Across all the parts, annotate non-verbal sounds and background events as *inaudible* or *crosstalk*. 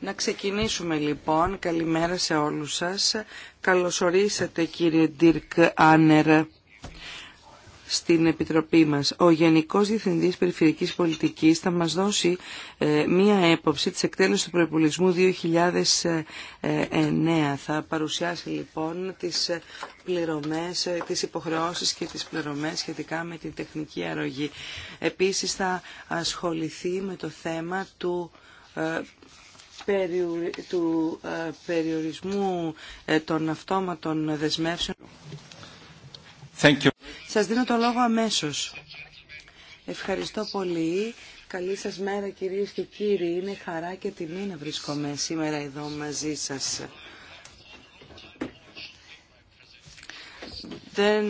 Να ξεκινήσουμε λοιπόν. Καλημέρα σε όλους σας. Καλωσορίσατε κύριε Dirk Άνερ στην Επιτροπή μας. Ο Γενικός Διευθυντής Περιφερειακής Πολιτικής θα μας δώσει ε, μία έποψη της εκτέλεσης του προϋπολισμού 2009. Θα παρουσιάσει λοιπόν τις ε, πληρωμές, ε, τις υποχρεώσεις και τις πληρωμές σχετικά με την τεχνική αρρωγή. Επίσης θα ασχοληθεί με το θέμα του του περιορισμού των αυτόματων δεσμεύσεων. Thank Σας δίνω το λόγο αμέσως. Ευχαριστώ πολύ. Καλή σας μέρα κυρίες και κύριοι. Είναι χαρά και τιμή να βρίσκομαι σήμερα εδώ μαζί σας. δεν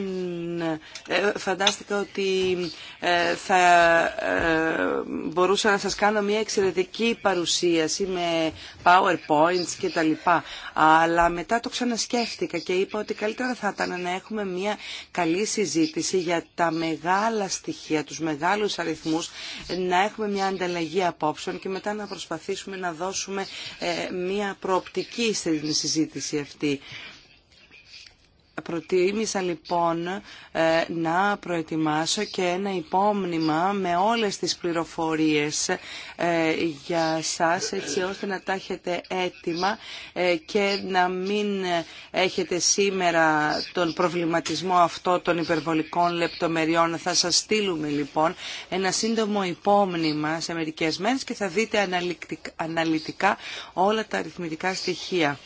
ε, φαντάστηκα ότι ε, θα ε, μπορούσα να σας κάνω μια εξαιρετική παρουσίαση με powerpoints και τα λοιπά. Αλλά μετά το ξανασκέφτηκα και είπα ότι καλύτερα θα ήταν να έχουμε μια καλή συζήτηση για τα μεγάλα στοιχεία, τους μεγάλους αριθμούς, να έχουμε μια ανταλλαγή απόψεων και μετά να προσπαθήσουμε να δώσουμε μια προοπτική στην συζήτηση αυτή. Προτίμησα λοιπόν ε, να προετοιμάσω και ένα υπόμνημα με όλες τις πληροφορίες ε, για σας έτσι ώστε να τα έχετε έτοιμα ε, και να μην έχετε σήμερα τον προβληματισμό αυτό των υπερβολικών λεπτομεριών. Θα σας στείλουμε λοιπόν ένα σύντομο υπόμνημα σε μερικές μέρες και θα δείτε αναλυτικά όλα τα αριθμητικά στοιχεία.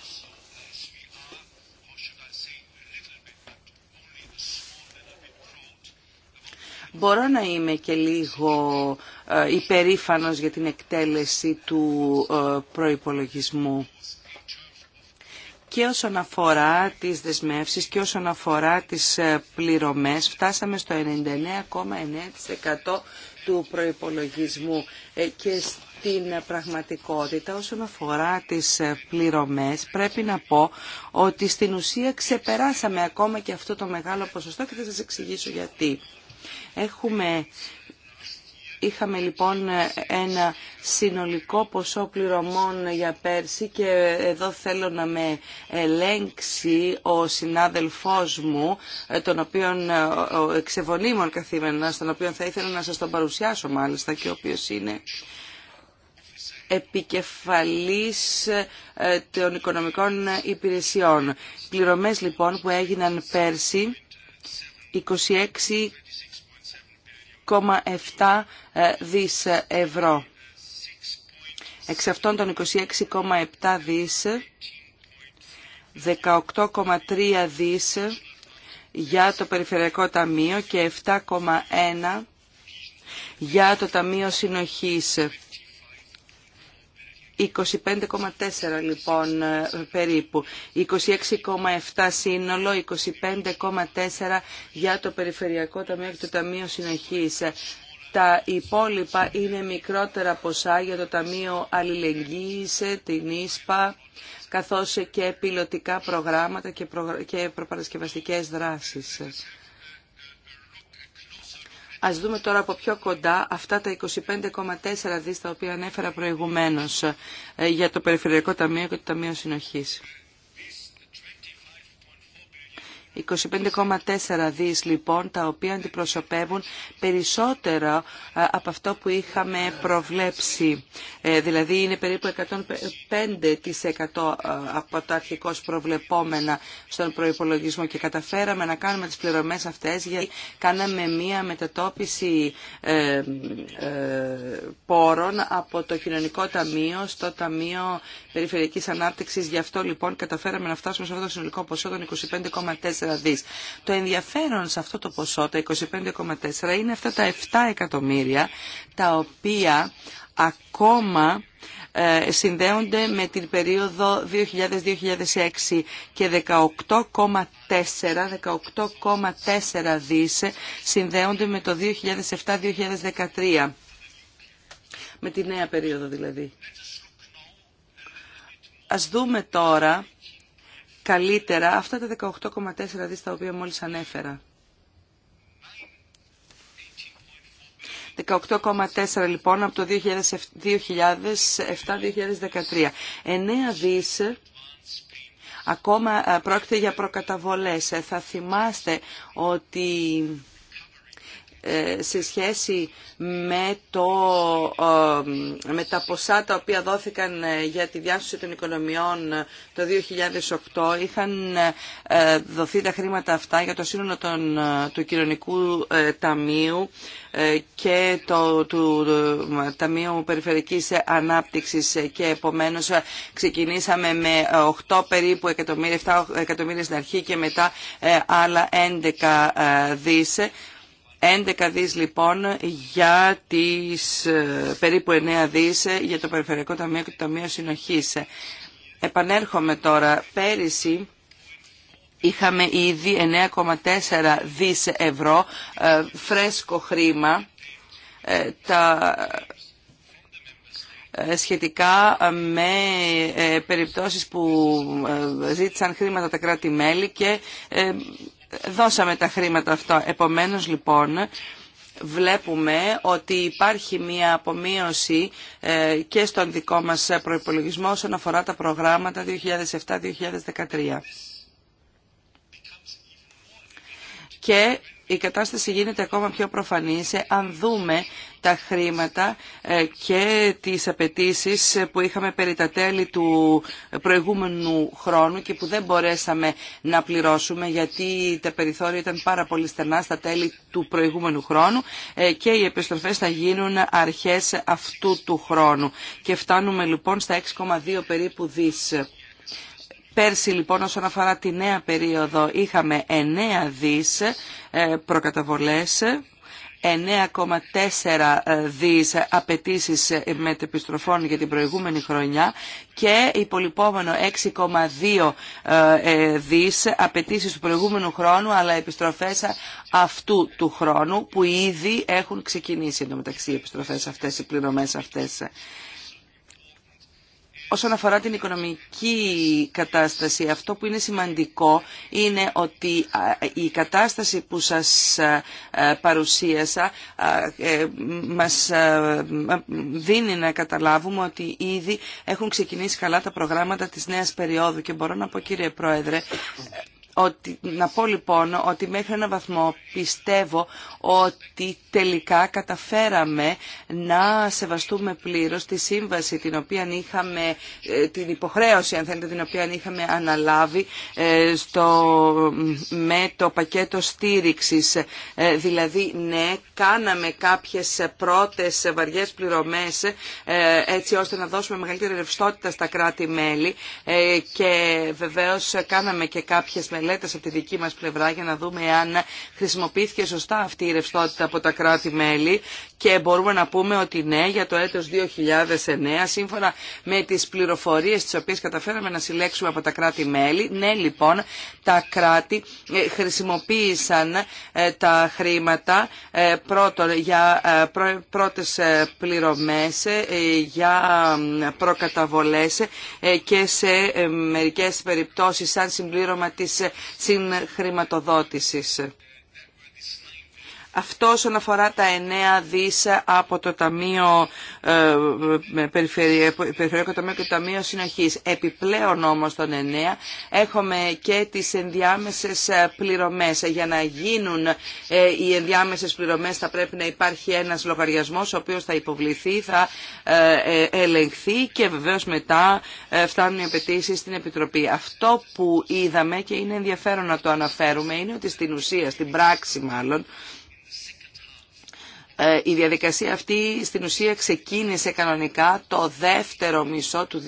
Μπορώ να είμαι και λίγο ε, υπερήφανος για την εκτέλεση του ε, προϋπολογισμού και όσον αφορά τις δεσμεύσεις και όσον αφορά τις ε, πληρωμές φτάσαμε στο 99,9% του προϋπολογισμού και στην πραγματικότητα όσον αφορά τις πληρωμές πρέπει να πω ότι στην ουσία ξεπεράσαμε ακόμα και αυτό το μεγάλο ποσοστό και θα σας εξηγήσω γιατί. Έχουμε Είχαμε λοιπόν ένα συνολικό ποσό πληρωμών για πέρσι και εδώ θέλω να με ελέγξει ο συνάδελφός μου, τον οποίον ο εξεβονίμων καθήμενα, τον οποίο θα ήθελα να σας τον παρουσιάσω μάλιστα και ο οποίος είναι επικεφαλής ε, των οικονομικών υπηρεσιών. Πληρωμές λοιπόν που έγιναν πέρσι 26 26,7 ε, δις ε, ευρώ. Εξ αυτών των 26,7 δις, 18,3 δις για το Περιφερειακό Ταμείο και 7,1 για το Ταμείο Συνοχής. 25,4 λοιπόν ε, περίπου, 26,7 σύνολο, 25,4 για το Περιφερειακό Ταμείο και το Ταμείο Συνεχής. Τα υπόλοιπα είναι μικρότερα ποσά για το Ταμείο Αλληλεγγύης, την ΙΣΠΑ, καθώς και πιλωτικά προγράμματα και προπαρασκευαστικές δράσεις. Ας δούμε τώρα από πιο κοντά αυτά τα 25,4 δις τα οποία ανέφερα προηγουμένως ε, για το Περιφερειακό Ταμείο και το Ταμείο Συνοχής. 25,4 δις λοιπόν τα οποία αντιπροσωπεύουν περισσότερο ε, από αυτό που είχαμε προβλέψει. Ε, δηλαδή είναι περίπου 105% ε, από τα αρχικώς προβλεπόμενα στον προϋπολογισμό και καταφέραμε να κάνουμε τις πληρωμές αυτές γιατί κάναμε μία μετατόπιση πόρων από το Κοινωνικό Ταμείο στο Ταμείο Περιφερειακής Ανάπτυξης. Γι' αυτό λοιπόν καταφέραμε να φτάσουμε σε αυτό το συνολικό ποσό των 25,4 το ενδιαφέρον σε αυτό το ποσό, τα 25,4, είναι αυτά τα 7 εκατομμύρια, τα οποία ακόμα ε, συνδέονται με την περίοδο 2000-2006 και 18,4 18,4 δις συνδέονται με το 2007-2013 με τη νέα περίοδο δηλαδή. Ας δούμε τώρα καλύτερα αυτά τα 18,4 δις τα οποία μόλις ανέφερα. 18,4 λοιπόν από το 2007-2013. 9 δις ακόμα ε, πρόκειται για προκαταβολές. Ε, θα θυμάστε ότι ε, σε σχέση με, το, ε, τα ποσά τα οποία δόθηκαν ε, για τη διάσωση των οικονομιών το 2008 είχαν δοθεί τα χρήματα αυτά για το σύνολο των, του κοινωνικού ταμείου και το, του Ταμείου Περιφερικής Ανάπτυξης και επομένως ξεκινήσαμε με 8 περίπου εκατομμύρια, 7 εκατομμύρια στην αρχή και μετά άλλα 11 δις 11 δις λοιπόν για τις ε, περίπου 9 δις ε, για το Περιφερειακό Ταμείο και το Ταμείο Συνοχής. Ε, επανέρχομαι τώρα. Πέρυσι είχαμε ήδη 9,4 δις ευρώ φρέσκο χρήμα τα σχετικά με περιπτώσεις που ζήτησαν χρήματα τα κράτη-μέλη και δώσαμε τα χρήματα αυτό. Επομένως λοιπόν βλέπουμε ότι υπάρχει μία απομείωση ε, και στον δικό μας προϋπολογισμό όσον αφορά τα προγράμματα 2007-2013. Και η κατάσταση γίνεται ακόμα πιο προφανής αν δούμε τα χρήματα ε, και τις απαιτήσει που είχαμε περί τα τέλη του προηγούμενου χρόνου και που δεν μπορέσαμε να πληρώσουμε γιατί τα περιθώρια ήταν πάρα πολύ στενά στα τέλη του προηγούμενου χρόνου ε, και οι επιστροφές θα γίνουν αρχές αυτού του χρόνου. Και φτάνουμε λοιπόν στα 6,2 περίπου δις Πέρσι λοιπόν όσον αφορά τη νέα περίοδο είχαμε 9 δις ε, προκαταβολές 9,4 ε, δις απαιτήσει μετεπιστροφών για την προηγούμενη χρονιά και υπολοιπόμενο 6,2 ε, δις απαιτήσει του προηγούμενου χρόνου αλλά επιστροφές αυτού του χρόνου που ήδη έχουν ξεκινήσει εντωμεταξύ οι επιστροφές αυτές, οι πληρωμές αυτές. Όσον αφορά την οικονομική κατάσταση, αυτό που είναι σημαντικό είναι ότι η κατάσταση που σας παρουσίασα ε, μας δίνει να καταλάβουμε ότι ήδη έχουν ξεκινήσει καλά τα προγράμματα της νέας περίοδου και μπορώ να πω κύριε Πρόεδρε ότι, να πω λοιπόν ότι μέχρι ένα βαθμό πιστεύω ότι τελικά καταφέραμε να σεβαστούμε πλήρως τη σύμβαση την οποία είχαμε, ε, την υποχρέωση αν θέλετε την οποία είχαμε αναλάβει ε, στο, με το πακέτο στήριξης. Ε, δηλαδή ναι, κάναμε κάποιες πρώτες βαριές πληρωμές έτσι ώστε να δώσουμε μεγαλύτερη ρευστότητα στα κράτη-μέλη και βεβαίως κάναμε και κάποιες λέτε από τη δική μα πλευρά για να δούμε αν χρησιμοποιήθηκε σωστά αυτή η ρευστότητα από τα κράτη-μέλη και μπορούμε να πούμε ότι ναι, για το έτος 2009, σύμφωνα με τις πληροφορίες τις οποίες καταφέραμε να συλλέξουμε από τα κράτη-μέλη, ναι λοιπόν, τα κράτη ε, χρησιμοποίησαν ε, τα χρήματα ε, πρώτον για πρώτες πληρωμές, για προκαταβολές και σε μερικές περιπτώσεις σαν συμπλήρωμα της συγχρηματοδότησης. Αυτό όσον αφορά τα 9 δις από το Ταμείο ε, Περιφερειακό Ταμείο και το Ταμείο Συνοχής. Επιπλέον όμως των 9 έχουμε και τις ενδιάμεσες πληρωμές. Για να γίνουν ε, οι ενδιάμεσες πληρωμές θα πρέπει να υπάρχει ένας λογαριασμός ο οποίος θα υποβληθεί, θα ε, ε ελεγχθεί και βεβαίως μετά ε, φτάνουν οι απαιτήσει στην Επιτροπή. Αυτό που είδαμε και είναι ενδιαφέρον να το αναφέρουμε είναι ότι στην ουσία, στην πράξη μάλλον, ε, η διαδικασία αυτή στην ουσία ξεκίνησε κανονικά το δεύτερο μισό του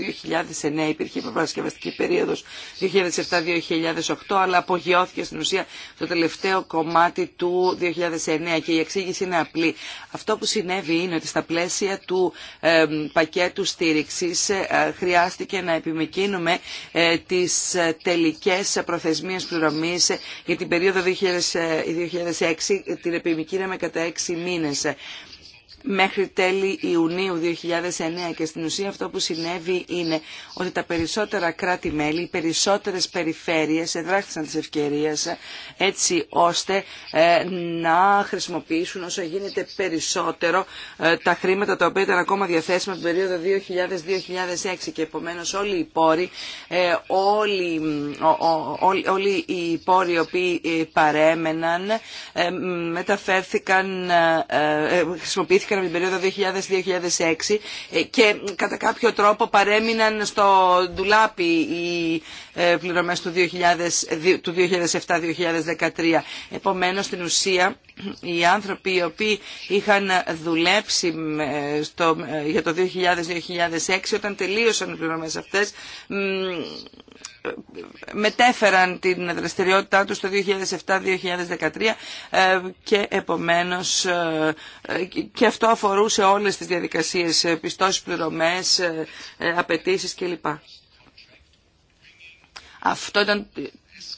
2009. Υπήρχε η προπαρασκευαστική περίοδος 2007-2008 αλλά απογειώθηκε στην ουσία το τελευταίο κομμάτι του 2009 και η εξήγηση είναι απλή. Αυτό που συνέβη είναι ότι στα πλαίσια του πακέτου στήριξης ε, χρειάστηκε να επιμηκύνουμε ε, τις τελικές προθεσμίες πληρωμής για την περίοδο 2006 την επιμηκύναμε κατά 6 μήνες. Ευχαριστώ μέχρι τέλη Ιουνίου 2009 και στην ουσία αυτό που συνέβη είναι ότι τα περισσότερα κράτη-μέλη, οι περισσότερες περιφέρειες εδράχθησαν τις ευκαιρίες ε, έτσι ώστε ε, να χρησιμοποιήσουν όσο γίνεται περισσότερο ε, τα χρήματα τα οποία ήταν ακόμα διαθέσιμα την περίοδο 2000-2006 και επομένως όλοι οι πόροι, όλοι, όλοι οι πόροι οι οποίοι παρέμεναν μεταφέρθηκαν, χρησιμοποιήθηκαν δημιουργήθηκαν από την περίοδο 2000-2006 ε, και κατά κάποιο τρόπο παρέμειναν στο ντουλάπι οι ε, πληρωμές του, του 2007-2013. Επομένως, στην ουσία, οι άνθρωποι οι οποίοι είχαν δουλέψει ε, στο, για το 2000-2006 όταν τελείωσαν οι πληρωμές αυτές μετέφεραν την δραστηριότητά τους το 2007-2013 ε, και επομένως ε, και αυτό αφορούσε όλες τις διαδικασίες ε, πιστώσεις, πληρωμές, απαιτήσει κλπ. Αυτό ήταν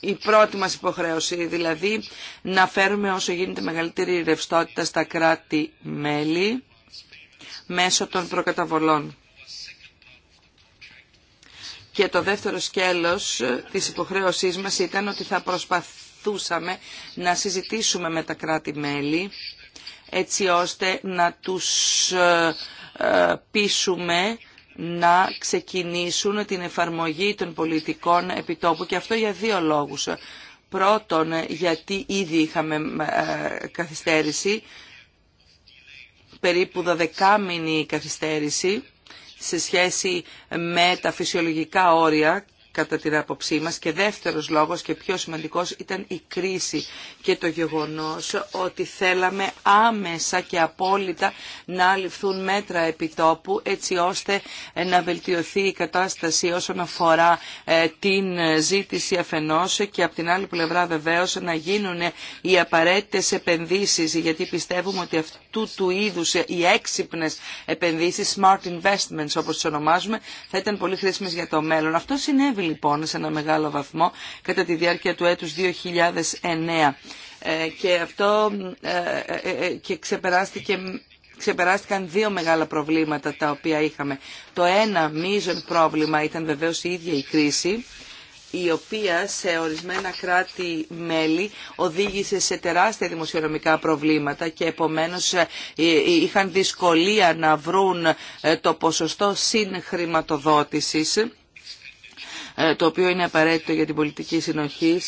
η πρώτη μας υποχρέωση, δηλαδή να φέρουμε όσο γίνεται μεγαλύτερη ρευστότητα στα κράτη-μέλη μέσω των προκαταβολών. Και το δεύτερο σκέλος της υποχρέωσής μας ήταν ότι θα προσπαθούσαμε να συζητήσουμε με τα κράτη-μέλη έτσι ώστε να τους ε, ε, πείσουμε να ξεκινήσουν την εφαρμογή των πολιτικών επιτόπου και αυτό για δύο λόγους. Πρώτον, γιατί ήδη είχαμε ε, καθυστέρηση, περίπου δωδεκάμινη καθυστέρηση, σε σχέση με τα φυσιολογικά όρια κατά την άποψή μας και δεύτερος λόγος και πιο σημαντικός ήταν η κρίση και το γεγονός ότι θέλαμε άμεσα και απόλυτα να ληφθούν μέτρα επιτόπου έτσι ώστε ε, να βελτιωθεί η κατάσταση όσον αφορά ε, την ζήτηση αφενός και από την άλλη πλευρά βεβαίως να γίνουν ε, οι απαραίτητες επενδύσεις γιατί πιστεύουμε ότι αυτού του είδους οι έξυπνες επενδύσεις, smart investments όπως τις ονομάζουμε, θα ήταν πολύ χρήσιμες για το μέλλον. Αυτό συνέβη λοιπόν σε ένα μεγάλο βαθμό κατά τη διάρκεια του έτους 2009 ε, και αυτό ε, ε, και ξεπεράστηκε ξεπεράστηκαν δύο μεγάλα προβλήματα τα οποία είχαμε. Το ένα μείζον πρόβλημα ήταν βεβαίως η ίδια η κρίση, η οποία σε ορισμένα κράτη-μέλη οδήγησε σε τεράστια δημοσιονομικά προβλήματα και επομένως είχαν δυσκολία να βρουν το ποσοστό συνχρηματοδότησης ε, το οποίο είναι απαραίτητο για την πολιτική συνοχή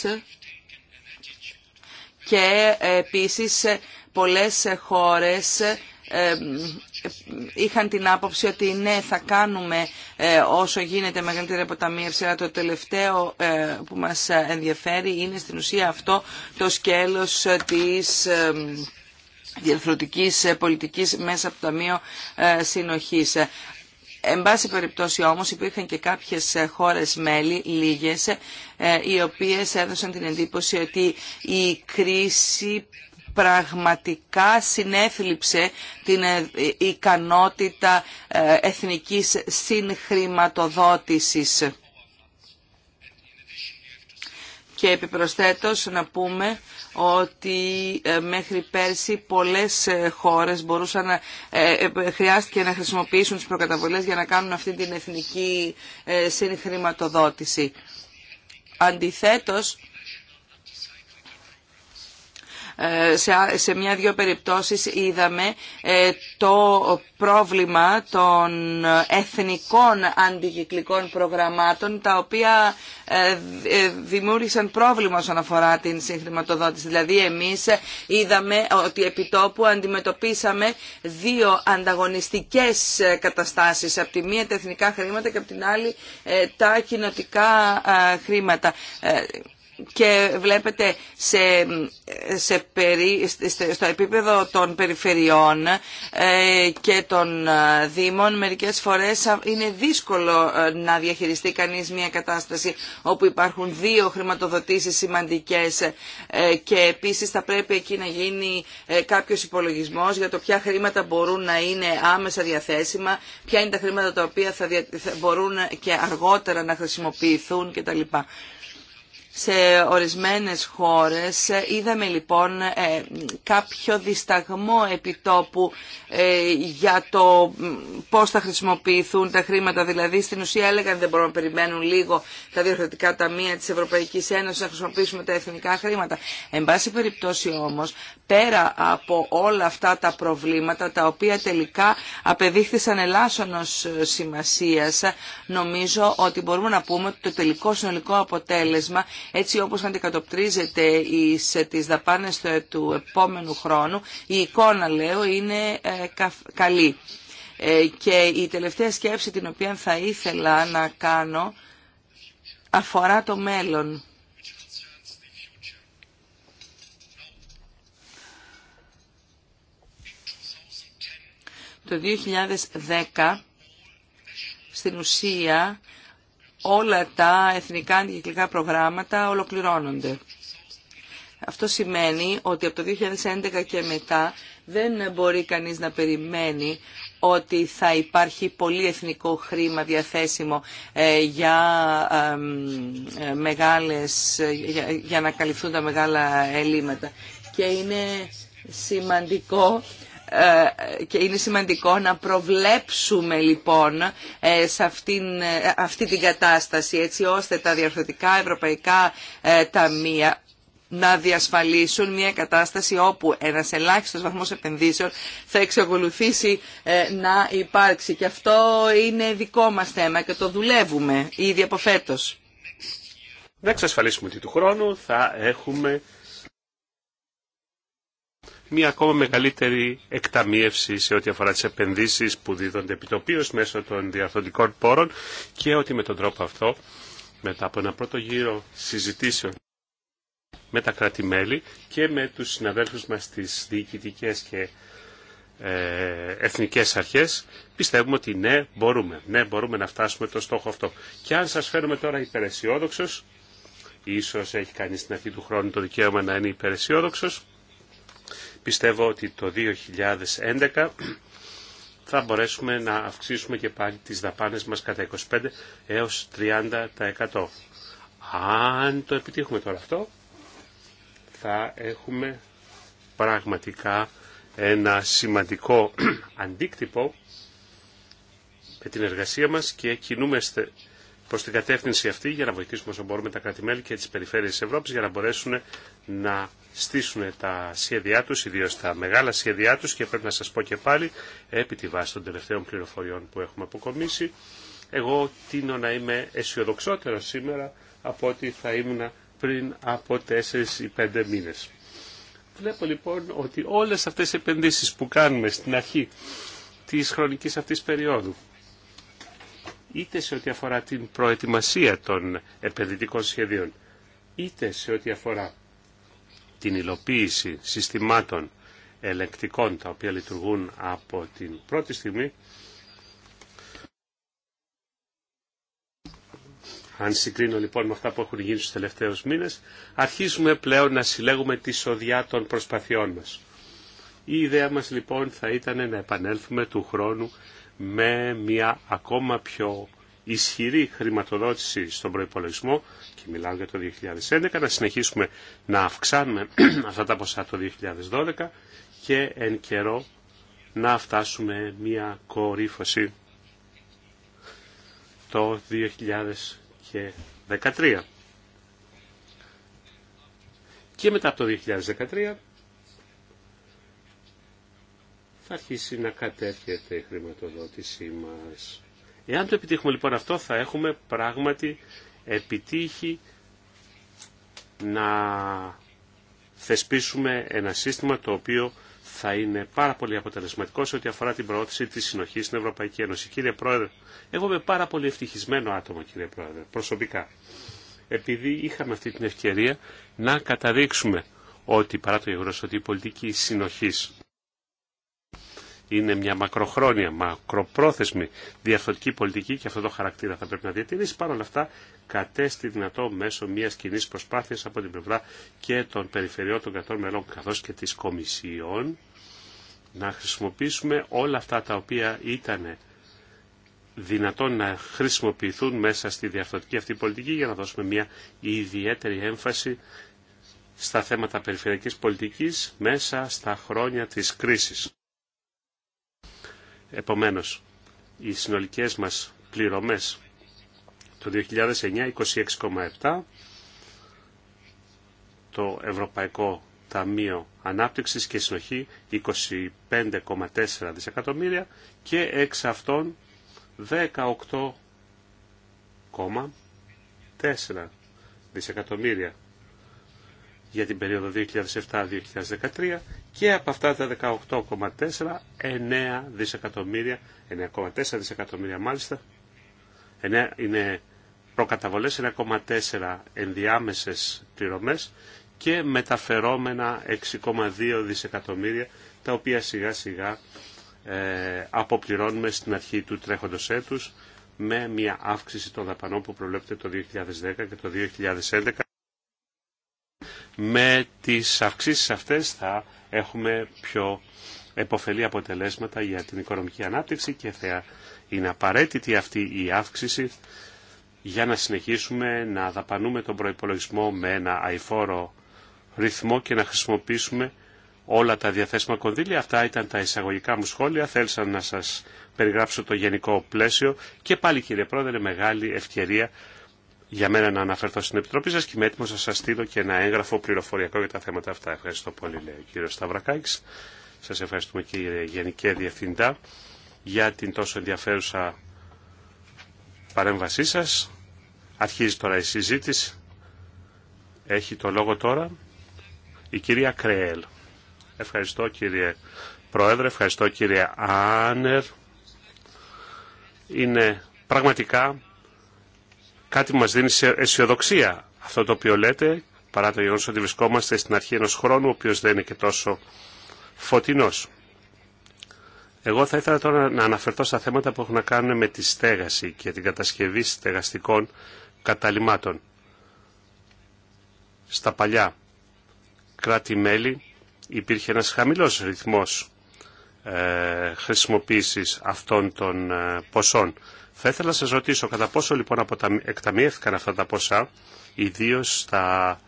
και ε, επίσης πολλές χώρες ε, είχαν την άποψη ότι ναι θα κάνουμε όσο γίνεται μεγαλύτερη αποταμίευση αλλά το τελευταίο που μας ενδιαφέρει είναι στην ουσία αυτό το σκέλος της διαρθρωτικής πολιτικής μέσα από το Ταμείο Συνοχής. Εν πάση περιπτώσει όμως υπήρχαν και κάποιες ε, χώρες μέλη, λίγες, ε, οι οποίες έδωσαν την εντύπωση ότι η κρίση πραγματικά συνέθλιψε την ε, ικανότητα εθνικής συγχρηματοδότησης και επιπροσθέτως να πούμε ότι ε, μέχρι πέρσι πολλές ε, χώρες μπορούσαν να, ε, χρειάστηκε να χρησιμοποιήσουν τις προκαταβολές για να κάνουν αυτή την εθνική συνχρηματοδότηση. Αντιθέτως, σε μια-δυο περιπτώσεις είδαμε ε, το πρόβλημα των εθνικών αντικυκλικών προγραμμάτων τα οποία ε, ε, δημιούργησαν πρόβλημα όσον αφορά την συγχρηματοδότηση. Δηλαδή εμείς είδαμε ότι επιτόπου αντιμετωπίσαμε δύο ανταγωνιστικές καταστάσεις. Από τη μία τα εθνικά χρήματα και από την άλλη τα κοινοτικά χρήματα και βλέπετε σε, στο επίπεδο των περιφερειών ε, και των ε, δήμων μερικές φορές είναι δύσκολο ε, να διαχειριστεί κανείς μια κατάσταση όπου υπάρχουν δύο χρηματοδοτήσεις σημαντικές και επίσης θα πρέπει εκεί να γίνει κάποιος υπολογισμός για το ποια χρήματα μπορούν να είναι άμεσα διαθέσιμα, ποια είναι τα χρήματα τα οποία μπορούν και αργότερα να χρησιμοποιηθούν κτλ σε ορισμένες χώρες ε, είδαμε λοιπόν ε, κάποιο δισταγμό επιτόπου ε, για το πώς θα χρησιμοποιηθούν τα χρήματα. Δηλαδή στην ουσία έλεγαν δεν μπορούμε να περιμένουν λίγο τα διορθωτικά ταμεία της Ευρωπαϊκής Ένωσης να χρησιμοποιήσουμε τα εθνικά χρήματα. Εν πάση περιπτώσει όμως πέρα από όλα αυτά τα προβλήματα τα οποία τελικά απεδείχθησαν ελάσσονος σημασίας νομίζω ότι μπορούμε να πούμε ότι το τελικό συνολικό αποτέλεσμα έτσι όπως αντικατοπτρίζεται σε τις δαπάνες του επόμενου χρόνου, η εικόνα λέω είναι ε, καλή. Ε, και η τελευταία σκέψη την οποία θα ήθελα να κάνω αφορά το μέλλον. Το 2010 στην ουσία όλα τα εθνικά αντικυκλικά προγράμματα ολοκληρώνονται. Αυτό σημαίνει ότι από το 2011 και μετά δεν μπορεί κανείς να περιμένει ότι θα υπάρχει πολύ εθνικό χρήμα διαθέσιμο ε, για, ε, μεγάλες, για να καλυφθούν τα μεγάλα ελλείμματα. Και είναι σημαντικό ε, και είναι σημαντικό να προβλέψουμε λοιπόν ε, σε αυτήν, ε, αυτή την κατάσταση έτσι ώστε τα διαρθρωτικά ευρωπαϊκά ταμεία να διασφαλίσουν μια κατάσταση όπου ένας ελάχιστος βαθμός επενδύσεων θα εξακολουθήσει να υπάρξει. Και αυτό είναι δικό μας θέμα και το δουλεύουμε ήδη από φέτος. Να εξασφαλίσουμε ότι του χρόνου θα έχουμε μια ακόμα μεγαλύτερη εκταμίευση σε ό,τι αφορά τις επενδύσεις που δίδονται επιτοπίως μέσω των διαρθωτικών πόρων και ότι με τον τρόπο αυτό μετά από ένα πρώτο γύρο συζητήσεων με τα κράτη-μέλη και με τους συναδέλφους μας στις διοικητικές και ε, εθνικές αρχές πιστεύουμε ότι ναι μπορούμε, ναι μπορούμε να φτάσουμε το στόχο αυτό. Και αν σας φέρουμε τώρα υπεραισιόδοξος, ίσως έχει κανείς στην αρχή του χρόνου το δικαίωμα να είναι υπεραισιόδοξος, Πιστεύω ότι το 2011 θα μπορέσουμε να αυξήσουμε και πάλι τις δαπάνες μας κατά 25 έως 30%. Αν το επιτύχουμε τώρα αυτό, θα έχουμε πραγματικά ένα σημαντικό αντίκτυπο με την εργασία μας και κινούμαστε προς την κατεύθυνση αυτή για να βοηθήσουμε όσο μπορούμε τα κράτη-μέλη και τις περιφέρειες της Ευρώπης για να μπορέσουν να στήσουν τα σχέδιά τους, ιδίως τα μεγάλα σχέδιά τους και πρέπει να σας πω και πάλι, επί τη βάση των τελευταίων πληροφοριών που έχουμε αποκομίσει, εγώ τίνω να είμαι αισιοδοξότερο σήμερα από ότι θα ήμουν πριν από τέσσερις ή πέντε μήνες. Βλέπω λοιπόν ότι όλες αυτές οι επενδύσεις που κάνουμε στην αρχή της χρονικής αυτής περίοδου, είτε σε ό,τι αφορά την προετοιμασία των επενδυτικών σχεδίων, είτε σε ό,τι αφορά την υλοποίηση συστημάτων ελεκτικών τα οποία λειτουργούν από την πρώτη στιγμή Αν συγκρίνω λοιπόν με αυτά που έχουν γίνει στους τελευταίους μήνες, αρχίζουμε πλέον να συλλέγουμε τη σοδιά των προσπαθειών μας. Η ιδέα μας λοιπόν θα ήταν να επανέλθουμε του χρόνου με μια ακόμα πιο ισχυρή χρηματοδότηση στον προϋπολογισμό και μιλάω για το 2011, να συνεχίσουμε να αυξάνουμε *clears throat* αυτά τα ποσά το 2012 και εν καιρό να φτάσουμε μια κορύφωση το 2013. Και μετά από το 2013 θα αρχίσει να κατέρχεται η χρηματοδότησή μας. Εάν το επιτύχουμε λοιπόν αυτό θα έχουμε πράγματι επιτύχει να θεσπίσουμε ένα σύστημα το οποίο θα είναι πάρα πολύ αποτελεσματικό σε ό,τι αφορά την προώθηση της συνοχής στην Ευρωπαϊκή Ένωση. Κύριε Πρόεδρε, εγώ είμαι πάρα πολύ ευτυχισμένο άτομο, κύριε Πρόεδρε, προσωπικά. Επειδή είχαμε αυτή την ευκαιρία να καταδείξουμε ότι παρά το γεγονό ότι η πολιτική συνοχής είναι μια μακροχρόνια, μακροπρόθεσμη διαρθρωτική πολιτική και αυτό το χαρακτήρα θα πρέπει να διατηρήσει. Παρ' όλα αυτά, κατέστη δυνατό μέσω μια κοινή προσπάθεια από την πλευρά και των περιφερειών των κρατών μελών καθώ και τη Κομισιόν να χρησιμοποιήσουμε όλα αυτά τα οποία ήταν δυνατόν να χρησιμοποιηθούν μέσα στη διαρθρωτική αυτή πολιτική για να δώσουμε μια ιδιαίτερη έμφαση στα θέματα περιφερειακής πολιτικής μέσα στα χρόνια της κρίσης. Επομένως, οι συνολικές μας πληρωμές το 2009 26,7 το Ευρωπαϊκό Ταμείο Ανάπτυξης και Συνοχή 25,4 δισεκατομμύρια και εξ αυτών 18,4 δισεκατομμύρια για την περίοδο 2007-2013 και από αυτά τα 18,4 9 δισεκατομμύρια 9,4 δισεκατομμύρια μάλιστα 9 είναι προκαταβολές 1,4 ενδιάμεσες πληρωμές και μεταφερόμενα 6,2 δισεκατομμύρια τα οποία σιγά σιγά ε, αποπληρώνουμε στην αρχή του τρέχοντος έτους με μια αύξηση των δαπανών που προβλέπεται το 2010 και το 2011. Με τις αυξήσεις αυτές θα έχουμε πιο εποφελή αποτελέσματα για την οικονομική ανάπτυξη και θα είναι απαραίτητη αυτή η αύξηση για να συνεχίσουμε να δαπανούμε τον προϋπολογισμό με ένα αηφόρο ρυθμό και να χρησιμοποιήσουμε όλα τα διαθέσιμα κονδύλια. Αυτά ήταν τα εισαγωγικά μου σχόλια. Θέλησα να σας περιγράψω το γενικό πλαίσιο και πάλι κύριε Πρόεδρε μεγάλη ευκαιρία για μένα να αναφερθώ στην Επιτροπή σας και είμαι έτοιμος να σας στείλω και ένα έγγραφο πληροφοριακό για τα θέματα αυτά. Ευχαριστώ πολύ, λέει ο κύριος Σταυρακάκης. Σας ευχαριστούμε κύριε Γενική Διευθυντά για την τόσο ενδιαφέρουσα παρέμβασή σας. Αρχίζει τώρα η συζήτηση. Έχει το λόγο τώρα η κυρία Κρέελ. Ευχαριστώ κύριε Πρόεδρε, ευχαριστώ κύριε Άνερ. Είναι πραγματικά κάτι που μας δίνει αισιοδοξία αυτό το οποίο λέτε, παρά το γεγονός ότι βρισκόμαστε στην αρχή ενός χρόνου, ο οποίος δεν είναι και τόσο φωτεινός. Εγώ θα ήθελα τώρα να αναφερθώ στα θέματα που έχουν να κάνουν με τη στέγαση και την κατασκευή στεγαστικών καταλημάτων. Στα παλιά κράτη-μέλη υπήρχε ένας χαμηλός ρυθμός ε, χρησιμοποίησης αυτών των ε, ποσών. Θα ήθελα να σας ρωτήσω κατά πόσο λοιπόν εκταμιεύθηκαν αυτά τα ποσά, ιδίω στα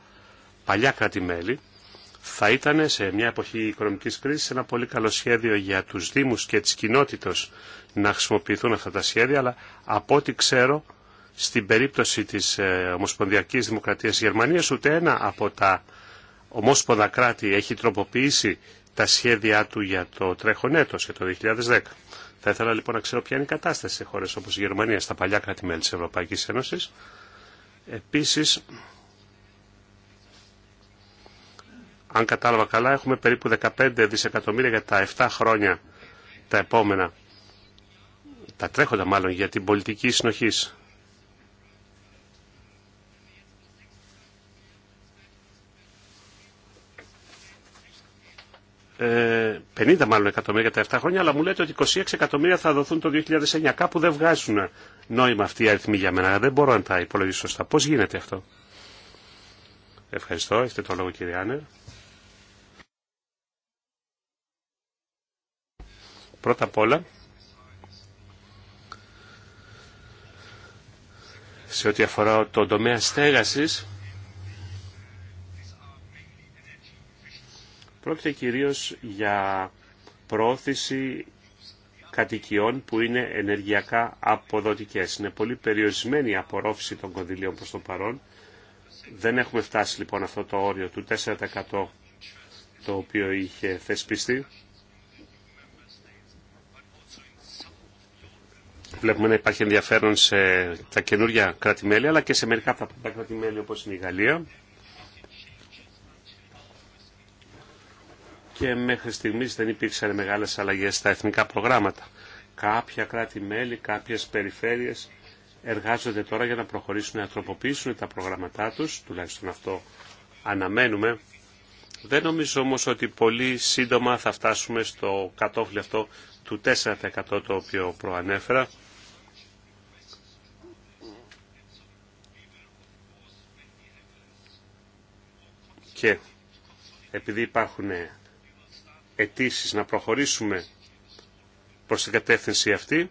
παλιά κράτη-μέλη, θα ήταν σε μια εποχή οικονομικής κρίσης ένα πολύ καλό σχέδιο για τους Δήμους και τις κοινότητες να χρησιμοποιηθούν αυτά τα σχέδια, αλλά από ό,τι ξέρω στην περίπτωση της ε, Ομοσπονδιακής Δημοκρατίας Γερμανίας ούτε ένα από τα ομόσπονδα κράτη έχει τροποποιήσει τα σχέδιά του για το τρέχον έτος, για το 2010. Θα ήθελα λοιπόν να ξέρω ποια είναι η κατάσταση σε χώρες όπως η Γερμανία, στα παλιά κράτη-μέλη της Ευρωπαϊκής Ένωσης. Επίσης, αν κατάλαβα καλά, έχουμε περίπου 15 δισεκατομμύρια για τα 7 χρόνια τα επόμενα, τα τρέχοντα μάλλον, για την πολιτική συνοχής. Ε, 50 μάλλον εκατομμύρια τα 7 χρόνια, αλλά μου λέτε ότι 26 εκατομμύρια θα δοθούν το 2009. Κάπου δεν βγάζουν νόημα αυτοί οι αριθμοί για μένα. Δεν μπορώ να τα υπολογίσω σωστά. Πώς γίνεται αυτό. Ευχαριστώ. Έχετε το λόγο κύριε Άνερ. Πρώτα απ' όλα, σε ό,τι αφορά τον τομέα στέγασης, Πρόκειται κυρίως για πρόθεση κατοικιών που είναι ενεργειακά αποδοτικές. Είναι πολύ περιορισμένη η απορρόφηση των κονδυλίων προς το παρόν. Δεν έχουμε φτάσει λοιπόν αυτό το όριο του 4% το οποίο είχε θεσπιστεί. Βλέπουμε να υπάρχει ενδιαφέρον σε τα καινούργια αλλά και σε μερικά από τα κρατη όπως είναι η Γαλλία. και μέχρι στιγμής δεν υπήρξαν μεγάλες αλλαγές στα εθνικά προγράμματα. Κάποια κράτη-μέλη, κάποιες περιφέρειες εργάζονται τώρα για να προχωρήσουν να τροποποιήσουν τα προγράμματά τους, τουλάχιστον αυτό αναμένουμε. Δεν νομίζω όμως ότι πολύ σύντομα θα φτάσουμε στο κατόφλι αυτό του 4% το οποίο προανέφερα. Και επειδή υπάρχουν αιτήσει να προχωρήσουμε προς την κατεύθυνση αυτή,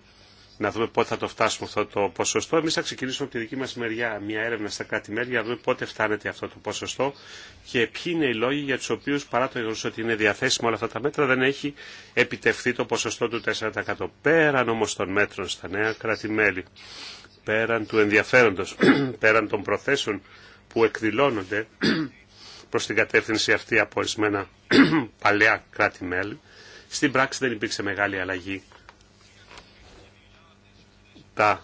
να δούμε πότε θα το φτάσουμε αυτό το ποσοστό. Εμείς θα ξεκινήσουμε από τη δική μας μεριά μια έρευνα στα κράτη-μέλη για να δούμε πότε φτάνεται αυτό το ποσοστό και ποιοι είναι οι λόγοι για τους οποίους παρά το γεγονός ότι είναι διαθέσιμο όλα αυτά τα μέτρα δεν έχει επιτευχθεί το ποσοστό του 4%. Πέραν όμως των μέτρων στα νέα κράτη-μέλη, πέραν του ενδιαφέροντος, *clears throat* πέραν των προθέσεων που εκδηλώνονται προς την κατεύθυνση αυτή από ορισμένα *clears throat* παλαιά κράτη-μέλη. Στην πράξη δεν υπήρξε μεγάλη αλλαγή. Τα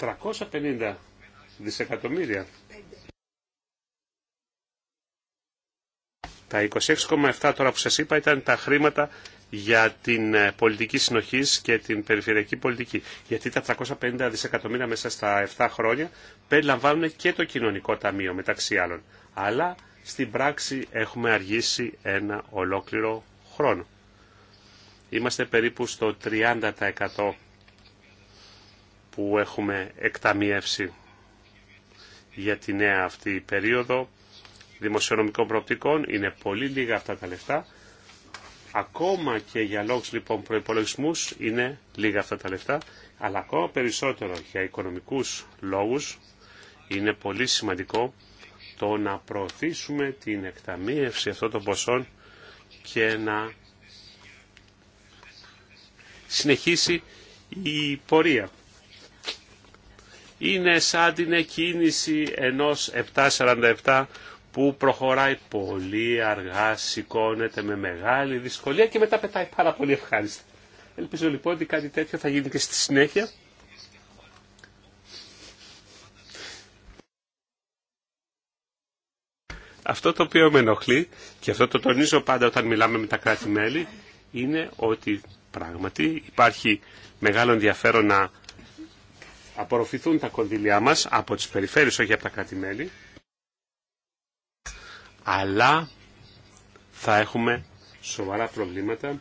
350 δισεκατομμύρια. Τα 26,7 τώρα που σας είπα ήταν τα χρήματα για την ε, πολιτική συνοχή και την περιφερειακή πολιτική. Γιατί τα 350 δισεκατομμύρια μέσα στα 7 χρόνια περιλαμβάνουν και το κοινωνικό ταμείο μεταξύ άλλων. Αλλά στην πράξη έχουμε αργήσει ένα ολόκληρο χρόνο. Είμαστε περίπου στο 30% που έχουμε εκταμιεύσει για τη νέα αυτή περίοδο δημοσιονομικών προοπτικών. Είναι πολύ λίγα αυτά τα λεφτά Ακόμα και για λόγους λοιπόν προϋπολογισμούς είναι λίγα αυτά τα λεφτά, αλλά ακόμα περισσότερο για οικονομικούς λόγους είναι πολύ σημαντικό το να προωθήσουμε την εκταμείευση αυτών των ποσών και να συνεχίσει η πορεία. Είναι σαν την εκκίνηση ενός 747 που προχωράει πολύ αργά, σηκώνεται με μεγάλη δυσκολία και μετά πετάει πάρα πολύ ευχάριστα. Ελπίζω λοιπόν ότι κάτι τέτοιο θα γίνει και στη συνέχεια. Αυτό το οποίο με ενοχλεί και αυτό το τονίζω πάντα όταν μιλάμε με τα κράτη-μέλη είναι ότι πράγματι υπάρχει μεγάλο ενδιαφέρον να απορροφηθούν τα κονδύλια μας από τις περιφέρειες, όχι από τα κράτη-μέλη αλλά θα έχουμε σοβαρά προβλήματα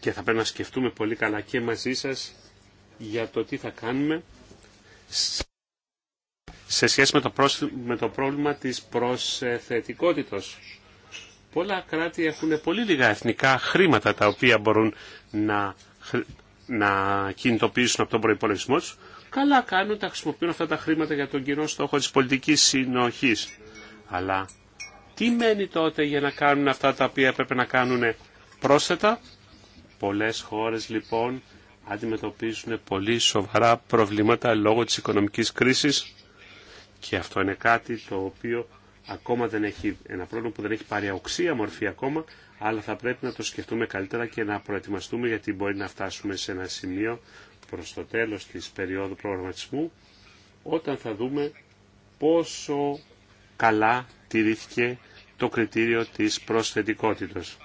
και θα πρέπει να σκεφτούμε πολύ καλά και μαζί σας για το τι θα κάνουμε σε σχέση με το, πρόβλημα της προσθετικότητας. Πολλά κράτη έχουν πολύ λίγα εθνικά χρήματα τα οποία μπορούν να, να κινητοποιήσουν από τον προϋπολογισμό τους Καλά κάνουν, τα χρησιμοποιούν αυτά τα χρήματα για τον κοινό στόχο της πολιτικής συνοχής. Αλλά τι μένει τότε για να κάνουν αυτά τα οποία έπρεπε να κάνουν πρόσθετα. Πολλές χώρες λοιπόν αντιμετωπίζουν πολύ σοβαρά προβλήματα λόγω της οικονομικής κρίσης και αυτό είναι κάτι το οποίο ακόμα δεν έχει, ένα πρόβλημα που δεν έχει πάρει αοξία μορφή ακόμα, αλλά θα πρέπει να το σκεφτούμε καλύτερα και να προετοιμαστούμε γιατί μπορεί να φτάσουμε σε ένα σημείο προς το τέλος της περίοδου προγραμματισμού όταν θα δούμε πόσο καλά τηρήθηκε το κριτήριο της προσθετικότητας.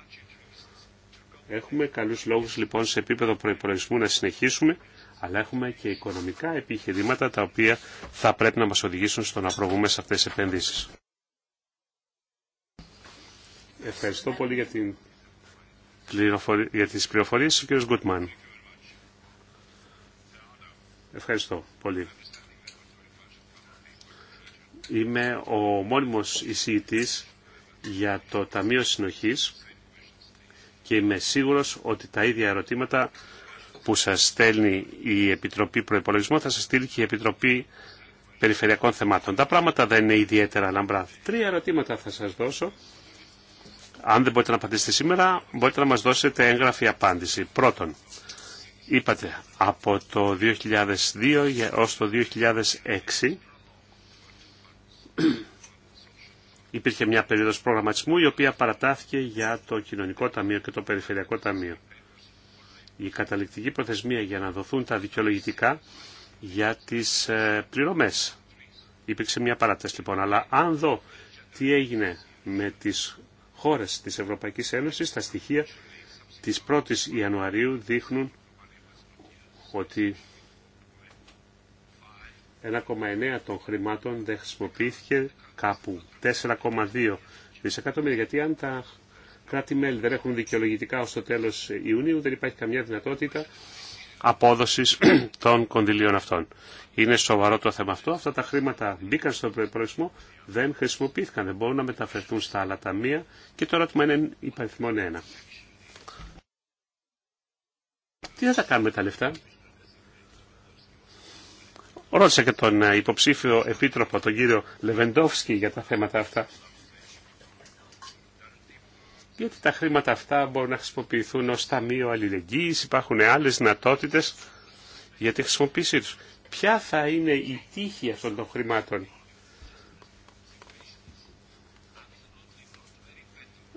Έχουμε καλούς λόγους λοιπόν σε επίπεδο προϋπολογισμού να συνεχίσουμε, αλλά έχουμε και οικονομικά επιχειρήματα τα οποία θα πρέπει να μας οδηγήσουν στο να προβούμε σε αυτές τις επενδύσεις. Ευχαριστώ πολύ για, την... για τις πληροφορίες του κ. Γκουτμάν. Ευχαριστώ πολύ. Είμαι ο μόνιμος εισηγητής για το Ταμείο Συνοχής και είμαι σίγουρος ότι τα ίδια ερωτήματα που σας στέλνει η Επιτροπή Προϋπολογισμού θα σας στείλει και η Επιτροπή Περιφερειακών Θεμάτων. Τα πράγματα δεν είναι ιδιαίτερα λαμπρά. Τρία ερωτήματα θα σας δώσω. Αν δεν μπορείτε να απαντήσετε σήμερα, μπορείτε να μας δώσετε έγγραφη απάντηση. Πρώτον, είπατε από το 2002 ως το 2006 υπήρχε μια περίοδος προγραμματισμού η οποία παρατάθηκε για το Κοινωνικό Ταμείο και το Περιφερειακό Ταμείο. Η καταληκτική προθεσμία για να δοθούν τα δικαιολογητικά για τις ε, πληρωμές. Υπήρξε μια παράταση λοιπόν, αλλά αν δω τι έγινε με τις χώρες της Ευρωπαϊκής Ένωσης, τα στοιχεία της 1ης Ιανουαρίου δείχνουν ότι 1,9 των χρημάτων δεν χρησιμοποιήθηκε κάπου 4,2 δισεκατομμύρια. Γιατί αν τα κράτη-μέλη δεν έχουν δικαιολογητικά ως το τέλος Ιουνίου, δεν υπάρχει καμιά δυνατότητα απόδοσης *clears throat* των κονδυλίων αυτών. Είναι σοβαρό το θέμα αυτό. Αυτά τα χρήματα μπήκαν στον προπολογισμό, δεν χρησιμοποιήθηκαν, δεν μπορούν να μεταφερθούν στα άλλα ταμεία και το ερώτημα είναι υπαριθμόν ένα. Τι θα τα κάνουμε τα λεφτά. Ρώτησα και τον ε, υποψήφιο επίτροπο, τον κύριο Λεβεντόφσκι, για τα θέματα αυτά. Γιατί τα χρήματα αυτά μπορούν να χρησιμοποιηθούν ως ταμείο αλληλεγγύης, υπάρχουν άλλες δυνατότητε για τη χρησιμοποίησή τους. Ποια θα είναι η τύχη αυτών των χρημάτων.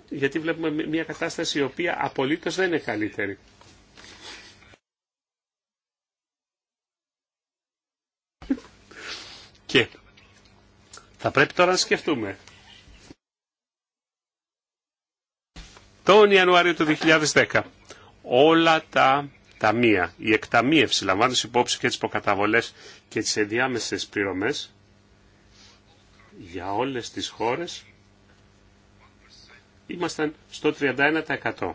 Γιατί βλέπουμε μια κατάσταση η οποία απολύτως δεν είναι καλύτερη. Και θα πρέπει τώρα να σκεφτούμε. Τον Ιανουάριο του 2010 όλα τα ταμεία, η εκταμείευση λαμβάνοντας υπόψη και τις προκαταβολές και τις ενδιάμεσες πληρωμές για όλες τις χώρες ήμασταν στο 31%.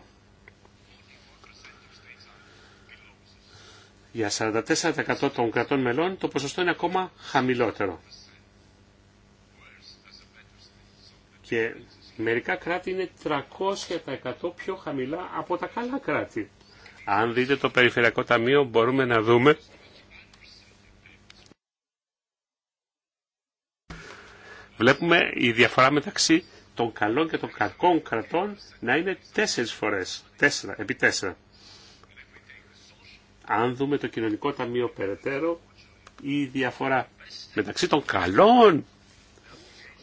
Για 44% των κρατών μελών το ποσοστό είναι ακόμα χαμηλότερο. Και μερικά κράτη είναι 300% πιο χαμηλά από τα καλά κράτη. Αν δείτε το Περιφερειακό Ταμείο μπορούμε να δούμε Βλέπουμε η διαφορά μεταξύ των καλών και των κακών κρατών να είναι τέσσερις φορές, τέσσερα, επί τέσσερα. Αν δούμε το κοινωνικό ταμείο περαιτέρω, η διαφορά μεταξύ των καλών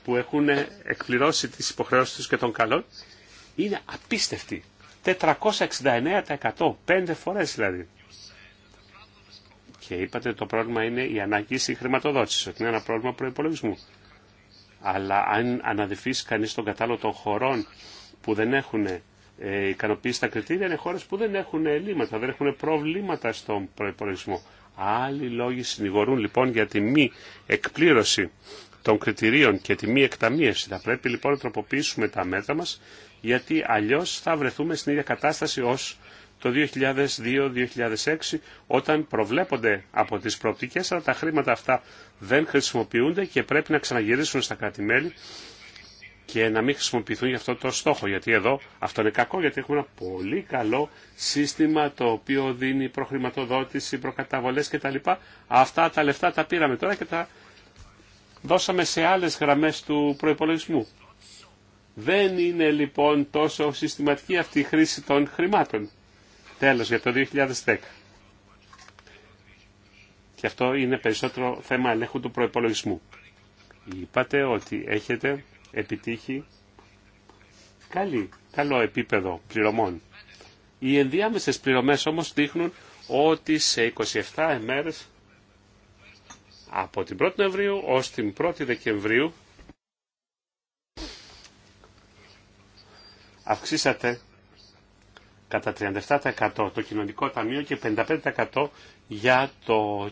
που έχουν εκπληρώσει τις υποχρεώσεις τους και των καλών είναι απίστευτη. 469% πέντε φορές δηλαδή. Και είπατε το πρόβλημα είναι η ανάγκη χρηματοδότηση, ότι είναι ένα πρόβλημα προϋπολογισμού. Αλλά αν αναδυφίσει κανείς τον κατάλογο των χωρών που δεν έχουν ε, ικανοποιήσει τα κριτήρια είναι χώρες που δεν έχουν ελλείμματα, δεν έχουν προβλήματα στον προπολογισμό. Άλλοι λόγοι συνηγορούν λοιπόν για τη μη εκπλήρωση των κριτηρίων και τη μη εκταμίευση. Θα πρέπει λοιπόν να τροποποιήσουμε τα μέτρα μας γιατί αλλιώς θα βρεθούμε στην ίδια κατάσταση ως το 2002-2006 όταν προβλέπονται από τις προοπτικές αλλά τα χρήματα αυτά δεν χρησιμοποιούνται και πρέπει να ξαναγυρίσουν στα κράτη-μέλη και να μην χρησιμοποιηθούν για αυτό το στόχο. Γιατί εδώ αυτό είναι κακό, γιατί έχουμε ένα πολύ καλό σύστημα το οποίο δίνει προχρηματοδότηση, προκαταβολές κτλ. Αυτά τα λεφτά τα πήραμε τώρα και τα δώσαμε σε άλλες γραμμές του προπολογισμού. Δεν είναι λοιπόν τόσο συστηματική αυτή η χρήση των χρημάτων. Τέλος για το 2010. Και αυτό είναι περισσότερο θέμα ελέγχου του προϋπολογισμού. Είπατε ότι έχετε επιτύχει καλή, καλό επίπεδο πληρωμών. Οι ενδιάμεσες πληρωμές όμως δείχνουν ότι σε 27 ημέρες από την 1η Νοεμβρίου ως την 1η Δεκεμβρίου αυξήσατε κατά 37% το κοινωνικό ταμείο και 55% για το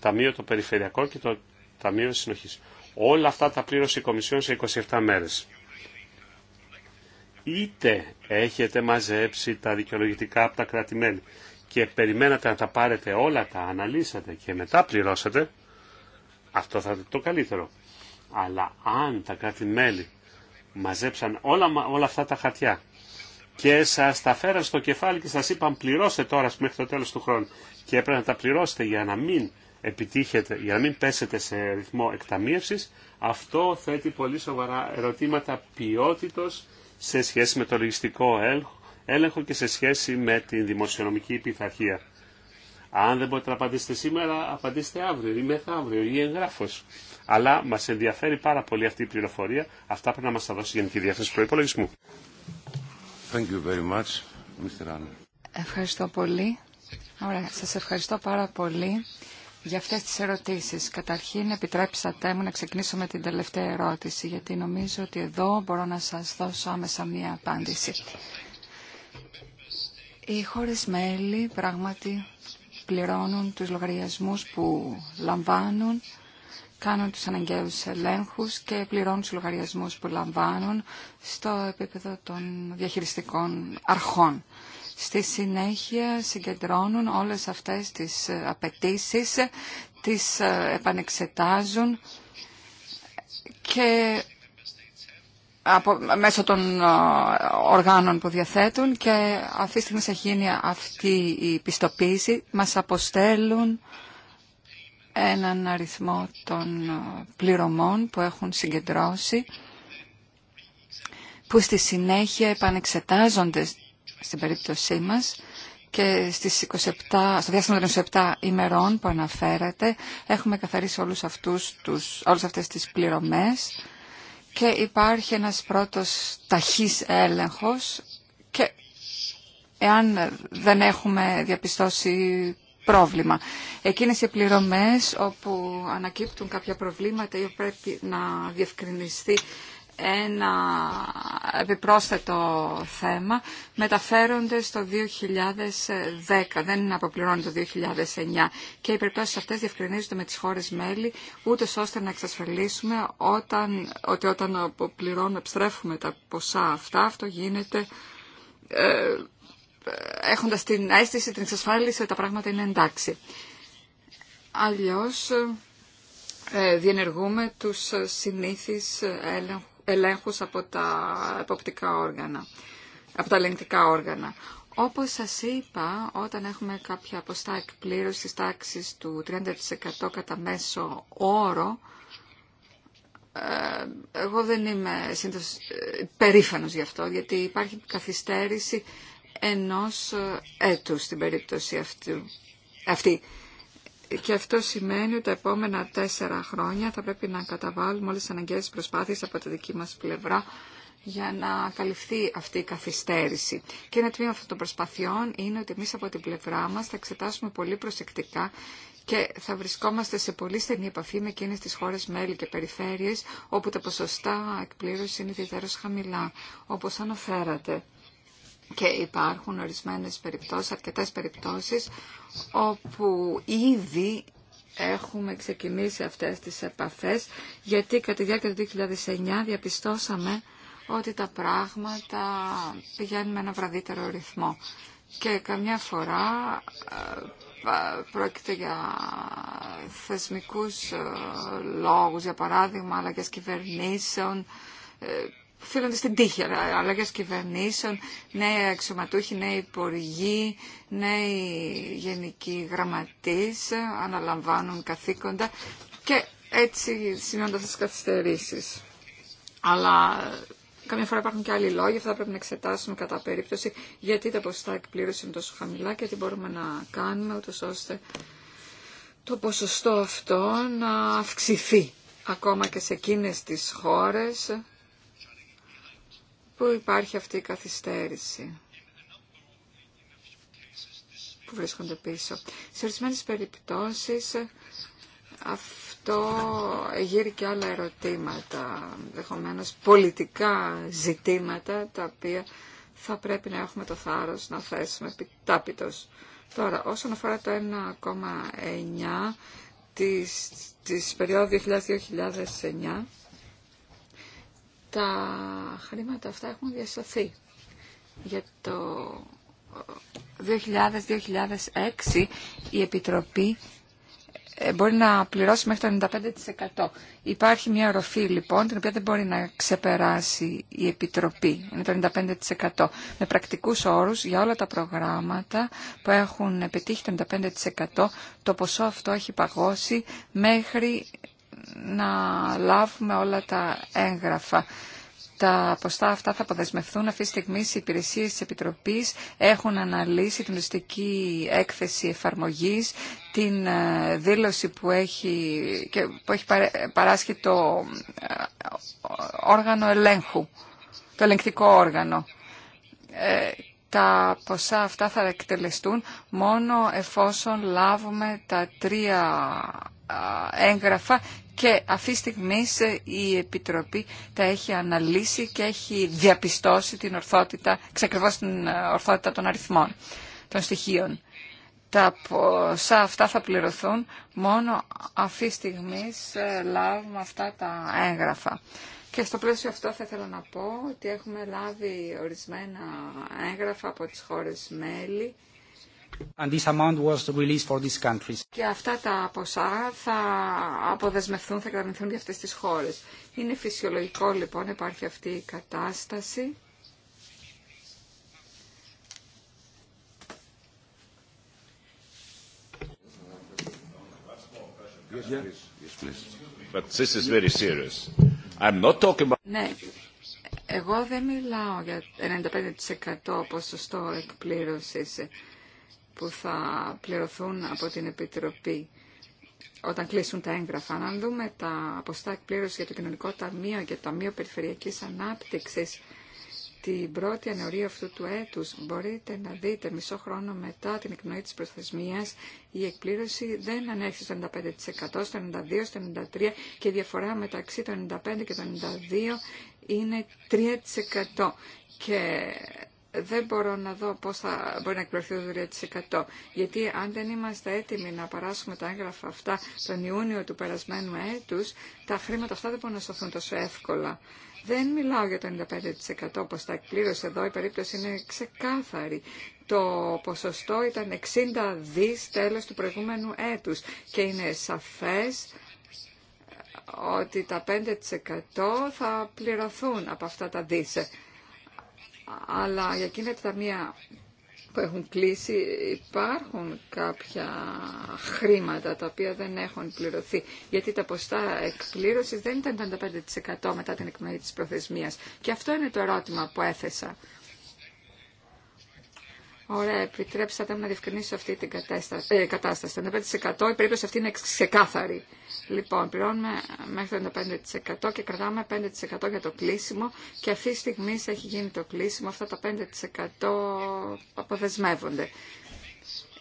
ταμείο το περιφερειακό και το ταμείο συνοχής. Όλα αυτά τα πλήρωσε η Κομισιόν σε 27 μέρες. Είτε έχετε μαζέψει τα δικαιολογητικά από τα κρατημένη και περιμένατε να τα πάρετε όλα, τα αναλύσατε και μετά πληρώσατε, αυτό θα ήταν το καλύτερο. Αλλά αν τα κρατημένη μαζέψαν όλα, όλα αυτά τα χαρτιά και σας τα φέραν στο κεφάλι και σας είπαν πληρώστε τώρα μέχρι το τέλος του χρόνου και έπρεπε να τα πληρώσετε για να μην επιτύχετε, για να μην πέσετε σε ρυθμό εκταμίευσης, αυτό θέτει πολύ σοβαρά ερωτήματα ποιότητος σε σχέση με το λογιστικό έλεγχο και σε σχέση με την δημοσιονομική πειθαρχία. Αν δεν μπορείτε να απαντήσετε σήμερα, απαντήστε αύριο ή μεθαύριο ή εγγράφος. Αλλά μας ενδιαφέρει πάρα πολύ αυτή η πληροφορία. Αυτά πρέπει να μας τα δώσει η Γενική Διεύθυνση Προϋπολογισμού. Ευχαριστώ πολύ. Ωραία, σας ευχαριστώ πάρα πολύ για αυτές τις ερωτήσεις. Καταρχήν, επιτρέψατε μου να ξεκινήσω με την τελευταία ερώτηση, γιατί νομίζω ότι εδώ μπορώ να σας δώσω άμεσα μία απάντηση. Οι χώρες μέλη πράγματι πληρώνουν τους λογαριασμούς που λαμβάνουν, κάνουν τους αναγκαίους ελέγχους και πληρώνουν τους λογαριασμούς που λαμβάνουν στο επίπεδο των διαχειριστικών αρχών. Στη συνέχεια συγκεντρώνουν όλες αυτές τις ε, απαιτήσει, τις ε, επανεξετάζουν και μέσω των ε, οργάνων που διαθέτουν και αυτή τη στιγμή γίνει αυτή η πιστοποίηση. Μας αποστέλουν έναν αριθμό των πληρωμών που έχουν συγκεντρώσει που στη συνέχεια επανεξετάζονται στην περίπτωσή μας και στις 27, στο διάστημα των 27 ημερών που αναφέρατε έχουμε καθαρίσει όλους αυτούς τους, όλες αυτές τις πληρωμές και υπάρχει ένας πρώτος ταχύς έλεγχος και εάν δεν έχουμε διαπιστώσει πρόβλημα. Εκείνες οι πληρωμές όπου ανακύπτουν κάποια προβλήματα ή πρέπει να διευκρινιστεί ένα επιπρόσθετο θέμα μεταφέρονται στο 2010, δεν αποπληρώνει το 2009 και οι περιπτώσεις αυτές διευκρινίζονται με τις χώρες μέλη ούτε ώστε να εξασφαλίσουμε όταν, ότι όταν αποπληρώνουμε, επιστρέφουμε τα ποσά αυτά, αυτό γίνεται ε, έχοντας την αίσθηση, την εξασφάλιση ότι τα πράγματα είναι εντάξει. Αλλιώς ε, διενεργούμε τους συνήθεις έλεγχους ελέγχους από τα εποπτικά όργανα, από τα ελεγκτικά όργανα. Όπως σας είπα, όταν έχουμε κάποια ποστά εκπλήρωση της τάξης του 30% κατά μέσο όρο, ε, εγώ δεν είμαι σύντος, ε, περήφανος γι' αυτό, γιατί υπάρχει καθυστέρηση ενός ε, έτους στην περίπτωση αυτού, αυτή. Και αυτό σημαίνει ότι τα επόμενα τέσσερα χρόνια θα πρέπει να καταβάλουμε όλες τις αναγκαίες προσπάθειες από τη δική μας πλευρά για να καλυφθεί αυτή η καθυστέρηση. Και ένα τμήμα αυτών των προσπαθειών είναι ότι εμείς από την πλευρά μας θα εξετάσουμε πολύ προσεκτικά και θα βρισκόμαστε σε πολύ στενή επαφή με εκείνες τις χώρες μέλη και περιφέρειες όπου τα ποσοστά εκπλήρωση είναι ιδιαίτερως χαμηλά, όπως αναφέρατε. Και υπάρχουν ορισμένες περιπτώσεις, αρκετές περιπτώσεις, όπου ήδη έχουμε ξεκινήσει αυτές τις επαφές, γιατί κατά τη διάρκεια του 2009 διαπιστώσαμε ότι τα πράγματα πηγαίνουν με ένα βραδύτερο ρυθμό. Και καμιά φορά ε, πρόκειται για θεσμικούς ε, λόγους, για παράδειγμα, και κυβερνήσεων, ε, οφείλονται στην τύχη, αλλαγέ κυβερνήσεων, νέοι αξιωματούχοι, νέοι υπουργοί, νέοι γενικοί γραμματεί αναλαμβάνουν καθήκοντα και έτσι σημειώνονται τι τις Αλλά καμιά φορά υπάρχουν και άλλοι λόγοι, αυτά πρέπει να εξετάσουμε κατά περίπτωση γιατί τα ποσοστά εκπλήρωση είναι τόσο χαμηλά και τι μπορούμε να κάνουμε ώστε το ποσοστό αυτό να αυξηθεί ακόμα και σε εκείνες τις χώρες που υπάρχει αυτή η καθυστέρηση που βρίσκονται πίσω. Σε ορισμένες περιπτώσεις αυτό γύρει και άλλα ερωτήματα, δεχομένω πολιτικά ζητήματα, τα οποία θα πρέπει να έχουμε το θάρρος να θέσουμε επιτάπητος. Τώρα, όσον αφορά το 1,9 της, της περιοδου 2000-2009, τα χρήματα αυτά έχουν διασωθεί. Για το 2000-2006 η Επιτροπή ε, μπορεί να πληρώσει μέχρι το 95%. Υπάρχει μια οροφή λοιπόν την οποία δεν μπορεί να ξεπεράσει η Επιτροπή. Είναι το 95%. Με πρακτικούς όρους για όλα τα προγράμματα που έχουν πετύχει το 95% το ποσό αυτό έχει παγώσει μέχρι να λάβουμε όλα τα έγγραφα. Τα ποστά αυτά θα αποδεσμευθούν. Αυτή τη στιγμή οι υπηρεσίε τη Επιτροπή έχουν αναλύσει την οριστική έκθεση εφαρμογή, την ε, δήλωση που έχει, και που έχει παράσχει το ε, όργανο ελέγχου, το ελεγκτικό όργανο. Ε, τα ποσά αυτά θα εκτελεστούν μόνο εφόσον λάβουμε τα τρία έγγραφα και αυτή τη στιγμή η Επιτροπή τα έχει αναλύσει και έχει διαπιστώσει την ορθότητα, ξεκριβώς την ε, ορθότητα των αριθμών, των στοιχείων. Τα ποσά αυτά θα πληρωθούν μόνο αυτή τη στιγμή λάβουμε αυτά τα έγγραφα. Και στο πλαίσιο αυτό θα ήθελα να πω ότι έχουμε λάβει ορισμένα έγγραφα από τις χώρες μέλη And this amount was released for Και αυτά τα ποσά θα αποδεσμευθούν, θα κατανοηθούν για αυτές τις χώρες. Είναι φυσιολογικό λοιπόν, υπάρχει αυτή η κατάσταση. Ναι, εγώ δεν μιλάω για 95% ποσοστό εκπλήρωσης που θα πληρωθούν από την Επιτροπή όταν κλείσουν τα έγγραφα. να δούμε τα αποστά εκπλήρωση για το Κοινωνικό Ταμείο και το Ταμείο Περιφερειακής Ανάπτυξης την 1η Ιανουαρίου αυτού του έτους μπορείτε να δείτε μισό χρόνο μετά την εκνοή της προθεσμίας η ιανουαριου αυτου του ετου μπορειτε να δειτε μισο χρονο μετα την εκνοη τη προθεσμιας η εκπληρωση δεν ανέχει στο 95%, στο 92%, στο 93% και η διαφορά μεταξύ των 95% και των 92% είναι 3% δεν μπορώ να δω πώς θα μπορεί να εκπληρωθεί το 3%. Γιατί αν δεν είμαστε έτοιμοι να παράσουμε τα έγγραφα αυτά τον Ιούνιο του περασμένου έτους, τα χρήματα αυτά δεν μπορούν να σωθούν τόσο εύκολα. Δεν μιλάω για το 95% όπως τα εκπλήρωσε εδώ, η περίπτωση είναι ξεκάθαρη. Το ποσοστό ήταν 60 δις τέλος του προηγούμενου έτους και είναι σαφές ότι τα 5% θα πληρωθούν από αυτά τα δίσε αλλά για εκείνα τα μια που έχουν κλείσει υπάρχουν κάποια χρήματα τα οποία δεν έχουν πληρωθεί γιατί τα ποστά εκπλήρωση δεν ήταν 55% μετά την εκμονή της προθεσμίας και αυτό είναι το ερώτημα που έθεσα Ωραία, επιτρέψατε μου να διευκρινίσω αυτή την κατάσταση. Ε, το 95% η περίπτωση αυτή είναι ξεκάθαρη. Λοιπόν, πληρώνουμε μέχρι το 5% και κρατάμε 5% για το κλείσιμο και αυτή τη στιγμή έχει γίνει το κλείσιμο. Αυτά τα 5% αποδεσμεύονται.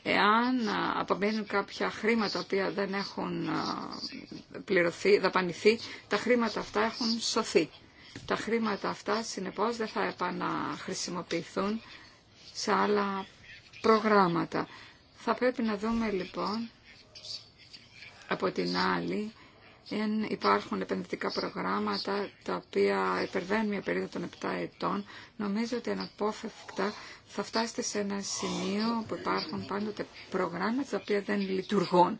Εάν απομείνουν κάποια χρήματα οποία δεν έχουν πληρωθεί, δαπανηθεί, τα χρήματα αυτά έχουν σωθεί. Τα χρήματα αυτά, συνεπώς, δεν θα επαναχρησιμοποιηθούν σε άλλα προγράμματα. Θα πρέπει να δούμε λοιπόν από την άλλη εν υπάρχουν επενδυτικά προγράμματα τα οποία υπερβαίνουν μια περίοδο των 7 ετών, νομίζω ότι αναπόφευκτα θα φτάσετε σε ένα σημείο που υπάρχουν πάντοτε προγράμματα τα οποία δεν λειτουργούν.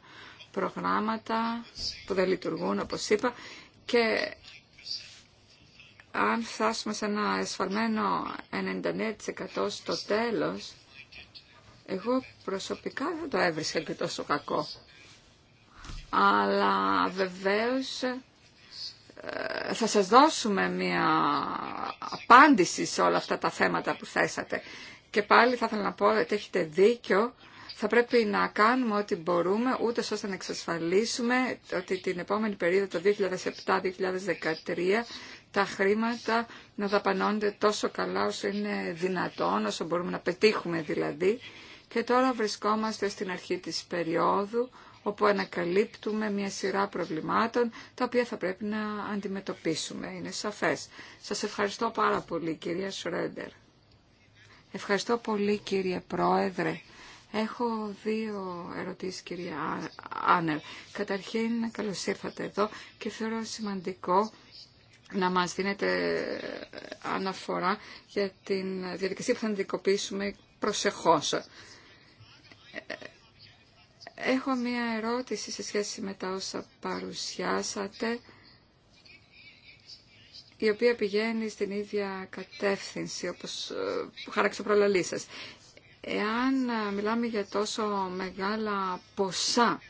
Προγράμματα που δεν λειτουργούν, όπως είπα, και αν φτάσουμε σε ένα εσφαλμένο 99% στο τέλος, εγώ προσωπικά δεν το έβρισκα και τόσο κακό. Αλλά βεβαίως ε, θα σας δώσουμε μια απάντηση σε όλα αυτά τα θέματα που θέσατε. Και πάλι θα ήθελα να πω ότι έχετε δίκιο. Θα πρέπει να κάνουμε ό,τι μπορούμε, ούτε ώστε να εξασφαλίσουμε ότι την επόμενη περίοδο, το 2007-2013, τα χρήματα να δαπανώνται τόσο καλά όσο είναι δυνατόν, όσο μπορούμε να πετύχουμε δηλαδή. Και τώρα βρισκόμαστε στην αρχή της περίοδου όπου ανακαλύπτουμε μια σειρά προβλημάτων τα οποία θα πρέπει να αντιμετωπίσουμε. Είναι σαφές. Σας ευχαριστώ πάρα πολύ κυρία Σρέντερ. Ευχαριστώ πολύ κύριε Πρόεδρε. Έχω δύο ερωτήσεις κυρία Άνερ. Καταρχήν καλώς ήρθατε εδώ και θεωρώ σημαντικό να μας δίνετε αναφορά για την διαδικασία που θα αντικοποιήσουμε προσεχώς. Έχω μία ερώτηση σε σχέση με τα όσα παρουσιάσατε, η οποία πηγαίνει στην ίδια κατεύθυνση, όπως ε, χάραξε ο σας. Εάν ε, μιλάμε για τόσο μεγάλα ποσά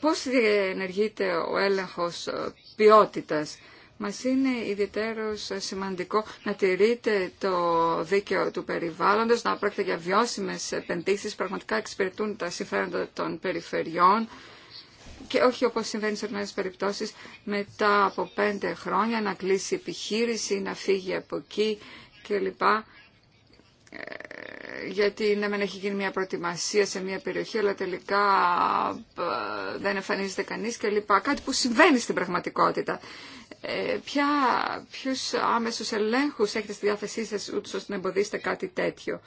πώς διενεργείται ο έλεγχος ποιότητας. Μας είναι ιδιαίτερος σημαντικό να τηρείτε το δίκαιο του περιβάλλοντος, να πρόκειται για βιώσιμες επενδύσεις, πραγματικά εξυπηρετούν τα συμφέροντα των περιφερειών και όχι όπως συμβαίνει σε ορισμένες περιπτώσεις μετά από πέντε χρόνια να κλείσει επιχείρηση, να φύγει από εκεί κλπ. Ε, γιατί ναι μεν έχει γίνει μια προετοιμασία σε μια περιοχή αλλά τελικά ε, δεν εμφανίζεται κανείς και λοιπά. Κάτι που συμβαίνει στην πραγματικότητα. Ε, ποια, ποιους άμεσους ελέγχους έχετε στη διάθεσή σας ούτως ώστε να εμποδίσετε κάτι τέτοιο.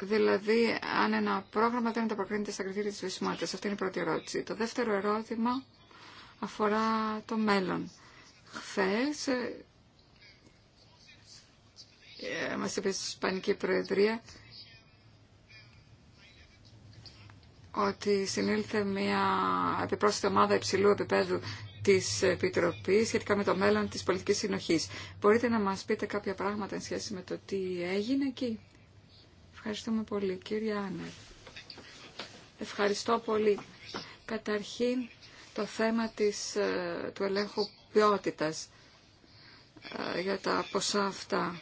Δηλαδή, αν ένα πρόγραμμα δεν ανταποκρίνεται στα κριτήρια της βεσιμότητας. Αυτή είναι η πρώτη ερώτηση. Το δεύτερο ερώτημα αφορά το μέλλον. Χθες ε, ε, μας είπε η Ισπανική Προεδρία ότι συνήλθε μια επιπρόσθετη ομάδα υψηλού επίπεδου της Επιτροπής σχετικά με το μέλλον της πολιτικής συνοχής. Μπορείτε να μας πείτε κάποια πράγματα εν σχέση με το τι έγινε εκεί. Ευχαριστούμε πολύ. Κύριε Άνερ. Ευχαριστώ πολύ. Καταρχήν το θέμα της, ε, του ελέγχου ποιότητας ε, για τα ποσά αυτά.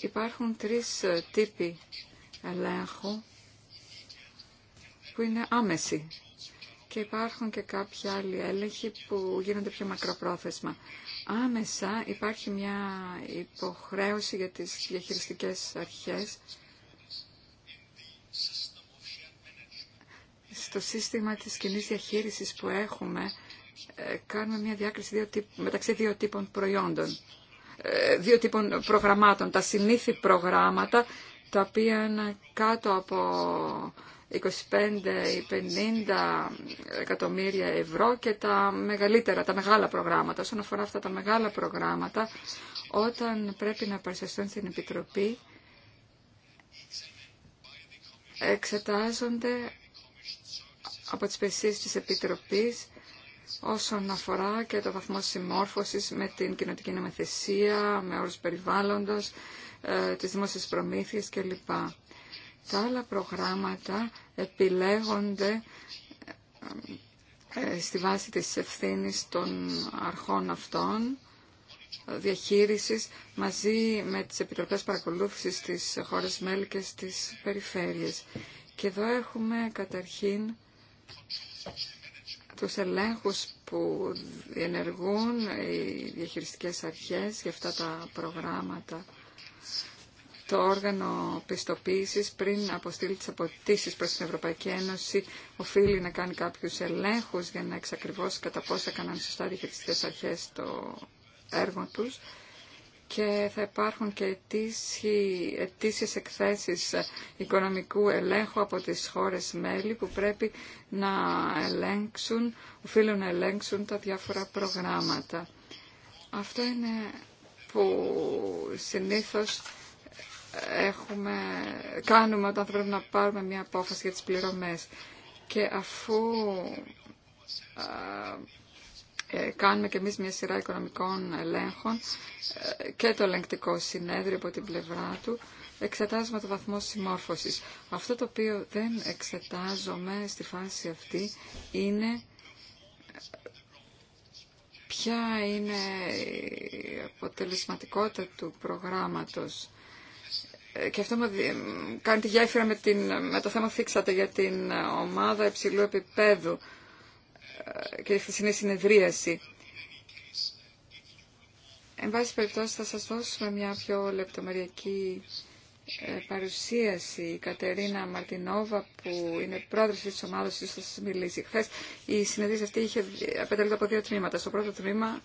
Υπάρχουν τρεις ε, τύποι ελέγχου που είναι άμεση και υπάρχουν και κάποια άλλοι έλεγχοι που γίνονται πιο μακροπρόθεσμα. Άμεσα υπάρχει μια υποχρέωση για τις διαχειριστικές αρχές στο σύστημα της κοινή διαχείρισης που έχουμε ε, κάνουμε μια διάκριση δύο τύπ, μεταξύ δύο τύπων προϊόντων. Ε, δύο τύπων προγραμμάτων. Τα συνήθι προγράμματα, τα οποία είναι κάτω από 25 ή 50 εκατομμύρια ευρώ και τα μεγαλύτερα, τα μεγάλα προγράμματα. Όσον αφορά αυτά τα μεγάλα προγράμματα, όταν πρέπει να παρουσιαστούν στην Επιτροπή, εξετάζονται από τις περισσίες της Επιτροπής όσον αφορά και το βαθμό συμμόρφωσης με την κοινωτική νομοθεσία, με όρους περιβάλλοντος, ε, τις δημόσιες προμήθειες κλπ. Τα άλλα προγράμματα επιλέγονται ε, ε, στη βάση της ευθύνης των αρχών αυτών διαχείρισης μαζί με τις επιτροπές παρακολούθησης της χώρες μέλη και στις περιφέρειες. Και εδώ έχουμε καταρχήν τους ελέγχους που ενεργούν οι διαχειριστικές αρχές για αυτά τα προγράμματα. Το όργανο πιστοποίησης πριν αποστείλει τις αποτήσεις προς την Ευρωπαϊκή Ένωση οφείλει να κάνει κάποιους ελέγχους για να εξακριβώσει κατά πόσα έκαναν σωστά διαχειριστικές αρχές το έργο τους και θα υπάρχουν και ετήσιες εκθέσεις οικονομικού ελέγχου από τις χώρες μέλη που πρέπει να ελέγξουν, οφείλουν να ελέγξουν τα διάφορα προγράμματα. Αυτό είναι που συνήθως έχουμε, κάνουμε όταν πρέπει να πάρουμε μια απόφαση για τις πληρωμές. Και αφού ε, κάνουμε και εμείς μια σειρά οικονομικών ελέγχων ε, και το ελεγκτικό συνέδριο από την πλευρά του εξετάζουμε το βαθμό συμμόρφωσης. Αυτό το οποίο δεν εξετάζομαι στη φάση αυτή είναι ε, ποια είναι η αποτελεσματικότητα του προγράμματος. Και αυτό μου κάνει τη γέφυρα με, την, με το θέμα θίξατε για την ομάδα υψηλού επίπεδου και χθεσινή συνεδρίαση. Εν πάση περιπτώσει θα σας δώσουμε μια πιο λεπτομεριακή ε, παρουσίαση. Η Κατερίνα Μαρτινόβα που είναι πρόεδρος της ομάδας της θα σας μιλήσει. Χθε η συνεδρίαση αυτή είχε απαιτείται από δύο τμήματα. Στο πρώτο τμήμα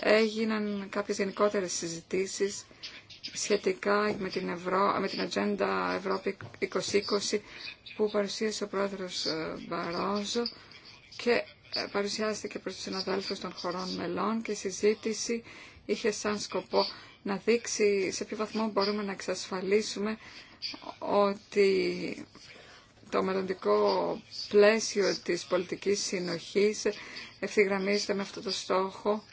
έγιναν κάποιες γενικότερες συζητήσεις σχετικά με την, Ευρώ, με την Ατζέντα Ευρώπη 2020 που παρουσίασε ο πρόεδρος ε, Μπαρόζο και ε, παρουσιάστηκε προς τους συναδέλφους των χωρών μελών και η συζήτηση είχε σαν σκοπό να δείξει σε ποιο βαθμό μπορούμε να εξασφαλίσουμε ότι το μελλοντικό πλαίσιο της πολιτικής συνοχής ευθυγραμμίζεται με αυτό το στόχο.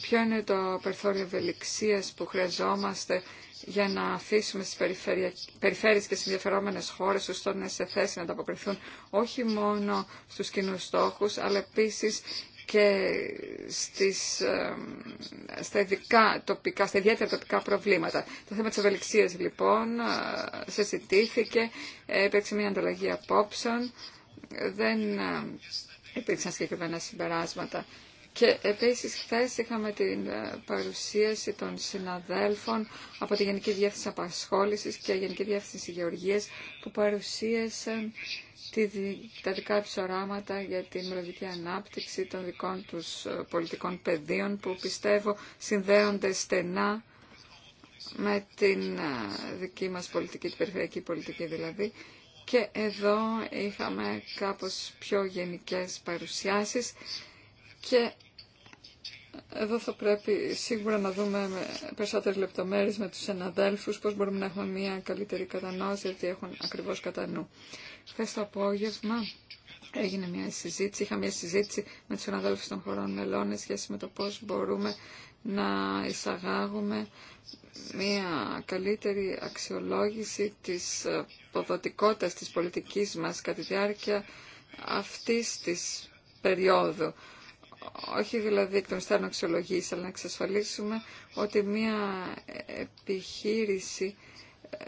Ποιο είναι το περιθώριο ευελιξίας που χρειαζόμαστε για να αφήσουμε στις περιφέρειες και στις ενδιαφερόμενες χώρες ώστε να είναι σε θέση να ανταποκριθούν όχι μόνο στους κοινού στόχους, αλλά επίσης και στις, στα, ειδικά, τοπικά, στα ιδιαίτερα τοπικά προβλήματα. Το θέμα της ευελιξίας λοιπόν ε, συζητήθηκε, έπαιξε μια ανταλλαγή απόψεων, δεν ε, υπήρξαν συγκεκριμένα συμπεράσματα. Και επίσης χθε είχαμε την ε, παρουσίαση των συναδέλφων από τη Γενική Διεύθυνση Απασχόλησης και Γενική Διεύθυνση Γεωργίας που παρουσίασαν τα δικά τους οράματα για την μελλοντική ανάπτυξη των δικών τους ε, πολιτικών πεδίων που πιστεύω συνδέονται στενά με την ε, δική μας πολιτική, την περιφερειακή πολιτική δηλαδή. Και εδώ είχαμε κάπως πιο γενικές παρουσιάσεις και εδώ θα πρέπει σίγουρα να δούμε με περισσότερες λεπτομέρειες με τους συναδέλφους πώς μπορούμε να έχουμε μια καλύτερη κατανόηση γιατί έχουν ακριβώς κατά νου. Χθε το απόγευμα έγινε μια συζήτηση, είχα μια συζήτηση με τους συναδέλφους των χωρών μελών σε σχέση με το πώς μπορούμε να εισαγάγουμε μια καλύτερη αξιολόγηση της ποδοτικότητας της πολιτικής μας κατά τη διάρκεια αυτής της περίοδου όχι δηλαδή εκ των υστέρων αξιολογής, αλλά να εξασφαλίσουμε ότι μια επιχείρηση ε,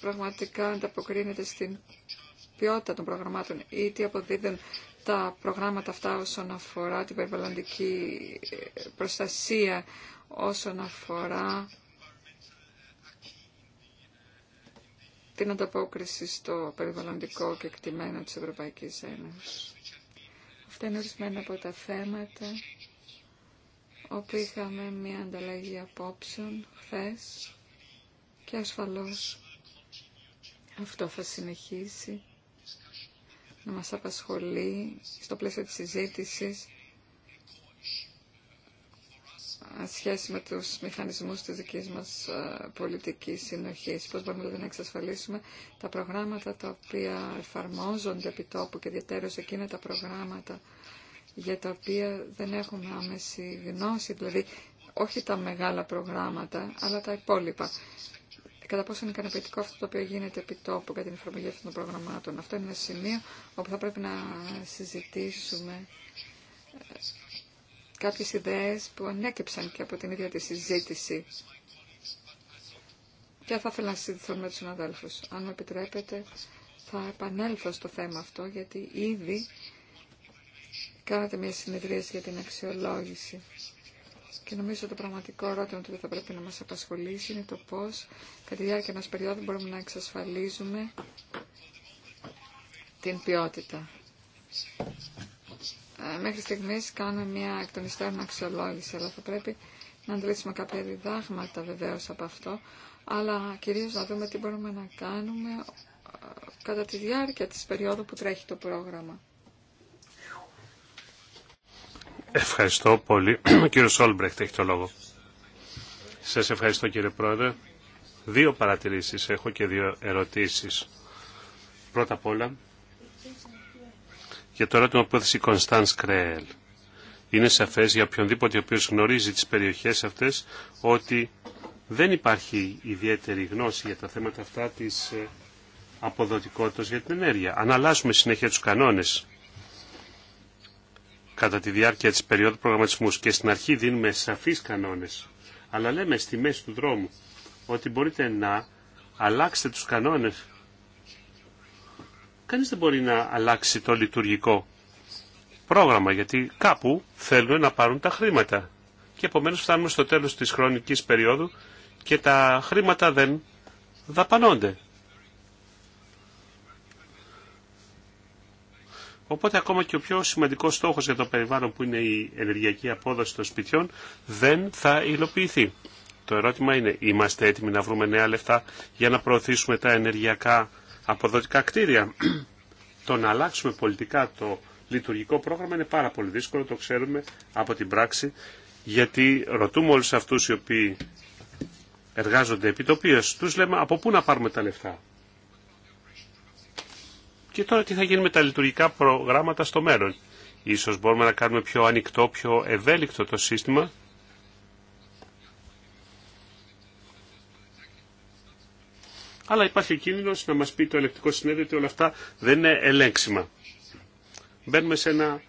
πραγματικά ανταποκρίνεται στην ποιότητα των προγραμμάτων ή τι αποδίδουν τα προγράμματα αυτά όσον αφορά την περιβαλλοντική ε, προστασία, όσον αφορά την ανταπόκριση στο περιβαλλοντικό κεκτημένο της Ευρωπαϊκής Ένωσης. Αυτά είναι ορισμένα από τα θέματα όπου είχαμε μια ανταλλαγή απόψεων χθες και ασφαλώς αυτό θα συνεχίσει να μας απασχολεί στο πλαίσιο της συζήτησης σχέση με τους μηχανισμούς της δικής μας ε, πολιτικής συνοχής. Πώς μπορούμε δηλαδή να εξασφαλίσουμε τα προγράμματα τα οποία εφαρμόζονται επί τόπου και ιδιαίτερως εκείνα τα προγράμματα για τα οποία δεν έχουμε άμεση γνώση, δηλαδή όχι τα μεγάλα προγράμματα, αλλά τα υπόλοιπα. Κατά πόσο είναι ικανοποιητικό αυτό το οποίο γίνεται επί τόπου για την εφαρμογή αυτών των προγραμμάτων. Αυτό είναι ένα σημείο όπου θα πρέπει να συζητήσουμε κάποιες ιδέες που ανέκυψαν και από την ίδια τη συζήτηση. Και θα ήθελα να συζητηθώ με τους συναδέλφους. Αν μου επιτρέπετε, θα επανέλθω στο θέμα αυτό, γιατί ήδη κάνατε μια συνεδρίαση για την αξιολόγηση. Και νομίζω το πραγματικό ερώτημα που θα πρέπει να μας απασχολήσει είναι το πώς κατά τη διάρκεια ενός περίοδου μπορούμε να εξασφαλίζουμε την ποιότητα μέχρι στιγμής κάνω μια εκ των υστέρων αξιολόγηση, αλλά θα πρέπει να αντλήσουμε κάποια διδάγματα βεβαίω από αυτό, αλλά κυρίως να δούμε τι μπορούμε να κάνουμε ε, κατά τη διάρκεια της περίοδου που τρέχει το πρόγραμμα. Ευχαριστώ πολύ. Ο *clears throat* κύριος Όλμπρεχτ έχει το λόγο. Σας ευχαριστώ κύριε Πρόεδρε. Δύο παρατηρήσεις έχω και δύο ερωτήσεις. Πρώτα απ' όλα, για το ερώτημα που έθεσε η Κωνσταντ Κρέελ. Είναι σαφέ για οποιονδήποτε ο οποίος γνωρίζει τις περιοχές αυτές ότι δεν υπάρχει ιδιαίτερη γνώση για τα θέματα αυτά της ε, αποδοτικότητας για την ενέργεια. Αν αλλάζουμε συνέχεια τους κανόνες κατά τη διάρκεια της περίοδου προγραμματισμού και στην αρχή δίνουμε σαφείς κανόνε, αλλά λέμε στη μέση του δρόμου ότι μπορείτε να αλλάξετε του κανόνε. Κανείς δεν μπορεί να αλλάξει το λειτουργικό πρόγραμμα, γιατί κάπου θέλουν να πάρουν τα χρήματα. Και επομένως φτάνουμε στο τέλος της χρονικής περίοδου και τα χρήματα δεν δαπανώνται. Οπότε ακόμα και ο πιο σημαντικός στόχος για το περιβάλλον που είναι η ενεργειακή απόδοση των σπιτιών δεν θα υλοποιηθεί. Το ερώτημα είναι, είμαστε έτοιμοι να βρούμε νέα λεφτά για να προωθήσουμε τα ενεργειακά αποδοτικά κτίρια. το να αλλάξουμε πολιτικά το λειτουργικό πρόγραμμα είναι πάρα πολύ δύσκολο, το ξέρουμε από την πράξη, γιατί ρωτούμε όλους αυτούς οι οποίοι εργάζονται επί το τους λέμε από πού να πάρουμε τα λεφτά. Και τώρα τι θα γίνει με τα λειτουργικά προγράμματα στο μέλλον. Ίσως μπορούμε να κάνουμε πιο ανοιχτό, πιο ευέλικτο το σύστημα αλλά υπάρχει ο κίνδυνος να μα πει το ελεκτικό συνέδριο ότι όλα αυτά δεν είναι ελέγξιμα. Μπαίνουμε σε ένα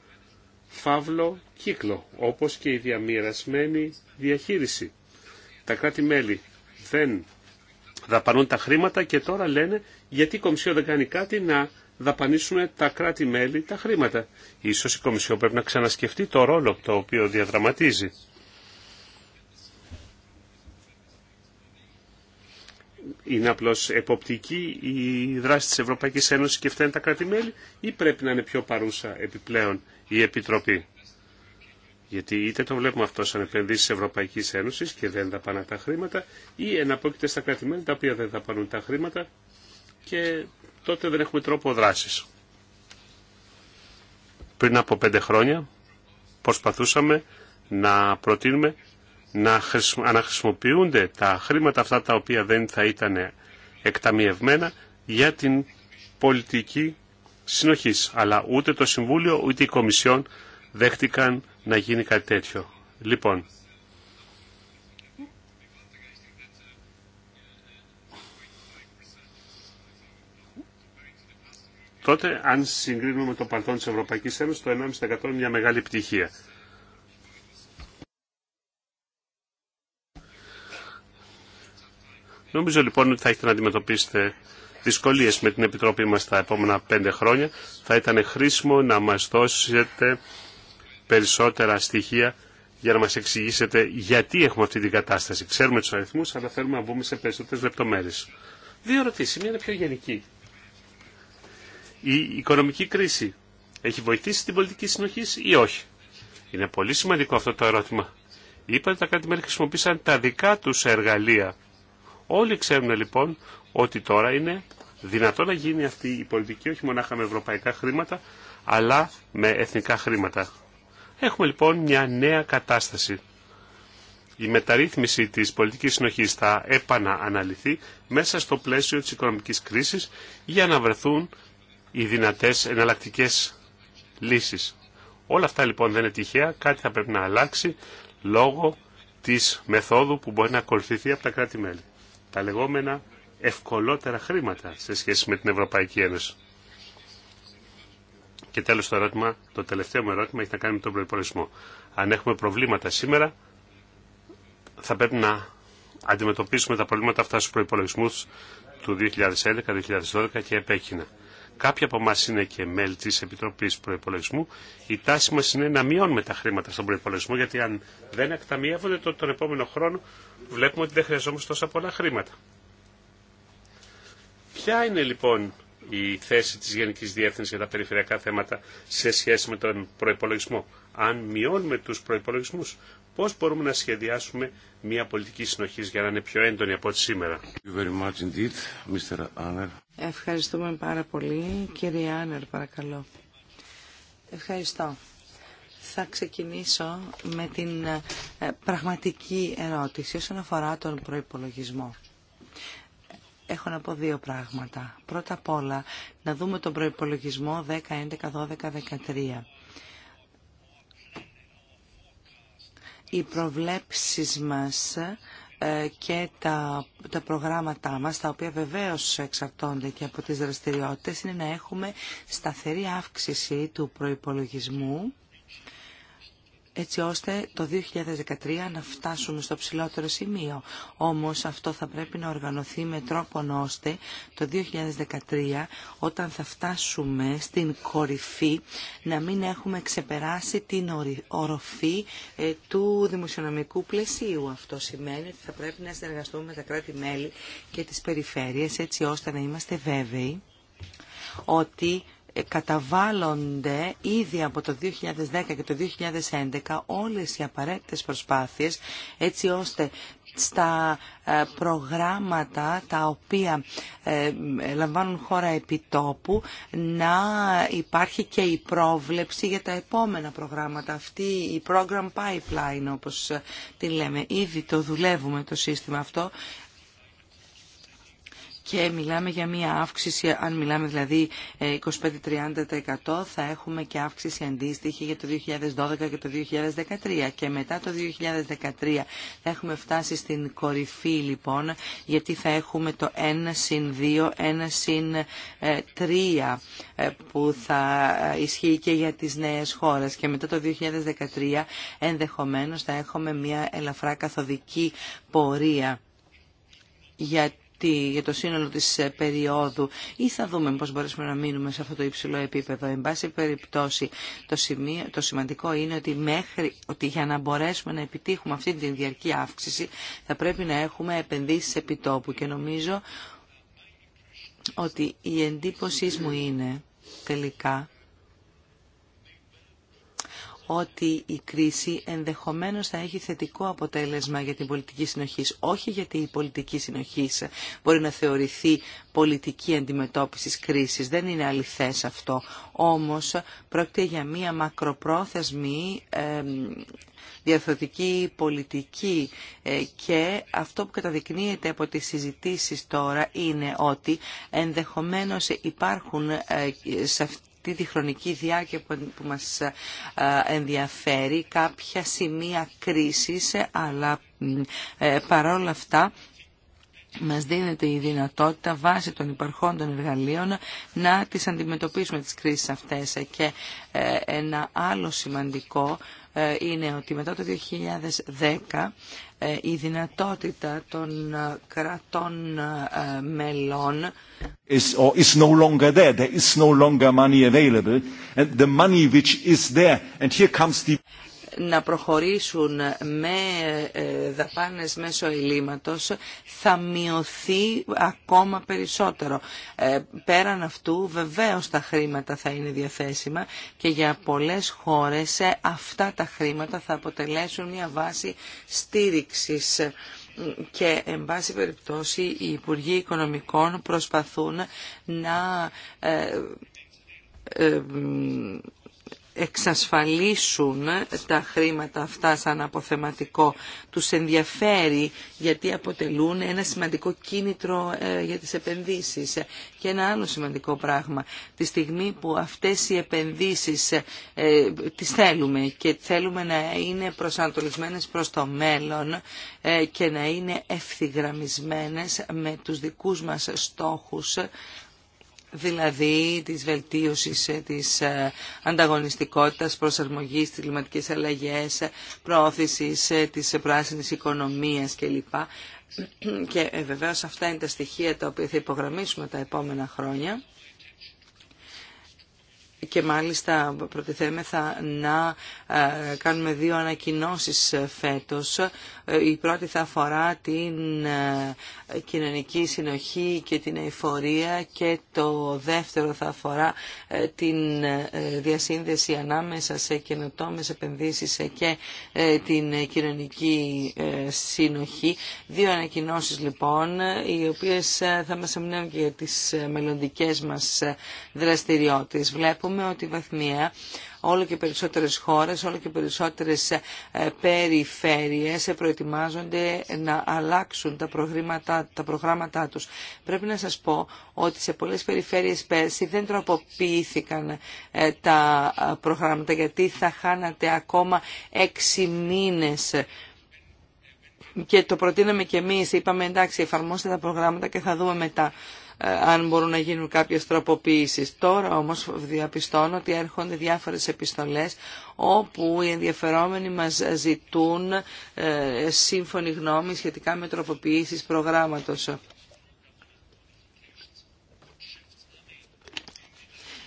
φαύλο κύκλο, όπως και η διαμοιρασμένη διαχείριση. Τα κράτη-μέλη δεν δαπανούν τα χρήματα και τώρα λένε γιατί η Κομισιό δεν κάνει κάτι να δαπανίσουν τα κράτη-μέλη τα χρήματα. Ίσως η Κομισιό πρέπει να ξανασκεφτεί το ρόλο το οποίο διαδραματίζει. είναι απλώ εποπτική η δράση της Ευρωπαϊκής Ένωσης και φταίνουν τα κράτη-μέλη ή πρέπει να είναι πιο παρούσα επιπλέον η Επιτροπή. Γιατί είτε το βλέπουμε αυτό σαν επενδύσει τη Ευρωπαϊκή Ένωση και δεν δαπανά τα χρήματα, ή εναπόκειται στα κράτη-μέλη τα οποία δεν δαπανούν τα χρήματα και τότε δεν έχουμε τρόπο δράση. Πριν από πέντε χρόνια προσπαθούσαμε να προτείνουμε να αναχρησιμοποιούνται τα χρήματα αυτά τα οποία δεν θα ήταν εκταμιευμένα για την πολιτική συνοχής. Αλλά ούτε το Συμβούλιο ούτε η Κομισιόν δέχτηκαν να γίνει κάτι τέτοιο. Λοιπόν, τότε αν συγκρίνουμε με το παρελθόν της Ευρωπαϊκής Ένωσης, το 1,5% είναι μια μεγάλη πτυχία. Νομίζω λοιπόν ότι θα έχετε να αντιμετωπίσετε δυσκολίες με την Επιτροπή μας τα επόμενα πέντε χρόνια. Θα ήταν χρήσιμο να μας δώσετε περισσότερα στοιχεία για να μας εξηγήσετε γιατί έχουμε αυτή την κατάσταση. Ξέρουμε τους αριθμούς, αλλά θέλουμε να μπούμε σε περισσότερες λεπτομέρειες. Δύο ερωτήσεις. Μία είναι πιο γενική. Η οικονομική κρίση έχει βοηθήσει την πολιτική συνοχή ή όχι. Είναι πολύ σημαντικό αυτό το ερώτημα. Είπατε ότι τα κράτη-μέλη χρησιμοποίησαν τα δικά τους εργαλεία Όλοι ξέρουν λοιπόν ότι τώρα είναι δυνατό να γίνει αυτή η πολιτική όχι μονάχα με ευρωπαϊκά χρήματα, αλλά με εθνικά χρήματα. Έχουμε λοιπόν μια νέα κατάσταση. Η μεταρρύθμιση της πολιτικής συνοχής θα επανααναλυθεί μέσα στο πλαίσιο της οικονομικής κρίσης για να βρεθούν οι δυνατές εναλλακτικές λύσεις. Όλα αυτά λοιπόν δεν είναι τυχαία, κάτι θα πρέπει να αλλάξει λόγω της μεθόδου που μπορεί να ακολουθηθεί από τα κράτη-μέλη τα λεγόμενα ευκολότερα χρήματα σε σχέση με την Ευρωπαϊκή Ένωση. Και τέλος το ερώτημα, το τελευταίο μου ερώτημα έχει να κάνει με τον προϋπολογισμό. Αν έχουμε προβλήματα σήμερα, θα πρέπει να αντιμετωπίσουμε τα προβλήματα αυτά στους προϋπολογισμούς του 2011, 2012 και επέκεινα. Κάποιοι από εμά είναι και μέλη τη Επιτροπή Προπολογισμού. Η τάση μα είναι να μειώνουμε τα χρήματα στον προπολογισμό, γιατί αν δεν εκταμιεύονται, τότε τον επόμενο χρόνο βλέπουμε ότι δεν χρειαζόμαστε τόσα πολλά χρήματα. Ποια είναι λοιπόν η θέση της Γενικής Διεύθυνσης για τα περιφερειακά θέματα σε σχέση με τον προϋπολογισμό αν μειώνουμε τους προϋπολογισμούς, πώς μπορούμε να σχεδιάσουμε μια πολιτική συνοχή για να είναι πιο έντονη από ό,τι σήμερα. Ευχαριστούμε πάρα πολύ. Κύριε Άνερ, παρακαλώ. Ευχαριστώ. Θα ξεκινήσω με την ε, πραγματική ερώτηση όσον αφορά τον προϋπολογισμό. Έχω να πω δύο πράγματα. Πρώτα απ' όλα, να δούμε τον προϋπολογισμό 10, 11, 12, 13. οι προβλέψεις μας ε, και τα, τα προγράμματά μας, τα οποία βεβαίως εξαρτώνται και από τις δραστηριότητες, είναι να έχουμε σταθερή αύξηση του προϋπολογισμού έτσι ώστε το 2013 να φτάσουμε στο ψηλότερο σημείο. Όμως αυτό θα πρέπει να οργανωθεί με τρόπο ώστε το 2013 όταν θα φτάσουμε στην κορυφή να μην έχουμε ξεπεράσει την οροφή ε, του δημοσιονομικού πλαισίου. Αυτό σημαίνει ότι θα πρέπει να συνεργαστούμε με τα κράτη-μέλη και τις περιφέρειες έτσι ώστε να είμαστε βέβαιοι ότι καταβάλλονται ήδη από το 2010 και το 2011 όλες οι απαραίτητες προσπάθειες έτσι ώστε στα ε, προγράμματα τα οποία ε, λαμβάνουν χώρα επιτόπου να υπάρχει και η πρόβλεψη για τα επόμενα προγράμματα. Αυτή η program pipeline όπως ε, τη λέμε. Ήδη το δουλεύουμε το σύστημα αυτό και μιλάμε για μία αύξηση, αν μιλάμε δηλαδή 25-30% ε, θα έχουμε και αύξηση αντίστοιχη για το 2012 και το 2013 και μετά το 2013 θα έχουμε φτάσει στην κορυφή λοιπόν γιατί θα έχουμε το 1 συν 2, 1 συν 3 ε, ε, που θα ισχύει και για τις νέες χώρες και μετά το 2013 ενδεχομένως θα έχουμε μία ελαφρά καθοδική πορεία για για το σύνολο της ε, περίοδου ή θα δούμε πώς μπορέσουμε να μείνουμε σε αυτό το υψηλό επίπεδο. Εν πάση περιπτώσει, το, σημείο, το σημαντικό είναι ότι, μέχρι, ότι για να μπορέσουμε να επιτύχουμε αυτή την διαρκή αύξηση θα πρέπει να έχουμε επενδύσεις επιτόπου και νομίζω ότι η εντύπωσή μου είναι τελικά ότι η κρίση ενδεχομένως θα έχει θετικό αποτέλεσμα για την πολιτική συνοχής. Όχι γιατί η πολιτική συνοχή μπορεί να θεωρηθεί πολιτική αντιμετώπιση κρίσης. Δεν είναι αληθές αυτό. Όμως πρόκειται για μία μακροπρόθεσμη ε, πολιτική και αυτό που καταδεικνύεται από τις συζητήσεις τώρα είναι ότι ενδεχομένως υπάρχουν ε, σε αυτή αυτή τη χρονική διάρκεια που μας ε, ενδιαφέρει, κάποια σημεία κρίσης, ε, αλλά ε, παρόλα αυτά μας δίνεται η δυνατότητα βάσει των των εργαλείων να τις αντιμετωπίσουμε τις κρίσεις αυτές. Και ένα άλλο σημαντικό είναι ότι μετά το 2010 η δυνατότητα των κρατών μελών is or is no longer there. There is no longer money available. And the money which is there, and here comes the να προχωρήσουν με ε, δαπάνες μέσω ελλείμματος θα μειωθεί ακόμα περισσότερο. Ε, πέραν αυτού βεβαίως τα χρήματα θα είναι διαθέσιμα και για πολλές χώρες ε, αυτά τα χρήματα θα αποτελέσουν μια βάση στήριξης και εν πάση περιπτώσει οι Υπουργοί Οικονομικών προσπαθούν να εξασφαλίσουν τα χρήματα αυτά σαν αποθεματικό. Τους ενδιαφέρει γιατί αποτελούν ένα σημαντικό κίνητρο ε, για τις επενδύσεις. Και ένα άλλο σημαντικό πράγμα. Τη στιγμή που αυτές οι επενδύσεις ε, τις θέλουμε και θέλουμε να είναι προσανατολισμένες προς το μέλλον ε, και να είναι ευθυγραμμισμένες με τους δικούς μας στόχους δηλαδή της βελτίωσης ε, της ε, ανταγωνιστικότητας, προσαρμογής της κλιματικές αλλαγές, ε, προώθησης της πράσινης οικονομίας κλπ. *clears throat* Και βεβαίως αυτά είναι τα στοιχεία τα οποία θα υπογραμμίσουμε τα επόμενα χρόνια και μάλιστα προτιθέμεθα να ε, κάνουμε δύο ανακοινώσεις ε, φέτος. Ε, η πρώτη θα αφορά την κοινωνική συνοχή και την εφορία και το δεύτερο θα αφορά την διασύνδεση ανάμεσα σε καινοτόμες επενδύσεις και την κοινωνική συνοχή. Δύο ανακοινώσεις λοιπόν, οι οποίες θα μας εμπνέουν και για τις μελλοντικές μας δραστηριότητες. Βλέπουμε βλέπουμε ότι βαθμία όλο και περισσότερες χώρες, όλο και περισσότερες ε, περιφέρειες ε, προετοιμάζονται να αλλάξουν τα προγράμματα, τα προγράμματά τους. Πρέπει να σας πω ότι σε πολλές περιφέρειες πέρσι δεν τροποποιήθηκαν ε, τα προγράμματα γιατί θα χάνατε ακόμα έξι μήνες και το προτείναμε και εμείς, είπαμε εντάξει εφαρμόστε τα προγράμματα και θα δούμε μετά. Ε, αν μπορούν να γίνουν κάποιες τροποποίησεις. Τώρα όμως διαπιστώνω ότι έρχονται διάφορες επιστολές όπου οι ενδιαφερόμενοι μας ζητούν ε, σύμφωνη γνώμη σχετικά με τροποποιήσεις προγράμματος.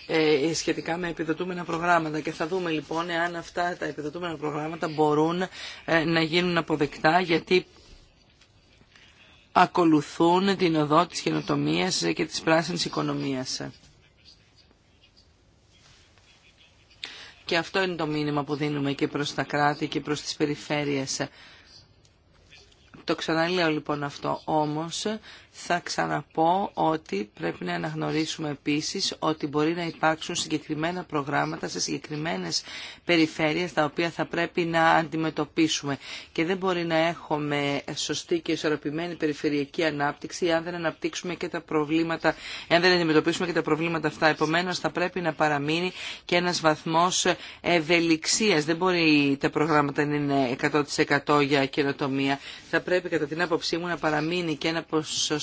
Ε, σχετικά με επιδοτούμενα προγράμματα και θα δούμε λοιπόν εάν αυτά τα επιδοτούμενα προγράμματα μπορούν να γίνουν αποδεκτά γιατί ακολουθούν την οδό της καινοτομία και της πράσινης οικονομίας. Και αυτό είναι το μήνυμα που δίνουμε και προς τα κράτη και προς τις περιφέρειες. Το ξαναλέω λοιπόν αυτό, όμως θα ξαναπώ ότι πρέπει να αναγνωρίσουμε επίσης ότι μπορεί να υπάρξουν συγκεκριμένα προγράμματα σε συγκεκριμένες περιφέρειες τα οποία θα πρέπει να αντιμετωπίσουμε και δεν μπορεί να έχουμε σωστή και ισορροπημένη περιφερειακή ανάπτυξη αν δεν αναπτύξουμε και τα προβλήματα, αν δεν αντιμετωπίσουμε και τα προβλήματα αυτά. Επομένως θα πρέπει να παραμείνει και ένας βαθμός ευελιξίας. Δεν μπορεί τα προγράμματα να είναι 100% για καινοτομία. Θα πρέπει κατά την άποψή μου να παραμείνει και ένα ποσοστό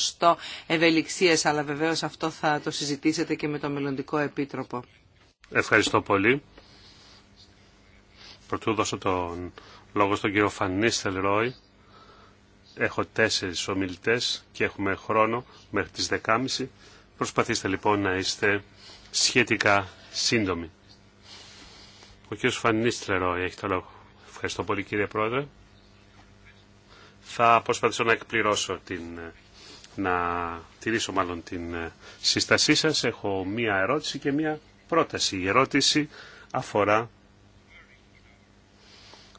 ευελιξίας, αλλά βεβαίω αυτό θα το συζητήσετε και με το μελλοντικό επίτροπο. Ευχαριστώ πολύ. Πρωτού δώσω τον λόγο στον κύριο Φανίστελ Ρόι. Έχω τέσσερις ομιλητές και έχουμε χρόνο μέχρι τις 10.30. Προσπαθήστε λοιπόν να είστε σχετικά σύντομοι. Ο Φανίστελ Ρόι έχει το λόγο. Ευχαριστώ πολύ κύριε Πρόεδρε. Θα προσπαθήσω να εκπληρώσω την να τηρήσω μάλλον την ε, σύστασή σας. Έχω μία ερώτηση και μία πρόταση. Η ερώτηση αφορά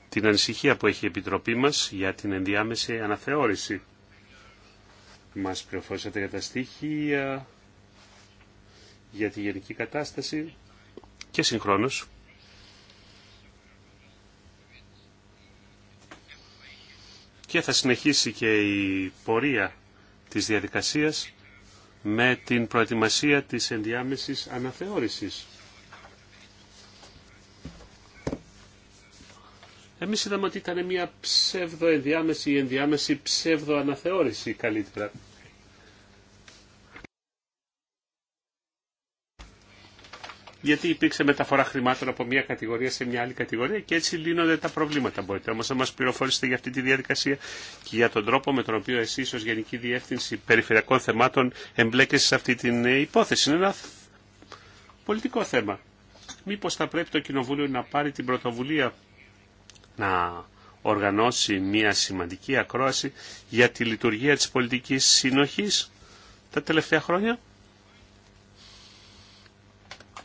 την ανησυχία που έχει η Επιτροπή μας για την ενδιάμεση αναθεώρηση. Μας πληροφόρησατε για τα στοιχεία, για τη γενική κατάσταση και συγχρόνως και θα συνεχίσει και η πορεία της διαδικασίας με την προετοιμασία της ενδιάμεσης αναθεώρησης. Εμείς είδαμε ότι ήταν μια ψεύδο ενδιάμεση ή ενδιάμεση ψεύδο αναθεώρηση καλύτερα. γιατί υπήρξε μεταφορά χρημάτων από μια κατηγορία σε μια άλλη κατηγορία και έτσι λύνονται τα προβλήματα. Μπορείτε όμω να μα πληροφορήσετε για αυτή τη διαδικασία και για τον τρόπο με τον οποίο εσεί ω Γενική Διεύθυνση Περιφερειακών Θεμάτων εμπλέκεστε σε αυτή την υπόθεση. Είναι ένα πολιτικό θέμα. Μήπω θα πρέπει το Κοινοβούλιο να πάρει την πρωτοβουλία να οργανώσει μια σημαντική ακρόαση για τη λειτουργία της πολιτικής συνοχής τα τελευταία χρόνια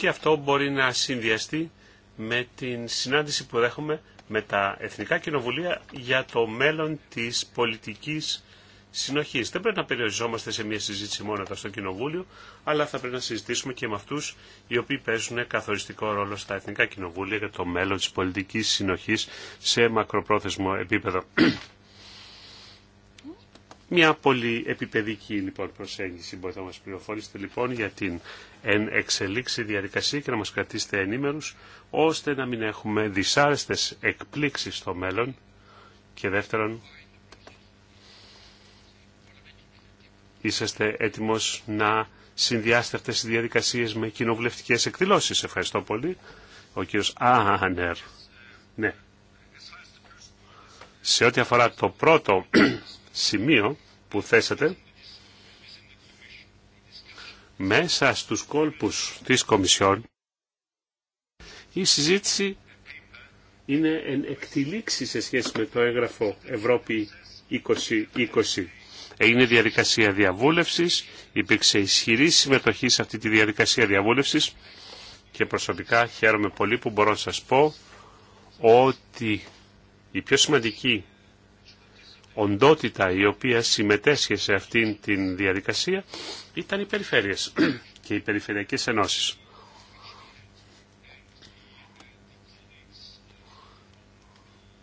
και αυτό μπορεί να συνδυαστεί με την συνάντηση που έχουμε με τα Εθνικά Κοινοβουλία για το μέλλον της πολιτικής συνοχής. Δεν πρέπει να περιοριζόμαστε σε μια συζήτηση μόνο στο Κοινοβούλιο, αλλά θα πρέπει να συζητήσουμε και με αυτούς οι οποίοι παίζουν καθοριστικό ρόλο στα Εθνικά Κοινοβούλια για το μέλλον της πολιτικής συνοχής σε μακροπρόθεσμο επίπεδο. Μια πολύ επιπαιδική λοιπόν προσέγγιση μπορείτε να μας πληροφορήσετε λοιπόν για την εξελίξη διαδικασία και να μας κρατήσετε ενήμερους ώστε να μην έχουμε δυσάρεστες εκπλήξεις στο μέλλον και δεύτερον είσαστε έτοιμος να συνδυάσετε αυτέ τις διαδικασίες με κοινοβουλευτικές εκδηλώσεις. Ευχαριστώ πολύ. Ο κύριος Άνερ. Ναι. Σε ό,τι αφορά το πρώτο σημείο που θέσατε μέσα στους κόλπους της Κομισιόν η συζήτηση είναι εν εκτιλήξη σε σχέση με το έγγραφο Ευρώπη 2020. Έγινε διαδικασία διαβούλευσης, υπήρξε ισχυρή συμμετοχή σε αυτή τη διαδικασία διαβούλευσης και προσωπικά χαίρομαι πολύ που μπορώ να σας πω ότι η πιο σημαντική οντότητα η οποία συμμετέσχε σε αυτήν την διαδικασία ήταν οι περιφέρειες *clears throat* και οι περιφερειακές ενώσεις.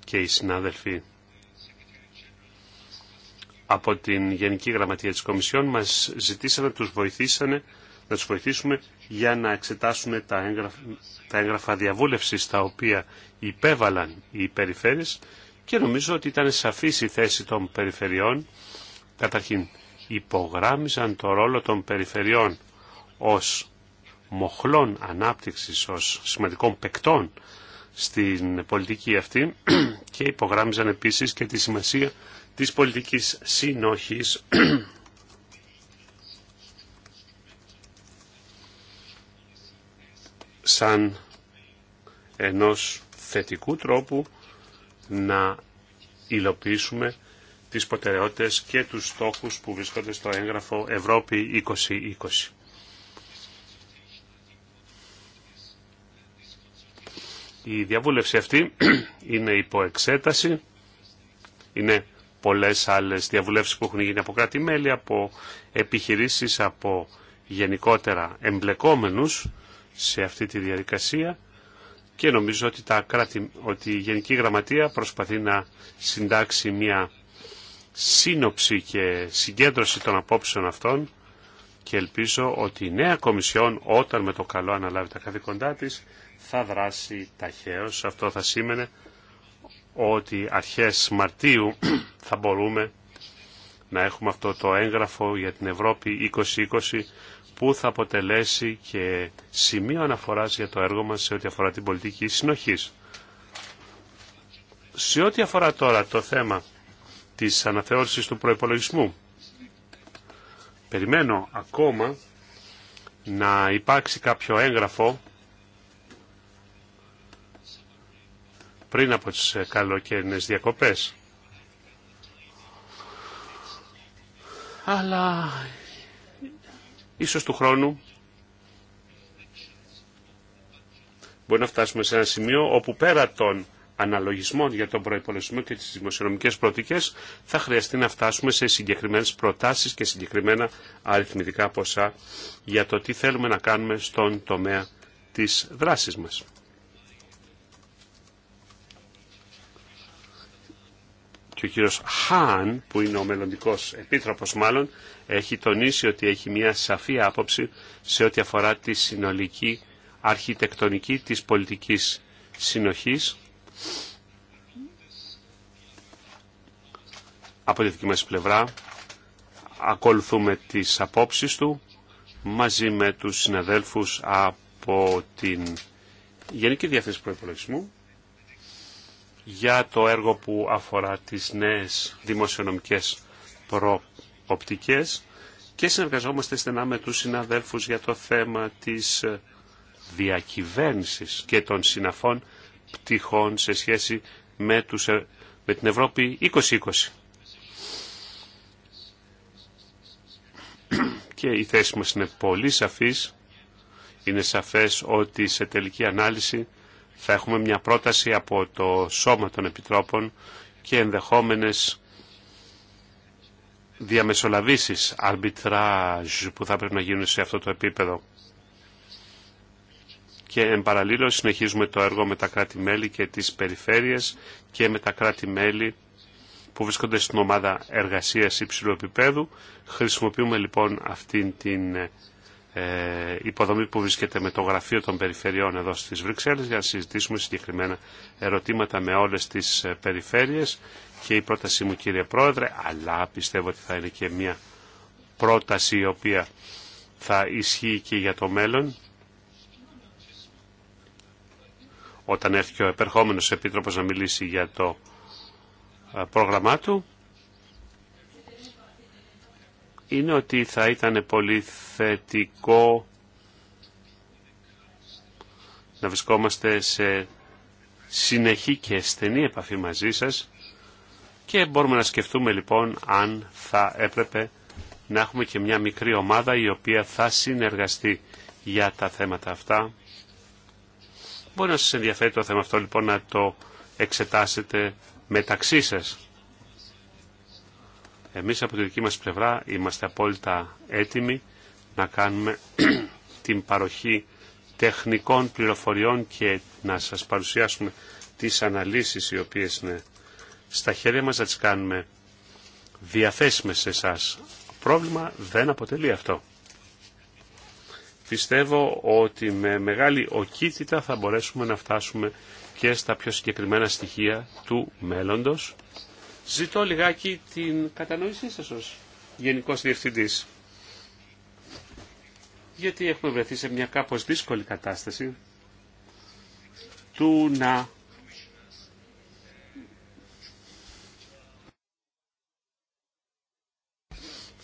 Και οι συνάδελφοι από την Γενική Γραμματεία της Κομισιόν μας ζητήσαν να τους βοηθήσανε να τους βοηθήσουμε για να εξετάσουμε τα έγγραφα, τα έγγραφα διαβούλευσης τα οποία υπέβαλαν οι περιφέρειες και νομίζω ότι ήταν σαφής η θέση των περιφερειών. Καταρχήν υπογράμμιζαν το ρόλο των περιφερειών ως μοχλών ανάπτυξης, ως σημαντικών παικτών στην πολιτική αυτή *clears throat* και υπογράμμιζαν επίσης και τη σημασία της πολιτικής συνοχής *clears throat* σαν ενός θετικού τρόπου να υλοποιήσουμε τις προτεραιότητες και τους στόχους που βρίσκονται στο έγγραφο Ευρώπη 2020. Η διαβούλευση αυτή *clears throat* είναι υπό εξέταση. Είναι πολλές άλλες διαβουλεύσεις που έχουν γίνει από κράτη-μέλη, από επιχειρήσεις, από γενικότερα εμπλεκόμενους σε αυτή τη διαδικασία και νομίζω ότι, κράτη, ότι η Γενική Γραμματεία προσπαθεί να συντάξει μια σύνοψη και συγκέντρωση των απόψεων αυτών και ελπίζω ότι η νέα Κομισιόν όταν με το καλό αναλάβει τα καθήκοντά της θα δράσει ταχαίως. Αυτό θα σήμαινε ότι αρχές Μαρτίου *clears throat* θα μπορούμε να έχουμε αυτό το έγγραφο για την Ευρώπη 2020 που θα αποτελέσει και σημείο αναφοράς για το έργο μας σε ό,τι αφορά την πολιτική συνοχής. Σε ό,τι αφορά τώρα το θέμα της αναθεώρησης του προϋπολογισμού, περιμένω ακόμα να υπάρξει κάποιο έγγραφο πριν από τις καλοκαιρινές διακοπές. Αλλά Ίσως του χρόνου μπορεί να φτάσουμε σε ένα σημείο όπου πέρα των αναλογισμών για τον προϋπολογισμό και τις δημοσιονομικές προοπτικές θα χρειαστεί να φτάσουμε σε συγκεκριμένες προτάσεις και συγκεκριμένα αριθμητικά ποσά για το τι θέλουμε να κάνουμε στον τομέα της δράσης μας. και ο κύριος Χάν, που είναι ο μελλοντικό επίτροπος μάλλον, έχει τονίσει ότι έχει μια σαφή άποψη σε ό,τι αφορά τη συνολική αρχιτεκτονική της πολιτικής συνοχής. Από τη δική μας πλευρά ακολουθούμε τις απόψεις του μαζί με τους συναδέλφους από την Γενική Διεύθυνση Προϋπολογισμού για το έργο που αφορά τις νέες δημοσιονομικές προοπτικές και συνεργαζόμαστε στενά με τους συναδέλφους για το θέμα της διακυβέρνησης και των συναφών πτυχών σε σχέση με, τους, με την Ευρώπη 2020. Και η θέση μας είναι πολύ σαφής. Είναι σαφές ότι σε τελική ανάλυση θα έχουμε μια πρόταση από το Σώμα των Επιτρόπων και ενδεχόμενες διαμεσολαβήσεις, arbitrage που θα πρέπει να γίνουν σε αυτό το επίπεδο. Και εν παραλίλω συνεχίζουμε το έργο με τα κράτη-μέλη και τις περιφέρειες και με τα κράτη-μέλη που βρίσκονται στην ομάδα εργασίας υψηλού επίπεδου. Χρησιμοποιούμε λοιπόν αυτήν την ε, υποδομή που βρίσκεται με το Γραφείο των Περιφερειών εδώ στις Βρυξέλλες για να συζητήσουμε συγκεκριμένα ερωτήματα με όλες τις ε, περιφέρειες και η πρότασή μου κύριε Πρόεδρε, αλλά πιστεύω ότι θα είναι και μια πρόταση η οποία θα ισχύει και για το μέλλον. Όταν έρθει και ο επερχόμενος επίτροπος να μιλήσει για το ε, πρόγραμμά του, είναι ότι θα ήταν πολύ θετικό να βρισκόμαστε σε συνεχή και στενή επαφή μαζί σας και μπορούμε να σκεφτούμε λοιπόν αν θα έπρεπε να έχουμε και μια μικρή ομάδα η οποία θα συνεργαστεί για τα θέματα αυτά. Μπορεί να σας ενδιαφέρει το θέμα αυτό λοιπόν να το εξετάσετε μεταξύ σας. Εμείς από τη δική μας πλευρά είμαστε απόλυτα έτοιμοι να κάνουμε *clears throat* την παροχή τεχνικών πληροφοριών και να σας παρουσιάσουμε τις αναλύσεις οι οποίες είναι στα χέρια μας να τις κάνουμε διαθέσιμες σε εσά. Πρόβλημα δεν αποτελεί αυτό. Πιστεύω ότι με μεγάλη οκίτητα θα μπορέσουμε να φτάσουμε και στα πιο συγκεκριμένα στοιχεία του μέλλοντος Ζητώ λιγάκι την κατανόησή σας ως Γενικός Διευθυντής. Γιατί έχουμε βρεθεί σε μια κάπως δύσκολη κατάσταση του να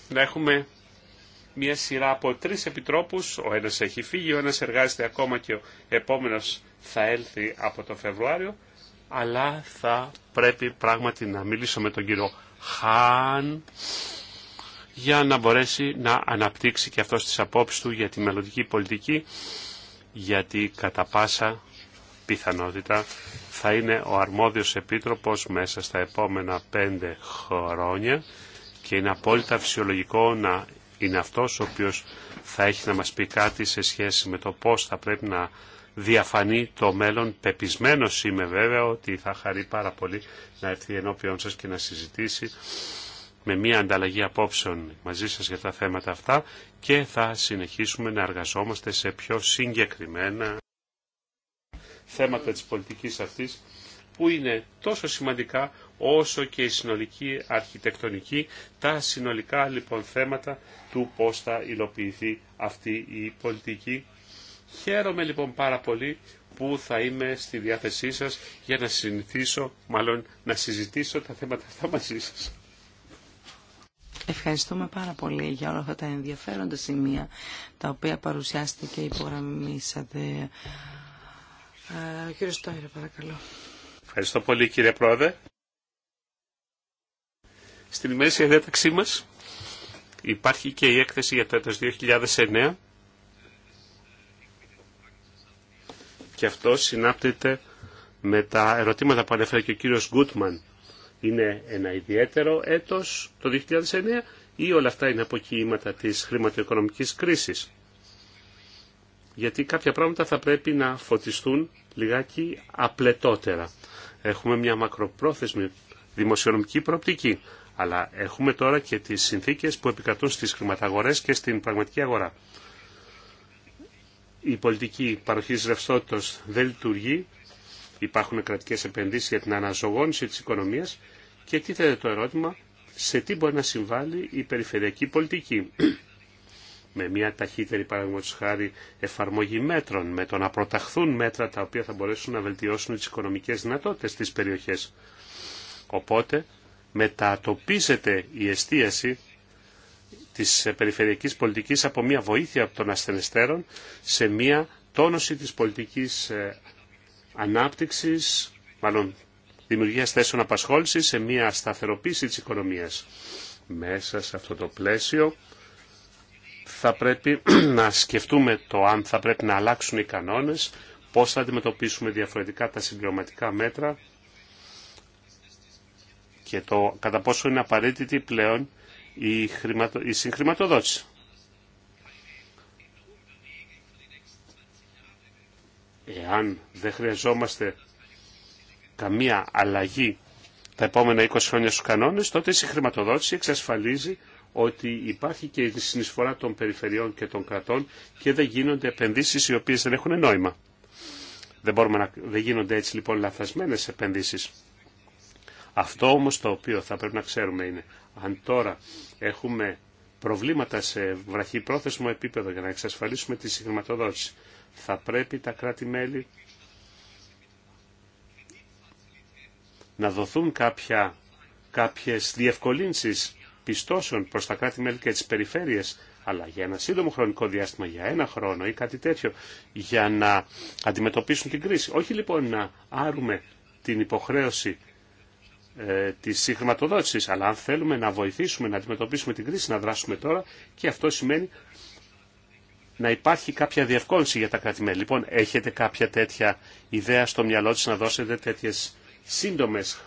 να έχουμε μια σειρά από τρεις επιτρόπους, ο ένας έχει φύγει, ο ένας εργάζεται ακόμα και ο επόμενος θα έλθει από το Φεβρουάριο αλλά θα πρέπει πράγματι να μιλήσω με τον κύριο Χάν για να μπορέσει να αναπτύξει και αυτός τις απόψεις του για τη μελλοντική πολιτική γιατί κατά πάσα πιθανότητα θα είναι ο αρμόδιος επίτροπος μέσα στα επόμενα πέντε χρόνια και είναι απόλυτα φυσιολογικό να είναι αυτός ο οποίος θα έχει να μας πει κάτι σε σχέση με το πώς θα πρέπει να Διαφανεί το μέλλον. πεπισμένο. είμαι βέβαια ότι θα χαρεί πάρα πολύ να έρθει ενώπιον σα και να συζητήσει με μια ανταλλαγή απόψεων μαζί σας για τα θέματα αυτά και θα συνεχίσουμε να εργαζόμαστε σε πιο συγκεκριμένα θέματα της πολιτικής αυτής που είναι τόσο σημαντικά όσο και η συνολική αρχιτεκτονική, τα συνολικά λοιπόν θέματα του πώς θα υλοποιηθεί αυτή η πολιτική Χαίρομαι λοιπόν πάρα πολύ που θα είμαι στη διάθεσή σας για να συνηθίσω, μάλλον να συζητήσω τα θέματα αυτά μαζί σας. Ευχαριστούμε πάρα πολύ για όλα αυτά τα ενδιαφέροντα σημεία τα οποία παρουσιάστηκε και υπογραμμίσατε. Ο ε, Στόιρε, παρακαλώ. Ευχαριστώ πολύ κύριε Πρόεδρε. Στην μέση διάταξή μας υπάρχει και η έκθεση για το έτος 2009 και αυτό συνάπτεται με τα ερωτήματα που ανέφερε και ο κύριος Γκούτμαν. Είναι ένα ιδιαίτερο έτος το 2009 ή όλα αυτά είναι αποκοιήματα της χρηματοοικονομικής κρίσης. Γιατί κάποια πράγματα θα πρέπει να φωτιστούν λιγάκι απλετότερα. Έχουμε μια μακροπρόθεσμη δημοσιονομική προοπτική, αλλά έχουμε τώρα και τις συνθήκες που επικρατούν στις χρηματαγορές και στην πραγματική αγορά η πολιτική παροχής ρευστότητας δεν λειτουργεί, υπάρχουν κρατικές επενδύσεις για την αναζωγόνηση της οικονομίας και τίθεται το ερώτημα σε τι μπορεί να συμβάλλει η περιφερειακή πολιτική. με μια ταχύτερη παραδείγματος χάρη εφαρμογή μέτρων, με το να προταχθούν μέτρα τα οποία θα μπορέσουν να βελτιώσουν τις οικονομικές δυνατότητες της περιοχές. Οπότε μετατοπίζεται η εστίαση της ε, περιφερειακής πολιτικής από μια βοήθεια από των ασθενεστέρων σε μια τόνωση της πολιτικής ε, ανάπτυξης, μάλλον δημιουργίας θέσεων απασχόλησης σε μια σταθεροποίηση της οικονομίας. Μέσα σε αυτό το πλαίσιο θα πρέπει *clears throat* να σκεφτούμε το αν θα πρέπει να αλλάξουν οι κανόνες, πώς θα αντιμετωπίσουμε διαφορετικά τα συμπληρωματικά μέτρα και το κατά πόσο είναι απαραίτητη πλέον η, χρηματο... συγχρηματοδότηση. Εάν δεν χρειαζόμαστε καμία αλλαγή τα επόμενα 20 χρόνια στους κανόνες, τότε η συγχρηματοδότηση εξασφαλίζει ότι υπάρχει και η συνεισφορά των περιφερειών και των κρατών και δεν γίνονται επενδύσεις οι οποίες δεν έχουν νόημα. Δεν, μπορούμε να, δεν γίνονται έτσι λοιπόν λαθασμένες επενδύσεις. Αυτό όμως το οποίο θα πρέπει να ξέρουμε είναι αν τώρα έχουμε προβλήματα σε βραχυπρόθεσμο επίπεδο για να εξασφαλίσουμε τη συγχρηματοδότηση, θα πρέπει τα κράτη-μέλη να δοθούν κάποια, κάποιες διευκολύνσεις πιστώσεων προς τα κράτη-μέλη και τις περιφέρειες, αλλά για ένα σύντομο χρονικό διάστημα, για ένα χρόνο ή κάτι τέτοιο, για να αντιμετωπίσουν την κρίση. Όχι λοιπόν να άρουμε την υποχρέωση Τη ε, της Αλλά αν θέλουμε να βοηθήσουμε, να αντιμετωπίσουμε την κρίση, να δράσουμε τώρα και αυτό σημαίνει να υπάρχει κάποια διευκόλυνση για τα κρατη Λοιπόν, έχετε κάποια τέτοια ιδέα στο μυαλό της να δώσετε τέτοιες σύντομες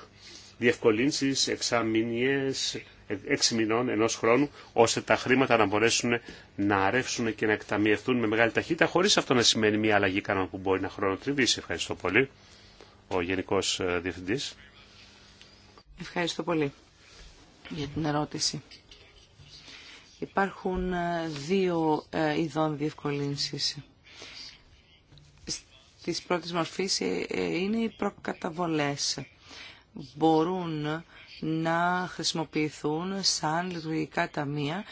διευκολύνσεις, εξαμηνίες, έξι μηνών ενό χρόνου, ώστε τα χρήματα να μπορέσουν να αρεύσουν και να εκταμιευτούν με μεγάλη ταχύτητα, χωρί αυτό να σημαίνει μια αλλαγή κανόνα που μπορεί να χρονοτριβήσει. Ευχαριστώ πολύ, ο Γενικό ε, Διευθυντή. Ευχαριστώ πολύ για την ερώτηση. Υπάρχουν ε, δύο ε, ειδών διευκολύνσεις. Της πρώτης μορφής ε, είναι οι προκαταβολές. Μπορούν να χρησιμοποιηθούν σαν λειτουργικά ταμεία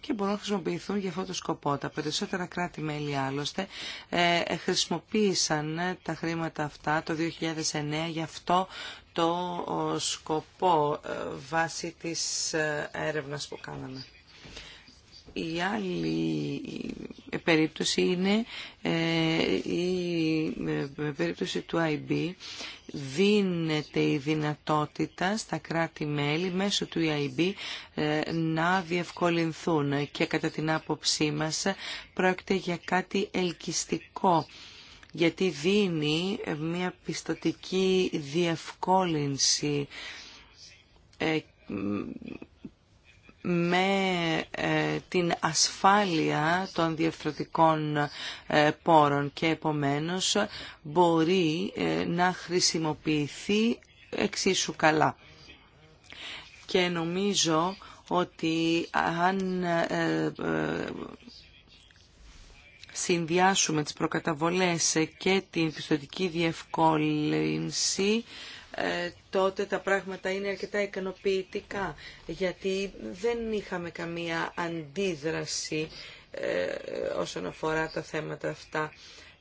και μπορούν να χρησιμοποιηθούν για αυτό το σκοπό. Τα περισσότερα κράτη-μέλη άλλωστε χρησιμοποίησαν τα χρήματα αυτά το 2009 για αυτό το σκοπό ε, βάσει της ε, έρευνας που κάναμε. Η άλλη περίπτωση είναι ε, η περίπτωση του IB. Δίνεται η δυνατότητα στα κράτη-μέλη μέσω του IB να διευκολυνθούν και κατά την άποψή μας πρόκειται για κάτι ελκυστικό γιατί δίνει μια πιστοτική διευκόλυνση ε, με ε, την ασφάλεια των διευθυντικών ε, πόρων και επομένως μπορεί να χρησιμοποιηθεί εξίσου καλά. Και νομίζω ότι αν συνδυάσουμε τις προκαταβολές και την πιστοτική διευκόλυνση, ε, τότε τα πράγματα είναι αρκετά ικανοποιητικά, γιατί δεν είχαμε καμία αντίδραση ε, όσον αφορά τα θέματα αυτά.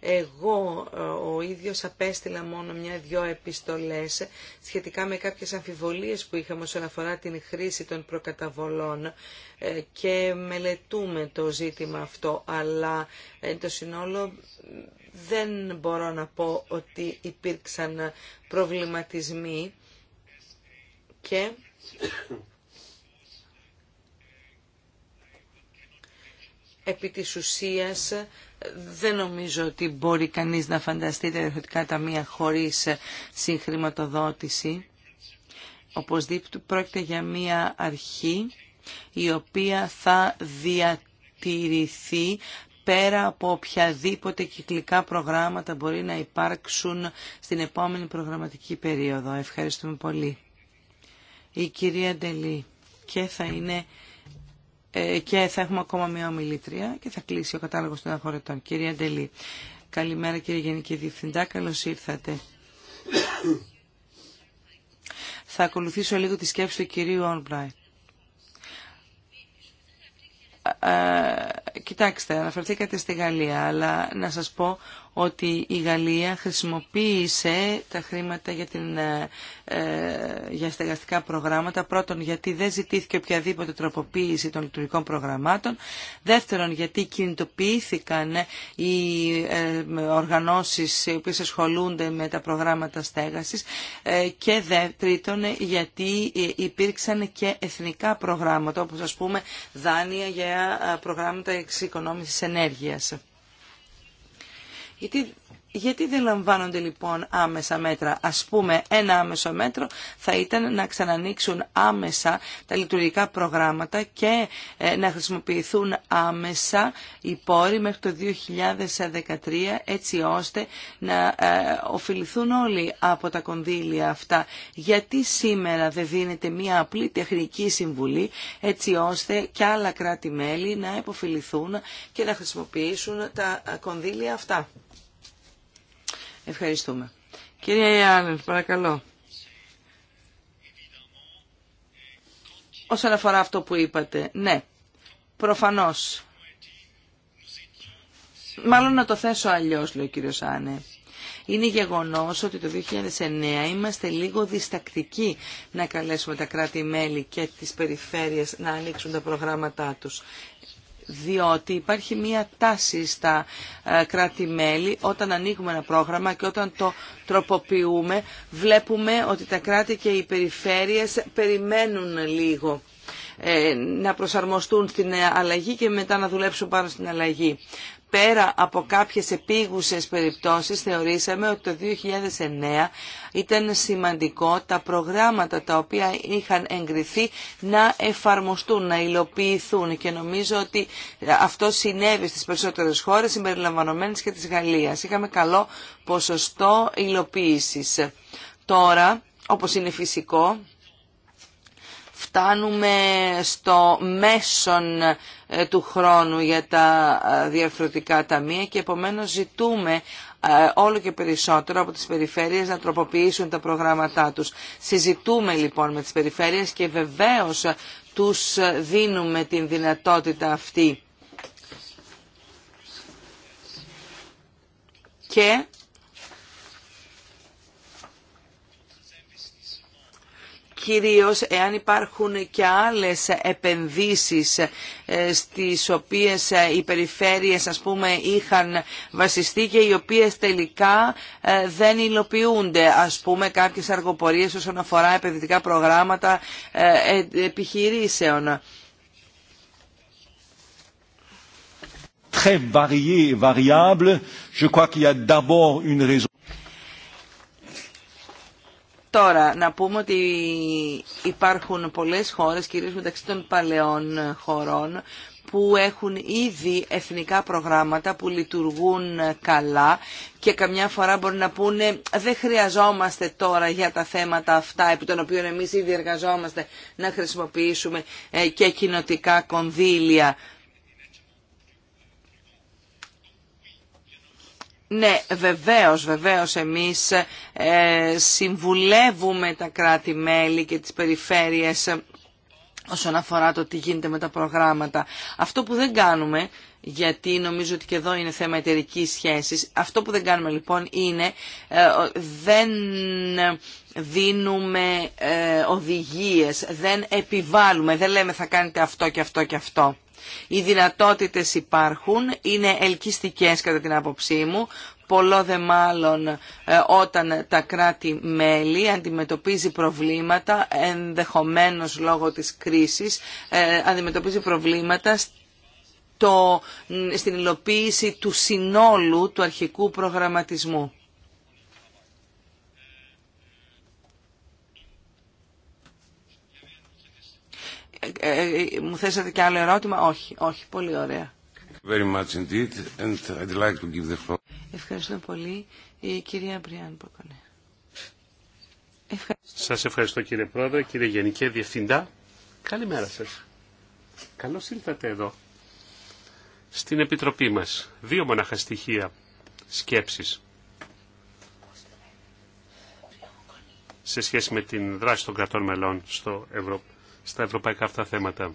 Εγώ ε, ο ίδιος απέστειλα μόνο μια-δυο επιστολές σχετικά με κάποιες αμφιβολίες που είχαμε όσον αφορά την χρήση των προκαταβολών ε, και μελετούμε το ζήτημα αυτό, αλλά ε, το συνόλο δεν μπορώ να πω ότι υπήρξαν προβληματισμοί και επί της ουσίας δεν νομίζω ότι μπορεί κανείς να φανταστεί τα ιδιωτικά ταμεία χωρίς ε, συγχρηματοδότηση. Οπωσδήποτε πρόκειται για μία αρχή η οποία θα διατηρηθεί πέρα από οποιαδήποτε κυκλικά προγράμματα μπορεί να υπάρξουν στην επόμενη προγραμματική περίοδο. Ευχαριστούμε πολύ. Η κυρία Ντελή και θα είναι ε, και θα έχουμε ακόμα μια ομιλήτρια και θα κλείσει ο κατάλογος των αφορετών. Κυρία Ντελή, καλημέρα κύριε Γενική Διευθυντά, καλώς ήρθατε. θα ακολουθήσω λίγο τη σκέψη του κυρίου Όλμπραϊτ. Κοιτάξτε, αναφερθήκατε στη Γαλλία, αλλά να σας πω ότι η Γαλλία χρησιμοποίησε τα χρήματα για, την, ε, ε, για στεγαστικά προγράμματα. Πρώτον, γιατί δεν ζητήθηκε οποιαδήποτε τροποποίηση των λειτουργικών προγραμμάτων. Δεύτερον, γιατί κινητοποιήθηκαν οι ε, οργανώσεις οι οποίες ασχολούνται με τα προγράμματα στέγασης. Και τρίτον, γιατί υπήρξαν και εθνικά προγράμματα, όπως ας πούμε δάνεια για προγράμματα εξοικονόμησης ενέργειας. Γιατί, γιατί δεν λαμβάνονται λοιπόν άμεσα μέτρα. Ας πούμε ένα άμεσο μέτρο θα ήταν να ξανανοίξουν άμεσα τα λειτουργικά προγράμματα και ε, να χρησιμοποιηθούν άμεσα οι πόροι μέχρι το 2013 έτσι ώστε να ε, ωφεληθούν όλοι από τα κονδύλια αυτά. Γιατί σήμερα δεν δίνεται μια απλή τεχνική συμβουλή έτσι ώστε και άλλα κράτη-μέλη να υποφεληθούν και να χρησιμοποιήσουν τα κονδύλια αυτά. Ευχαριστούμε. Κυρία Ιάννη, παρακαλώ. Όσον αφορά αυτό που είπατε, ναι, προφανώς. Μάλλον να το θέσω αλλιώς, λέει ο κύριος Άνε. Είναι γεγονός ότι το 2009 είμαστε λίγο διστακτικοί να καλέσουμε τα κράτη-μέλη και τις περιφέρειες να ανοίξουν τα προγράμματά τους διότι υπάρχει μία τάση στα ε, κράτη-μέλη όταν ανοίγουμε ένα πρόγραμμα και όταν το τροποποιούμε βλέπουμε ότι τα κράτη και οι περιφέρειες περιμένουν λίγο ε, να προσαρμοστούν στην αλλαγή και μετά να δουλέψουν πάνω στην αλλαγή πέρα από κάποιες επίγουσες περιπτώσεις θεωρήσαμε ότι το 2009 ήταν σημαντικό τα προγράμματα τα οποία είχαν εγκριθεί να εφαρμοστούν, να υλοποιηθούν και νομίζω ότι αυτό συνέβη στις περισσότερες χώρες συμπεριλαμβανομένες και της Γαλλίας. Είχαμε καλό ποσοστό υλοποίησης. Τώρα, όπως είναι φυσικό, φτάνουμε στο μέσον ε, του χρόνου για τα ε, διαφορετικά ταμεία και επομένως ζητούμε ε, όλο και περισσότερο από τις περιφέρειες να τροποποιήσουν τα προγράμματά τους. Συζητούμε λοιπόν με τις περιφέρειες και βεβαίως τους δίνουμε την δυνατότητα αυτή. Και κυρίως εάν υπάρχουν και άλλες επενδύσεις ε, στις οποίες ε, οι περιφέρειες ας πούμε είχαν βασιστεί και οι οποίες τελικά ε, δεν υλοποιούνται ας πούμε κάποιες αργοπορίες όσον αφορά επενδυτικά προγράμματα επιχειρήσεων. Τώρα, να πούμε ότι υπάρχουν πολλές χώρες, κυρίως μεταξύ των παλαιών χωρών, που έχουν ήδη εθνικά προγράμματα που λειτουργούν καλά και καμιά φορά μπορεί να πούνε δεν χρειαζόμαστε τώρα για τα θέματα αυτά επί των οποίων εμείς ήδη εργαζόμαστε να χρησιμοποιήσουμε ε, και κοινοτικά κονδύλια. Ναι, βεβαίως, βεβαίως εμείς ε, συμβουλεύουμε τα κράτη-μέλη και τις περιφέρειες όσον αφορά το τι γίνεται με τα προγράμματα. Αυτό που δεν κάνουμε, γιατί νομίζω ότι και εδώ είναι θέμα εταιρική σχέσης, αυτό που δεν κάνουμε λοιπόν είναι ε, δεν δίνουμε ε, οδηγίες, δεν επιβάλλουμε, δεν λέμε θα κάνετε αυτό και αυτό και αυτό. Οι δυνατότητες υπάρχουν, είναι ελκυστικές κατά την άποψή μου, πολλό δε μάλλον ε, όταν τα κράτη-μέλη αντιμετωπίζει προβλήματα, ενδεχομένως λόγω της κρίσης, ε, αντιμετωπίζει προβλήματα στην υλοποίηση του συνόλου του αρχικού προγραμματισμού. Ε, ε, μου θέσατε και άλλο ερώτημα. Όχι, όχι, πολύ ωραία. Very much indeed, and I'd like to give the Ευχαριστώ πολύ. Η κυρία Μπριάν Ποκονέ. Σας ευχαριστώ κύριε Πρόεδρε, κύριε Γενικέ Διευθυντά. Καλημέρα σας. Καλώς ήρθατε εδώ. Στην Επιτροπή μας, δύο μοναχα στοιχεία σε σχέση με την δράση των κρατών μελών στο Ευρώπη στα ευρωπαϊκά αυτά θέματα.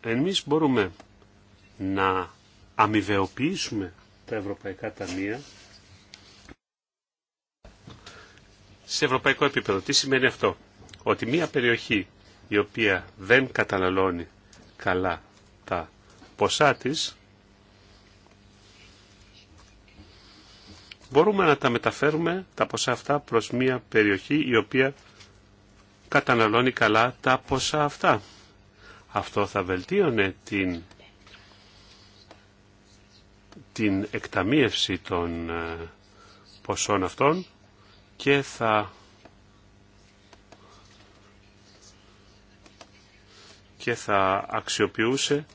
Εμείς μπορούμε να αμοιβεοποιήσουμε τα ευρωπαϊκά ταμεία σε ευρωπαϊκό επίπεδο. Τι σημαίνει αυτό. Ότι μια περιοχή η οποία δεν καταναλώνει καλά τα ποσά της μπορούμε να τα μεταφέρουμε τα ποσά αυτά προς μια περιοχή η οποία καταναλώνει καλά τα ποσά αυτά. Αυτό θα βελτίωνε την, την εκταμίευση των ε, ποσών αυτών και θα και θα αξιοποιούσε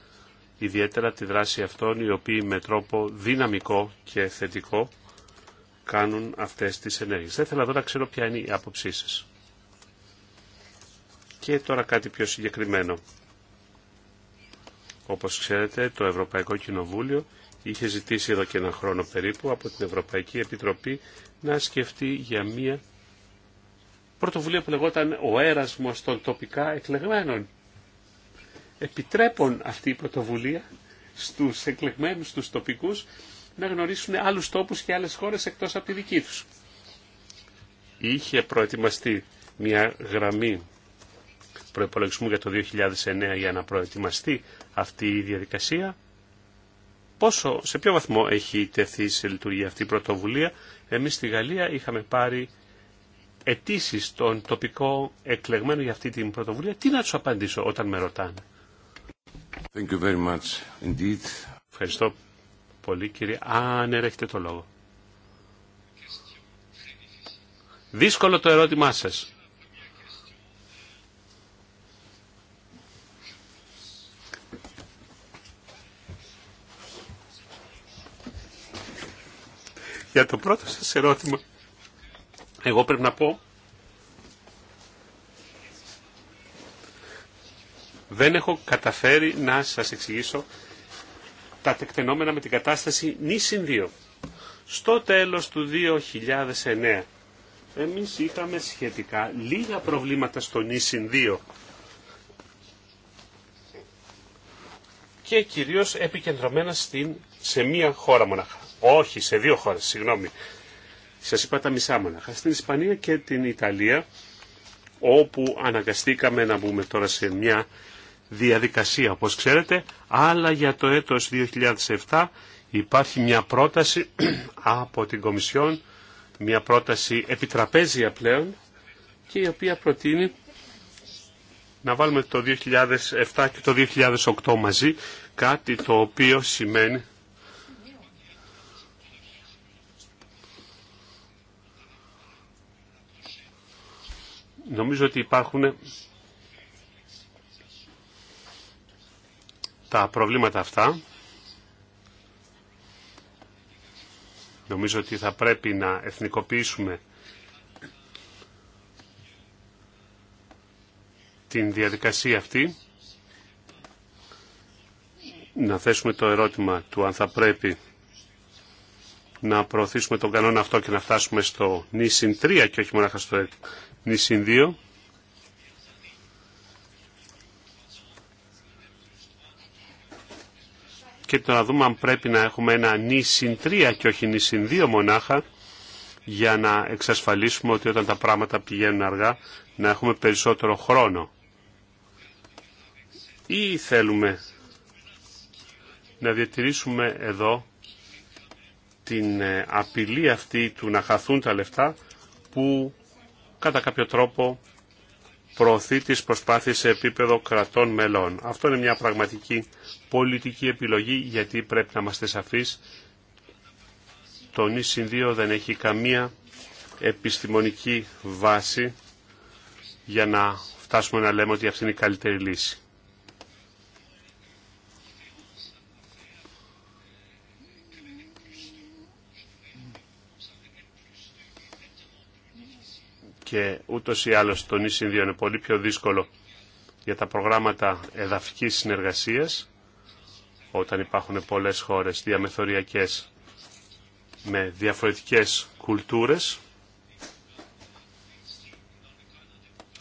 ιδιαίτερα τη δράση αυτών οι οποίοι με τρόπο δυναμικό και θετικό κάνουν αυτές τις ενέργειες. Δεν ήθελα να ξέρω ποια είναι η άποψή σας. Και τώρα κάτι πιο συγκεκριμένο. Όπως ξέρετε, το Ευρωπαϊκό Κοινοβούλιο είχε ζητήσει εδώ και ένα χρόνο περίπου από την Ευρωπαϊκή Επιτροπή να σκεφτεί για μία πρωτοβουλία που λεγόταν ο έρασμος των τοπικά εκλεγμένων. Επιτρέπουν αυτή η πρωτοβουλία στους εκλεγμένους, στους τοπικούς, να γνωρίσουν άλλους τόπους και άλλες χώρες εκτός από τη δική τους. Είχε προετοιμαστεί μια γραμμή προϋπολογισμού για το 2009 για να προετοιμαστεί αυτή η διαδικασία. Πόσο, σε ποιο βαθμό έχει τεθεί σε λειτουργία αυτή η πρωτοβουλία. Εμείς στη Γαλλία είχαμε πάρει αιτήσει των τοπικό εκλεγμένο για αυτή την πρωτοβουλία. Τι να τους απαντήσω όταν με ρωτάνε. Thank you very much indeed. Ευχαριστώ πολύ κύριε. Αν έρχεται το λόγο. Δύσκολο το ερώτημά σας. Για το πρώτο σας ερώτημα, εγώ πρέπει να πω, δεν έχω καταφέρει να σας εξηγήσω τα τεκτενόμενα με την κατάσταση νησιν 2. Στο τέλος του 2009, εμείς είχαμε σχετικά λίγα προβλήματα στο νησιν 2. και κυρίως επικεντρωμένα στην, σε μία χώρα μοναχα. Όχι, σε δύο χώρες, συγγνώμη. Σας είπα τα μισά μοναχα. Στην Ισπανία και την Ιταλία, όπου αναγκαστήκαμε να μπούμε τώρα σε μια διαδικασία, όπως ξέρετε, αλλά για το έτος 2007 υπάρχει μια πρόταση *clears throat* από την Κομισιόν, μια πρόταση επιτραπέζια πλέον, και η οποία προτείνει να βάλουμε το 2007 και το 2008 μαζί, κάτι το οποίο σημαίνει Νομίζω ότι υπάρχουν τα προβλήματα αυτά. Νομίζω ότι θα πρέπει να εθνικοποιήσουμε την διαδικασία αυτή. Να θέσουμε το ερώτημα του αν θα πρέπει να προωθήσουμε τον κανόνα αυτό και να φτάσουμε στο νησιν 3 και όχι μόνο στο νησιν 2. Και να δούμε αν πρέπει να έχουμε ένα νησιν τρία και όχι νησιν δύο μονάχα για να εξασφαλίσουμε ότι όταν τα πράγματα πηγαίνουν αργά να έχουμε περισσότερο χρόνο. Ή θέλουμε να διατηρήσουμε εδώ την ε, απειλή αυτή του να χαθούν τα λεφτά που κατά κάποιο τρόπο προωθεί τις προσπάθειες σε επίπεδο κρατών μελών. Αυτό είναι μια πραγματική πολιτική επιλογή γιατί πρέπει να είμαστε σαφείς. Το νησιν 2 δεν έχει καμία επιστημονική βάση για να φτάσουμε να λέμε ότι αυτή είναι η καλύτερη λύση. και ούτως ή άλλως το είναι πολύ πιο δύσκολο για τα προγράμματα εδαφικής συνεργασίας όταν υπάρχουν πολλές χώρες διαμεθοριακές με διαφορετικές κουλτούρες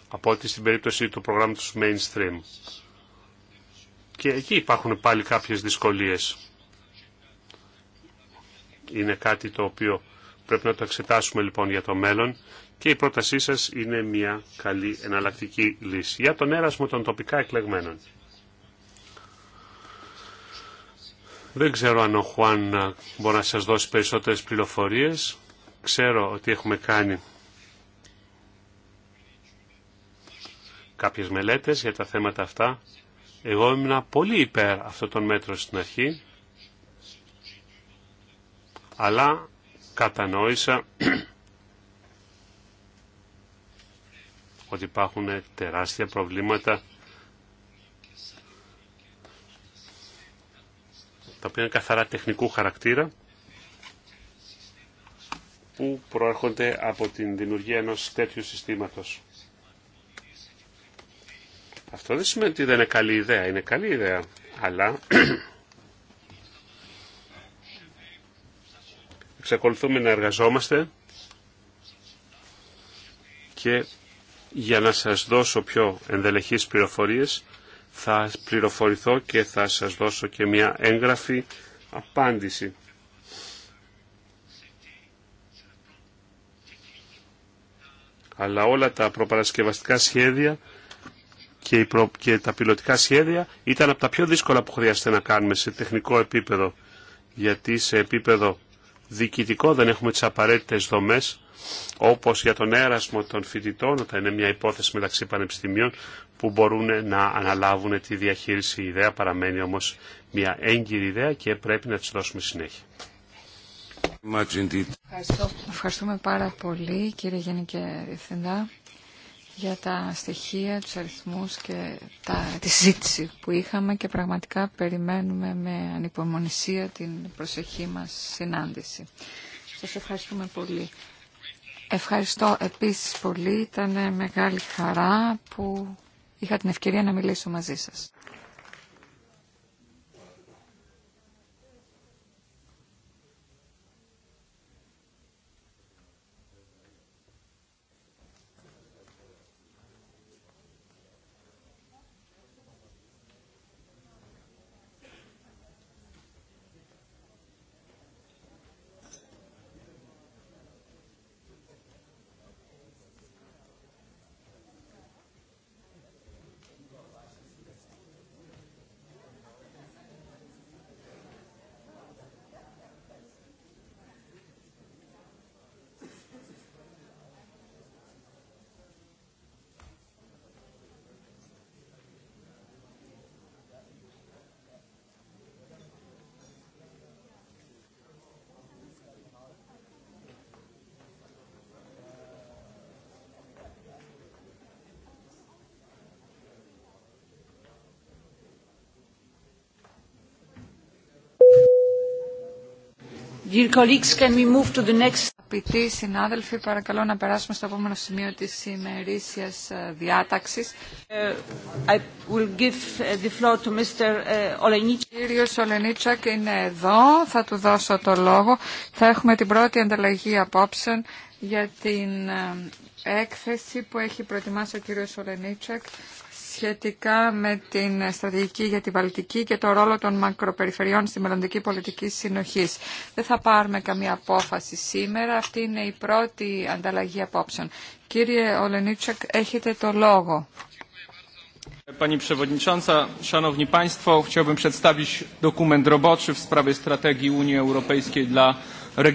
από ό,τι στην περίπτωση του προγράμματος mainstream. Και εκεί υπάρχουν πάλι κάποιες δυσκολίες. Είναι κάτι το οποίο πρέπει να το εξετάσουμε λοιπόν για το μέλλον και η πρότασή σας είναι μια καλή εναλλακτική λύση. Για τον έρασμο των τοπικά εκλεγμένων. Δεν ξέρω αν ο Χουάν μπορεί να σας δώσει περισσότερες πληροφορίες. Ξέρω ότι έχουμε κάνει κάποιες μελέτες για τα θέματα αυτά. Εγώ ήμουν πολύ υπέρ αυτό των μέτρων στην αρχή, αλλά κατανόησα ότι υπάρχουν τεράστια προβλήματα τα οποία είναι καθαρά τεχνικού χαρακτήρα που προέρχονται από την δημιουργία ενός τέτοιου συστήματος. Αυτό δεν σημαίνει ότι δεν είναι καλή ιδέα. Είναι καλή ιδέα, αλλά εξακολουθούμε να εργαζόμαστε και για να σας δώσω πιο ενδελεχείς πληροφορίες θα πληροφορηθώ και θα σας δώσω και μια έγγραφη απάντηση. Αλλά όλα τα προπαρασκευαστικά σχέδια και, και τα πιλωτικά σχέδια ήταν από τα πιο δύσκολα που χρειάζεται να κάνουμε σε τεχνικό επίπεδο. Γιατί σε επίπεδο διοικητικό, δεν έχουμε τις απαραίτητες δομές, όπως για τον έρασμο των φοιτητών, όταν είναι μια υπόθεση μεταξύ πανεπιστημίων, που μπορούν να αναλάβουν τη διαχείριση. Η ιδέα παραμένει όμως μια έγκυρη ιδέα και πρέπει να τη δώσουμε συνέχεια. Ευχαριστώ. Ευχαριστούμε πάρα πολύ κύριε Γενικέ Διευθυντά για τα στοιχεία, τους αριθμούς και τα, τη ζήτηση που είχαμε και πραγματικά περιμένουμε με ανυπομονησία την προσεχή μας συνάντηση. Σας ευχαριστούμε πολύ. Ευχαριστώ επίσης πολύ. Ήταν μεγάλη χαρά που είχα την ευκαιρία να μιλήσω μαζί σας. Αγαπητοί συνάδελφοι, παρακαλώ να περάσουμε στο επόμενο σημείο της ημερήσιας ε, διάταξης. Ε, ε, Ολενίτσακ είναι εδώ, θα του δώσω το λόγο. Θα έχουμε την πρώτη ανταλλαγή απόψεων για την έκθεση που έχει προετοιμάσει ο κύριος Ολενίτσακ σχετικά με την στρατηγική για τη Βαλτική και το ρόλο των μακροπεριφερειών στη μελλοντική πολιτική συνοχή. Δεν θα πάρουμε καμία απόφαση σήμερα. Αυτή είναι η πρώτη ανταλλαγή απόψεων. Κύριε Ολενίτσακ, έχετε το λόγο. Pani Przewodnicząca, Szanowni Państwo, chciałbym przedstawić dokument roboczy w sprawie strategii Unii Europejskiej dla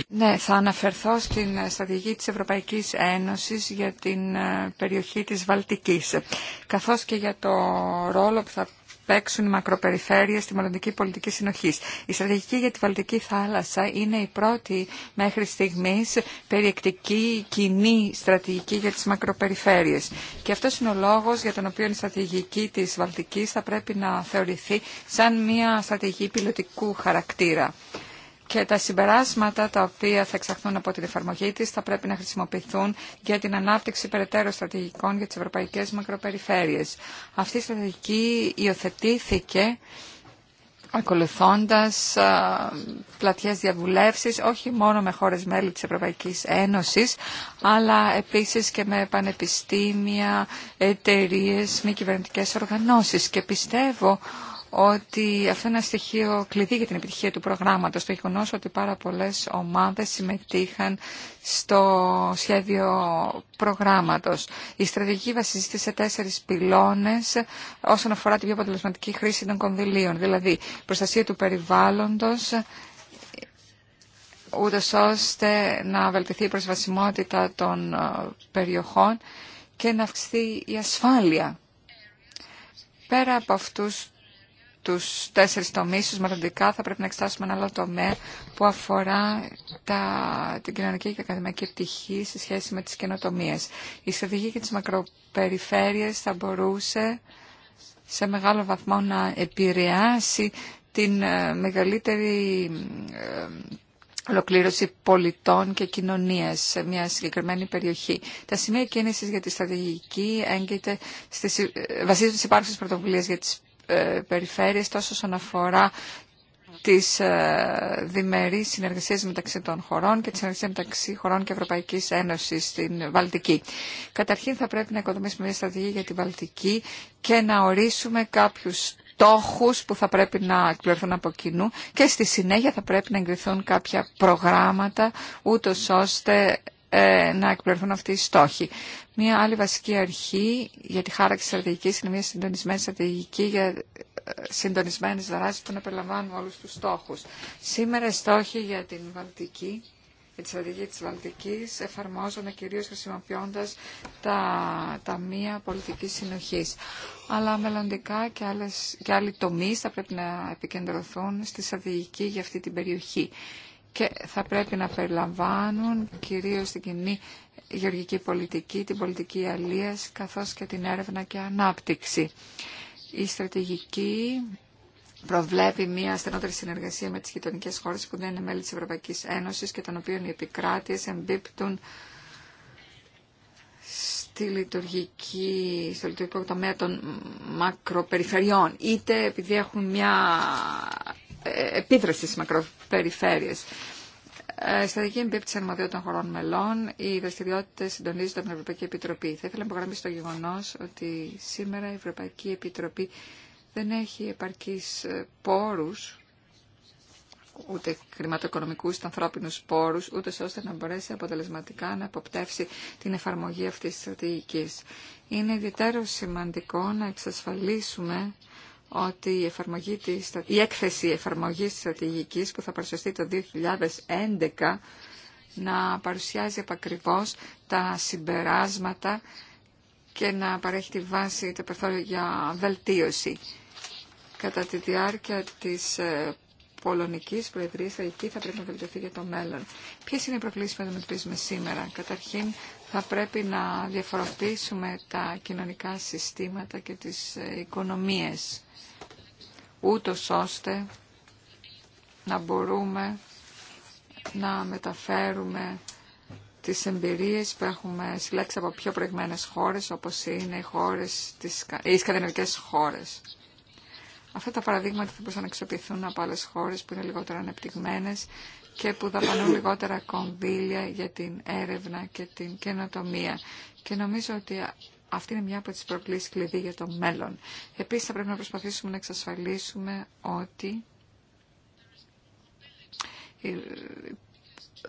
ναι, θα αναφερθώ στην στρατηγική της Ευρωπαϊκής Ένωσης για την περιοχή της Βαλτικής, καθώς και για το ρόλο που θα παίξουν μακροπεριφέρειες στη μελλοντική πολιτική συνοχή. Η στρατηγική για τη Βαλτική θάλασσα είναι η πρώτη μέχρι στιγμή περιεκτική κοινή στρατηγική για τις μακροπεριφέρειες. Και αυτό είναι ο λόγο για τον οποίο η στρατηγική της Βαλτική θα πρέπει να θεωρηθεί σαν μια στρατηγική πιλωτικού χαρακτήρα και τα συμπεράσματα τα οποία θα εξαχθούν από την εφαρμογή της θα πρέπει να χρησιμοποιηθούν για την ανάπτυξη περαιτέρω στρατηγικών για τις ευρωπαϊκές μακροπεριφέρειες. Αυτή η στρατηγική υιοθετήθηκε ακολουθώντας πλατιές διαβουλεύσεις όχι μόνο με χώρες μέλη της Ευρωπαϊκής Ένωσης αλλά επίσης και με πανεπιστήμια, εταιρείες, μη κυβερνητικές οργανώσεις και πιστεύω ότι αυτό είναι ένα στοιχείο κλειδί για την επιτυχία του προγράμματος. Το γεγονό ότι πάρα πολλές ομάδες συμμετείχαν στο σχέδιο προγράμματος. Η στρατηγική βασίζεται σε τέσσερις πυλώνες όσον αφορά την πιο αποτελεσματική χρήση των κονδυλίων, δηλαδή προστασία του περιβάλλοντος, ούτω ώστε να βελτιθεί η προσβασιμότητα των ε, περιοχών και να αυξηθεί η ασφάλεια. Πέρα από αυτούς του τέσσερι τομέί, του μελλοντικά, θα πρέπει να εξετάσουμε ένα άλλο τομέα που αφορά τα, την κοινωνική και ακαδημαϊκή πτυχή σε σχέση με τι καινοτομίε. Η στρατηγική και τι μακροπεριφέρειες θα μπορούσε σε μεγάλο βαθμό να επηρεάσει την ε, μεγαλύτερη ε, ολοκλήρωση πολιτών και κοινωνία σε μια συγκεκριμένη περιοχή. Τα σημεία κίνησης για τη στρατηγική στις, ε, βασίζονται στις υπάρχουσες πρωτοβουλίες για τις ε, περιφέρειες τόσο όσον αφορά τις ε, διμερείς συνεργασίες μεταξύ των χωρών και τη συνεργασία μεταξύ χωρών και Ευρωπαϊκής Ένωσης στην Βαλτική. Καταρχήν θα πρέπει να οικοδομήσουμε μια στρατηγική για την Βαλτική και να ορίσουμε κάποιους στόχους που θα πρέπει να εκπληρωθούν από κοινού και στη συνέχεια θα πρέπει να εγκριθούν κάποια προγράμματα ούτω ώστε ε, να εκπληρωθούν αυτοί οι στόχοι. Μία άλλη βασική αρχή για τη χάραξη στρατηγική είναι μια συντονισμένη στρατηγική για ε, συντονισμένε δράσει που να περιλαμβάνουν όλου του στόχου. Σήμερα οι στόχοι για την Βαλτική για τη στρατηγική τη Βαλτική, εφαρμόζονται κυρίω χρησιμοποιώντα τα ταμεία πολιτική συνοχή. Αλλά μελλοντικά και, άλλες, και άλλοι τομεί θα πρέπει να επικεντρωθούν στη στρατηγική για αυτή την περιοχή και θα πρέπει να περιλαμβάνουν κυρίως την κοινή γεωργική πολιτική, την πολιτική αλίας, καθώς και την έρευνα και ανάπτυξη. Η στρατηγική προβλέπει μια στενότερη συνεργασία με τις γειτονικέ χώρες που δεν είναι μέλη της Ευρωπαϊκής Ένωσης και των οποίων οι επικράτειες εμπίπτουν στη λειτουργική, στο λειτουργικό τομέα των μακροπεριφερειών, είτε επειδή έχουν μια επίδραση στις μακροπεριφέρειες. Στα δική εμπίπτωση αρμοδιότητων χωρών μελών, οι δραστηριότητε συντονίζονται από την Ευρωπαϊκή Επιτροπή. Θα ήθελα να υπογραμμίσω το γεγονό ότι σήμερα η Ευρωπαϊκή Επιτροπή δεν έχει επαρκεί ε, πόρου, ούτε χρηματοοικονομικού, ούτε ανθρώπινου πόρου, ούτε ώστε να μπορέσει αποτελεσματικά να αποπτεύσει την εφαρμογή αυτή τη στρατηγική. Είναι ιδιαίτερο σημαντικό να εξασφαλίσουμε ότι η, η έκθεση εφαρμογή τη στρατηγική που θα παρουσιαστεί το 2011 να παρουσιάζει επακριβώ τα συμπεράσματα και να παρέχει τη βάση το για βελτίωση. Κατά τη διάρκεια της ε, Πολωνικής Προεδρίας εκεί θα πρέπει να βελτιωθεί για το μέλλον. Ποιε είναι οι προκλήσει που αντιμετωπίζουμε σήμερα. Καταρχήν θα πρέπει να διαφοροποιήσουμε τα κοινωνικά συστήματα και τι ε, οικονομίες ούτως ώστε να μπορούμε να μεταφέρουμε τις εμπειρίες που έχουμε συλλέξει από πιο προηγμένες χώρες, όπως είναι οι, χώρες της, οι χώρες. Αυτά τα παραδείγματα θα μπορούσαν να εξοπιθούν από άλλες χώρες που είναι λιγότερο ανεπτυγμένες και που δαπανούν *coughs* λιγότερα κονδύλια για την έρευνα και την καινοτομία. Και νομίζω ότι αυτή είναι μια από τις προκλήσεις κλειδί για το μέλλον. Επίσης θα πρέπει να προσπαθήσουμε να εξασφαλίσουμε ότι ε,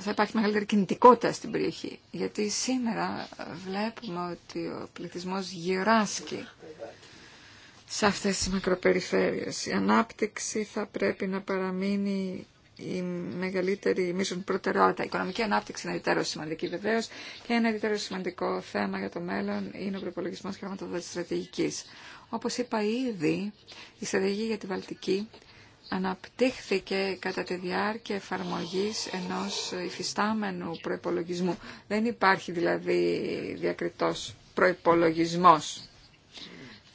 θα υπάρχει μεγαλύτερη κινητικότητα στην περιοχή. Γιατί σήμερα βλέπουμε ότι ο πληθυσμός γυράσκει σε αυτές τις μακροπεριφέρειες. Η ανάπτυξη θα πρέπει να παραμείνει η μεγαλύτερη μίσον προτεραιότητα. Η οικονομική ανάπτυξη είναι ιδιαίτερα σημαντική βεβαίω και ένα ιδιαίτερο σημαντικό θέμα για το μέλλον είναι ο προπολογισμό χρηματοδότηση στρατηγική. Όπω είπα ήδη, η στρατηγική για τη Βαλτική αναπτύχθηκε κατά τη διάρκεια εφαρμογή ενό υφιστάμενου προπολογισμού. Δεν υπάρχει δηλαδή διακριτό προπολογισμό.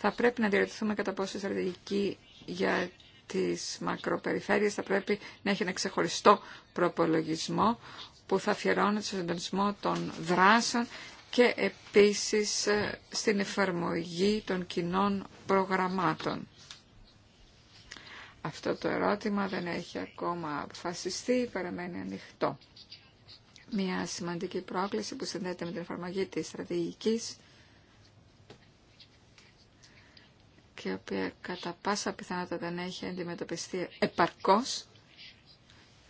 Θα πρέπει να διαρωτηθούμε κατά πόσο η στρατηγική για της μακροπεριφέρειας θα πρέπει να έχει ένα ξεχωριστό προπολογισμό που θα αφιερώνεται στον συντονισμό των δράσεων και επίσης ε, στην εφαρμογή των κοινών προγραμμάτων. Αυτό το ερώτημα δεν έχει ακόμα αποφασιστεί, παραμένει ανοιχτό. Μια σημαντική πρόκληση που συνδέεται με την εφαρμογή της στρατηγικής και η οποία κατά πάσα πιθανότητα δεν έχει αντιμετωπιστεί επαρκώς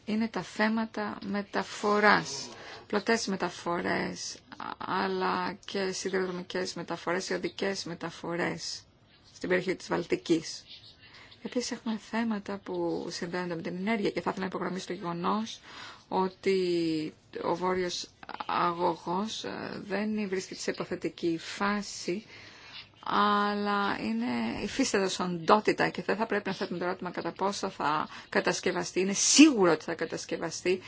είναι τα θέματα μεταφοράς. Πλωτές μεταφορές, αλλά και σιδηροδρομικές μεταφορές, οδικές μεταφορές στην περιοχή της Βαλτικής. Επίσης έχουμε θέματα που συνδέονται με την ενέργεια και θα ήθελα να υπογραμμίσω το γεγονό ότι ο βόρειος αγωγός ε, δεν βρίσκεται σε υποθετική φάση αλλά είναι υφίστατος οντότητα και δεν θα πρέπει να θέτουμε το ερώτημα κατά πόσο θα κατασκευαστεί. Είναι σίγουρο ότι θα κατασκευαστεί.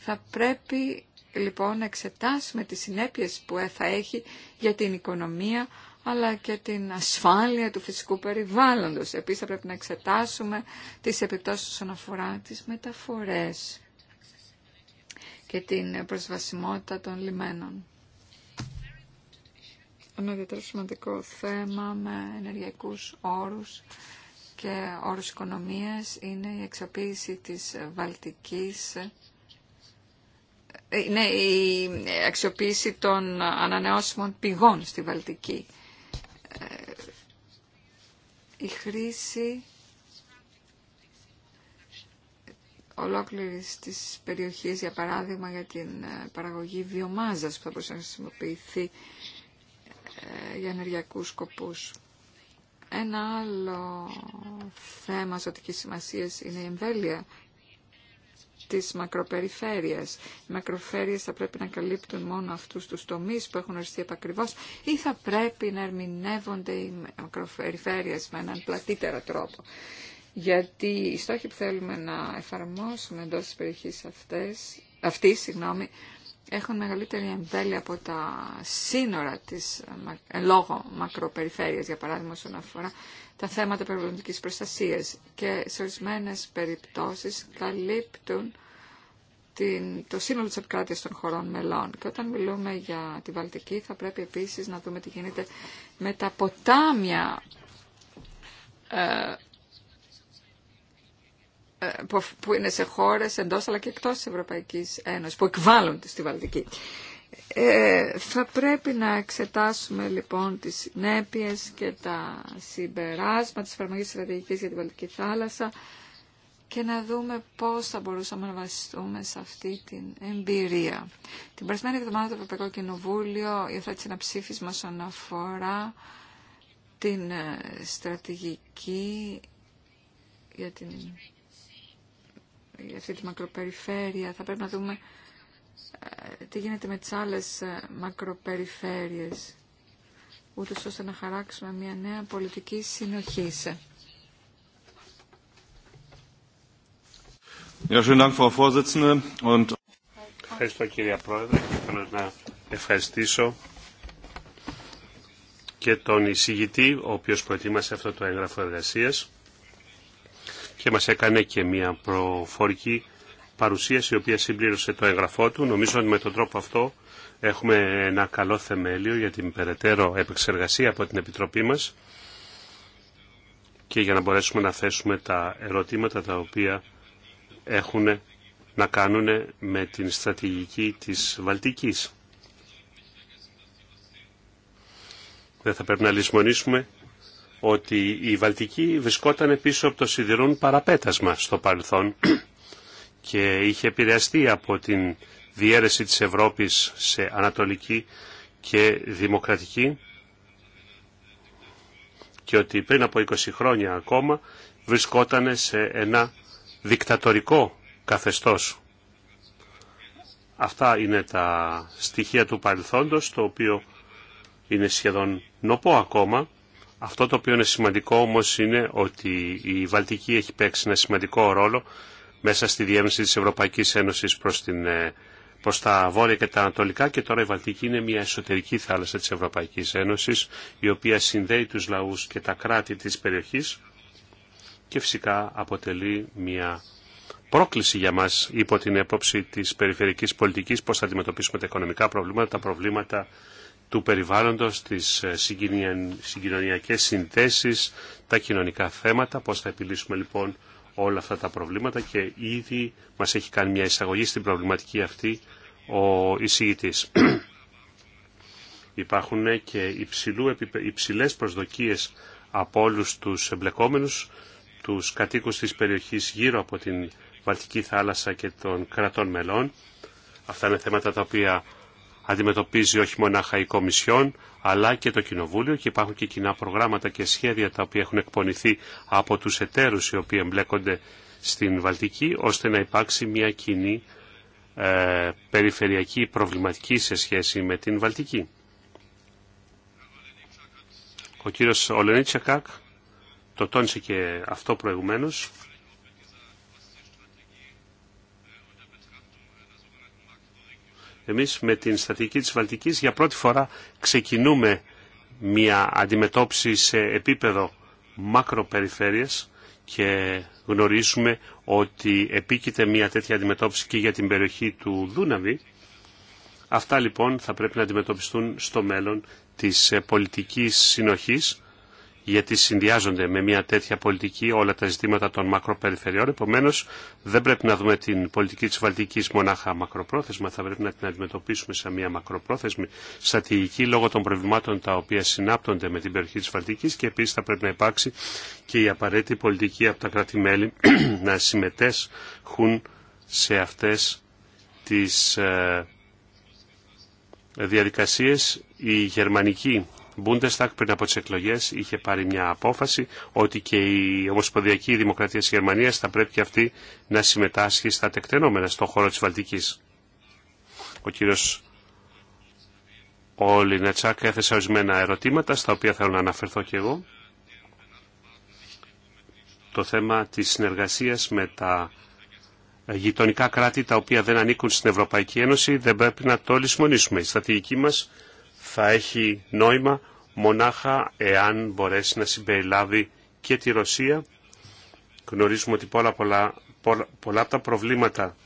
Θα πρέπει λοιπόν να εξετάσουμε τις συνέπειες που θα έχει για την οικονομία αλλά και την ασφάλεια του φυσικού περιβάλλοντος. Επίσης θα πρέπει να εξετάσουμε τις επιπτώσεις όσον αφορά τις μεταφορές και την προσβασιμότητα των λιμένων ένα ιδιαίτερα σημαντικό θέμα με ενεργειακούς όρους και όρους οικονομίας είναι η της Βαλτικής είναι η αξιοποίηση των ανανεώσιμων πηγών στη Βαλτική. Ε, η χρήση ολόκληρης της περιοχής, για παράδειγμα, για την ε, παραγωγή βιομάζας που θα μπορούσε να χρησιμοποιηθεί ε, για ενεργειακούς σκοπούς. Ένα άλλο θέμα ζωτικής σημασίας είναι η εμβέλεια της μακροπεριφέρειας. Οι μακροφέρειες θα πρέπει να καλύπτουν μόνο αυτούς τους τομείς που έχουν οριστεί επακριβώς ή θα πρέπει να ερμηνεύονται οι μακροπεριφέρειες με έναν πλατύτερο τρόπο. Γιατί οι στόχοι που θέλουμε να εφαρμόσουμε εντός της περιοχής αυτές, αυτής, έχουν μεγαλύτερη εμβέλεια από τα σύνορα της ε, λόγω μακροπεριφέρειας, για παράδειγμα, όσον αφορά τα θέματα περιβαλλοντικής προστασίας και σε ορισμένε περιπτώσεις καλύπτουν το σύνολο της επικράτειας των χωρών μελών. Και όταν μιλούμε για τη Βαλτική θα πρέπει επίσης να δούμε τι γίνεται με τα ποτάμια ε, ε, που είναι σε χώρες εντός αλλά και εκτός της Ευρωπαϊκής Ένωσης, που εκβάλλουν στη Βαλτική. Ε, θα πρέπει να εξετάσουμε λοιπόν τις συνέπειε και τα συμπεράσματα της εφαρμογής στρατηγικής για την Βαλτική θάλασσα και να δούμε πώς θα μπορούσαμε να βασιστούμε σε αυτή την εμπειρία. Την περασμένη εβδομάδα το Ευρωπαϊκό Κοινοβούλιο υιοθέτησε ένα ψήφισμα όσον αφορά την ε, στρατηγική για την για αυτή τη μακροπεριφέρεια. Θα πρέπει να δούμε ε, τι γίνεται με τις άλλες ε, μακροπεριφέρειες, ούτως ώστε να χαράξουμε μια νέα πολιτική συνοχή. Ευχαριστώ κύριε Πρόεδρε και θέλω να ευχαριστήσω και τον εισηγητή, ο οποίος προετοίμασε αυτό το έγγραφο εργασίας και μας έκανε και μια προφορική παρουσίαση η οποία συμπλήρωσε το εγγραφό του. Νομίζω ότι με τον τρόπο αυτό έχουμε ένα καλό θεμέλιο για την περαιτέρω επεξεργασία από την Επιτροπή μας και για να μπορέσουμε να θέσουμε τα ερωτήματα τα οποία έχουν να κάνουν με την στρατηγική της Βαλτικής. Δεν θα πρέπει να λησμονήσουμε ότι η Βαλτική βρισκόταν πίσω από το σιδηρούν παραπέτασμα στο παρελθόν *clears throat* και είχε επηρεαστεί από την διέρεση της Ευρώπης σε ανατολική και δημοκρατική και ότι πριν από 20 χρόνια ακόμα βρισκόταν σε ένα δικτατορικό καθεστώς. Αυτά είναι τα στοιχεία του παρελθόντος, το οποίο είναι σχεδόν νοπό ακόμα αυτό το οποίο είναι σημαντικό όμως είναι ότι η Βαλτική έχει παίξει ένα σημαντικό ρόλο μέσα στη διεύρυνση της Ευρωπαϊκής Ένωσης προς, την, ε, τα βόρεια και τα ανατολικά και τώρα η Βαλτική είναι μια εσωτερική θάλασσα της Ευρωπαϊκής Ένωσης η οποία συνδέει τους λαούς και τα κράτη της περιοχής και φυσικά αποτελεί μια πρόκληση για μας υπό την έποψη της περιφερικής πολιτικής πώς θα αντιμετωπίσουμε τα οικονομικά προβλήματα, τα προβλήματα του περιβάλλοντος, τις ε, συγκοινωνιακές συνθέσεις, τα κοινωνικά θέματα, πώς θα επιλύσουμε λοιπόν όλα αυτά τα προβλήματα και ήδη μας έχει κάνει μια εισαγωγή στην προβληματική αυτή ο εισηγητής. *clears throat* Υπάρχουν ε, και υψηλού, υψηλές προσδοκίες από όλους τους εμπλεκόμενους, τους κατοίκους της περιοχής γύρω από την Βαλτική θάλασσα και των κρατών μελών. Αυτά είναι θέματα τα οποία αντιμετωπίζει όχι μονάχα η Κομισιόν, αλλά και το Κοινοβούλιο και υπάρχουν και κοινά προγράμματα και σχέδια τα οποία έχουν εκπονηθεί από τους εταίρους οι οποίοι εμπλέκονται στην Βαλτική, ώστε να υπάρξει μια κοινή ε, περιφερειακή προβληματική σε σχέση με την Βαλτική. Ο κύριος Ολενίτσακακ το τόνισε και αυτό προηγουμένως. Εμείς με την στατική της Βαλτικής για πρώτη φορά ξεκινούμε μια αντιμετώπιση σε επίπεδο μακροπεριφέρειας και γνωρίζουμε ότι επίκειται μια τέτοια αντιμετώπιση και για την περιοχή του Δούναβη. Αυτά λοιπόν θα πρέπει να αντιμετωπιστούν στο μέλλον της πολιτικής συνοχής γιατί συνδυάζονται με μια τέτοια πολιτική όλα τα ζητήματα των μακροπεριφερειών. Επομένω, δεν πρέπει να δούμε την πολιτική τη Βαλτική μονάχα μακροπρόθεσμα, θα πρέπει να την αντιμετωπίσουμε σαν μια μακροπρόθεσμη στρατηγική λόγω των προβλημάτων τα οποία συνάπτονται με την περιοχή τη Βαλτική και επίση θα πρέπει να υπάρξει και η απαραίτητη πολιτική από τα κράτη-μέλη *clears throat* να συμμετέχουν σε αυτέ τι ε, διαδικασίε. Η γερμανική Bundestag πριν από τις εκλογές είχε πάρει μια απόφαση ότι και η Ομοσπονδιακή Δημοκρατία της Γερμανίας θα πρέπει και αυτή να συμμετάσχει στα τεκτενόμενα στον χώρο της Βαλτικής. Ο κύριος Όλινετσάκ έθεσε ορισμένα ερωτήματα στα οποία θέλω να αναφερθώ και εγώ. Το θέμα της συνεργασίας με τα γειτονικά κράτη τα οποία δεν ανήκουν στην Ευρωπαϊκή Ένωση δεν πρέπει να το λησμονήσουμε. Η στρατηγική μας θα έχει νόημα μονάχα εάν μπορέσει να συμπεριλάβει και τη Ρωσία. Γνωρίζουμε ότι πολλά, πολλά, πολλά, από τα προβλήματα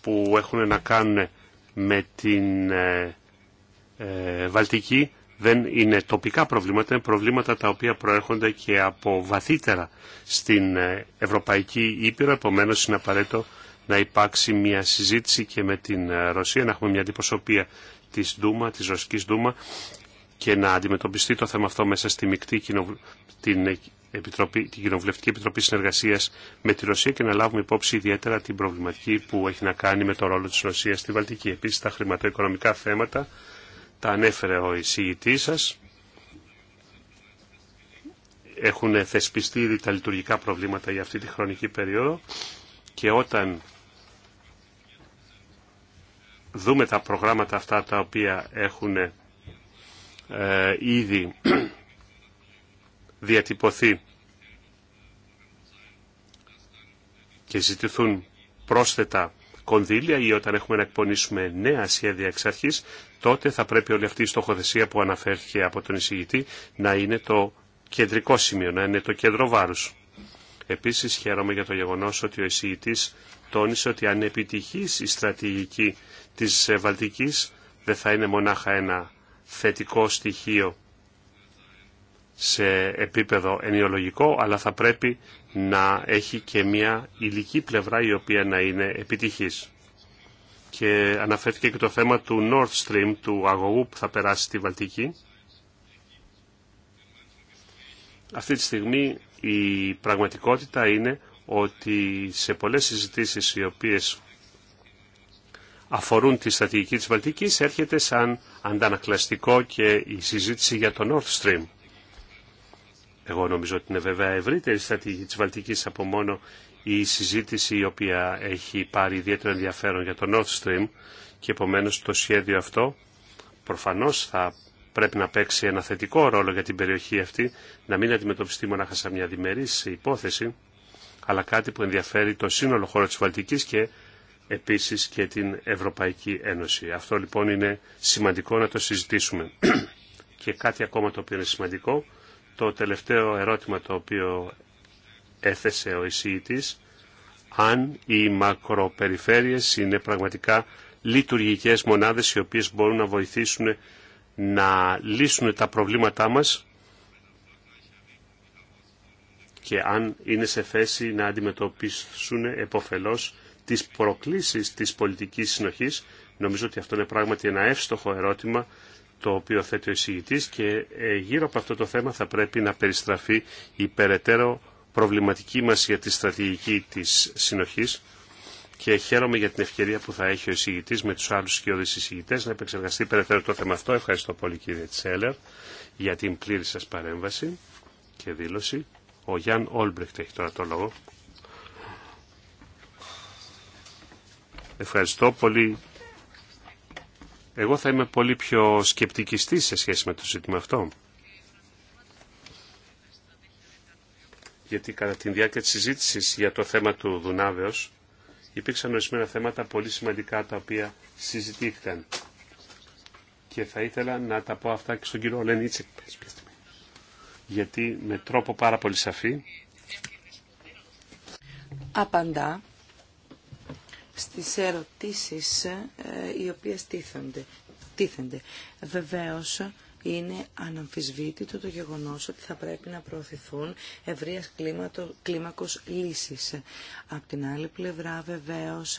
που έχουν να κάνουν με την ε, ε, Βαλτική δεν είναι τοπικά προβλήματα, είναι προβλήματα τα οποία προέρχονται και από βαθύτερα στην ε, Ευρωπαϊκή Ήπειρο. Επομένως είναι απαραίτητο να υπάρξει μια συζήτηση και με την Ρωσία, να έχουμε μια αντιπροσωπεία της Δούμα, της Ρωσικής Δούμα και να αντιμετωπιστεί το θέμα αυτό μέσα στη μεικτή την... Επιτροπή, Κοινοβουλευτική Επιτροπή Συνεργασία με τη Ρωσία και να λάβουμε υπόψη ιδιαίτερα την προβληματική που έχει να κάνει με το ρόλο τη Ρωσία στη Βαλτική. Επίση, τα χρηματοοικονομικά θέματα τα ανέφερε ο εισηγητή σα. Έχουν θεσπιστεί τα λειτουργικά προβλήματα για αυτή τη χρονική περίοδο και όταν δούμε τα προγράμματα αυτά τα οποία έχουν ε, ήδη *clears throat* διατυπωθεί και ζητηθούν πρόσθετα κονδύλια ή όταν έχουμε να εκπονήσουμε νέα σχέδια εξ αρχής, τότε θα πρέπει όλη αυτή η στοχοθεσία που αναφέρθηκε από τον εισηγητή να είναι το κεντρικό σημείο, να είναι το κέντρο βάρους. Επίσης χαίρομαι για το γεγονός ότι ο εισηγητής τόνισε ότι αν επιτυχείς η στρατηγική της ε, Βαλτικής δεν θα είναι μονάχα ένα θετικό στοιχείο σε επίπεδο ενιολογικό, αλλά θα πρέπει να έχει και μια υλική πλευρά η οποία να είναι επιτυχής. Και αναφέρθηκε και το θέμα του Nord Stream, του αγωγού που θα περάσει στη Βαλτική. Αυτή τη στιγμή η πραγματικότητα είναι ότι σε πολλές συζητήσεις οι οποίες αφορούν τη στρατηγική της Βαλτικής έρχεται σαν αντανακλαστικό και η συζήτηση για το North Stream. Εγώ νομίζω ότι είναι βέβαια ευρύτερη η στρατηγική της Βαλτικής από μόνο η συζήτηση η οποία έχει πάρει ιδιαίτερο ενδιαφέρον για το North Stream και επομένως το σχέδιο αυτό προφανώς θα πρέπει να παίξει ένα θετικό ρόλο για την περιοχή αυτή, να μην αντιμετωπιστεί μονάχα σαν μια διμερής υπόθεση, αλλά κάτι που ενδιαφέρει το σύνολο χώρο της Βαλτικής και επίσης και την Ευρωπαϊκή Ένωση. Αυτό λοιπόν είναι σημαντικό να το συζητήσουμε. *clears throat* και κάτι ακόμα το οποίο είναι σημαντικό, το τελευταίο ερώτημα το οποίο έθεσε ο εισηγητής, αν οι μακροπεριφέρειες είναι πραγματικά λειτουργικές μονάδες οι οποίες μπορούν να βοηθήσουν να λύσουν τα προβλήματά μας και αν είναι σε θέση να αντιμετωπίσουν επωφελώς τις προκλήσεις της πολιτικής συνοχής. Νομίζω ότι αυτό είναι πράγματι ένα εύστοχο ερώτημα το οποίο θέτει ο εισηγητής και ε, γύρω από αυτό το θέμα θα πρέπει να περιστραφεί η περαιτέρω προβληματική μας για τη στρατηγική της συνοχής και χαίρομαι για την ευκαιρία που θα έχει ο εισηγητής με τους άλλους σκιώδεις εισηγητές να επεξεργαστεί περαιτέρω το θέμα αυτό. Ευχαριστώ πολύ κύριε Τσέλερ για την πλήρη σας παρέμβαση και δήλωση. Ο Γιάνν Όλμπρεχτ έχει τώρα το λόγο. Ευχαριστώ πολύ. Εγώ θα είμαι πολύ πιο σκεπτικιστής σε σχέση με το ζήτημα αυτό. Γιατί κατά τη διάρκεια της συζήτησης για το θέμα του Δουνάβεως υπήρξαν ορισμένα θέματα πολύ σημαντικά τα οποία συζητήθηκαν. Και θα ήθελα να τα πω αυτά και στον κύριο Λενίτσεκ γιατί με τρόπο πάρα πολύ σαφή απαντά στις ερωτήσεις ε, οι οποίες τίθενται. τίθενται. Βεβαίως, είναι αναμφισβήτητο το γεγονός ότι θα πρέπει να προωθηθούν ευρείας κλίμακος λύσεις. Απ' την άλλη πλευρά βεβαίως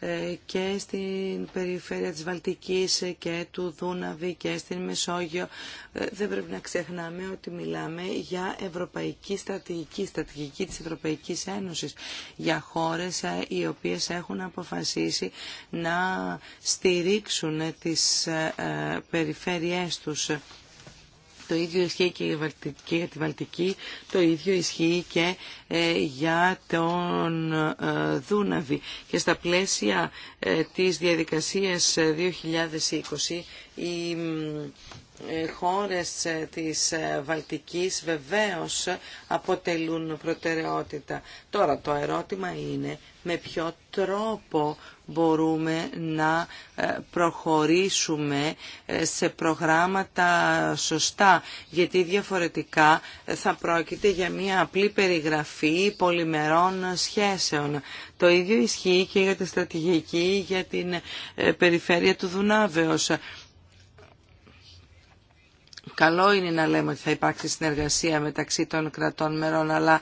ε, και στην περιφέρεια της Βαλτικής και του Δούναβη και στην Μεσόγειο ε, δεν πρέπει να ξεχνάμε ότι μιλάμε για ευρωπαϊκή στρατηγική, στρατηγική της Ευρωπαϊκής Ένωσης, για χώρες ε, οι οποίες έχουν αποφασίσει να στηρίξουν τις περιφέρειές τους το ίδιο ισχύει και για τη Βαλτική, το ίδιο ισχύει και ε, για τον ε, Δούναβη. Και στα πλαίσια ε, της διαδικασίας 2020 οι χώρες της Βαλτικής βεβαίως αποτελούν προτεραιότητα. Τώρα το ερώτημα είναι με ποιο τρόπο μπορούμε να ε, προχωρήσουμε ε, σε προγράμματα σωστά, γιατί διαφορετικά ε, θα πρόκειται για μια απλή περιγραφή πολυμερών σχέσεων. Το ίδιο ισχύει και για τη στρατηγική για την περιφέρεια του Δουνάβεως. Καλό είναι να λέμε ότι θα υπάρξει συνεργασία μεταξύ των κρατών μερών, αλλά,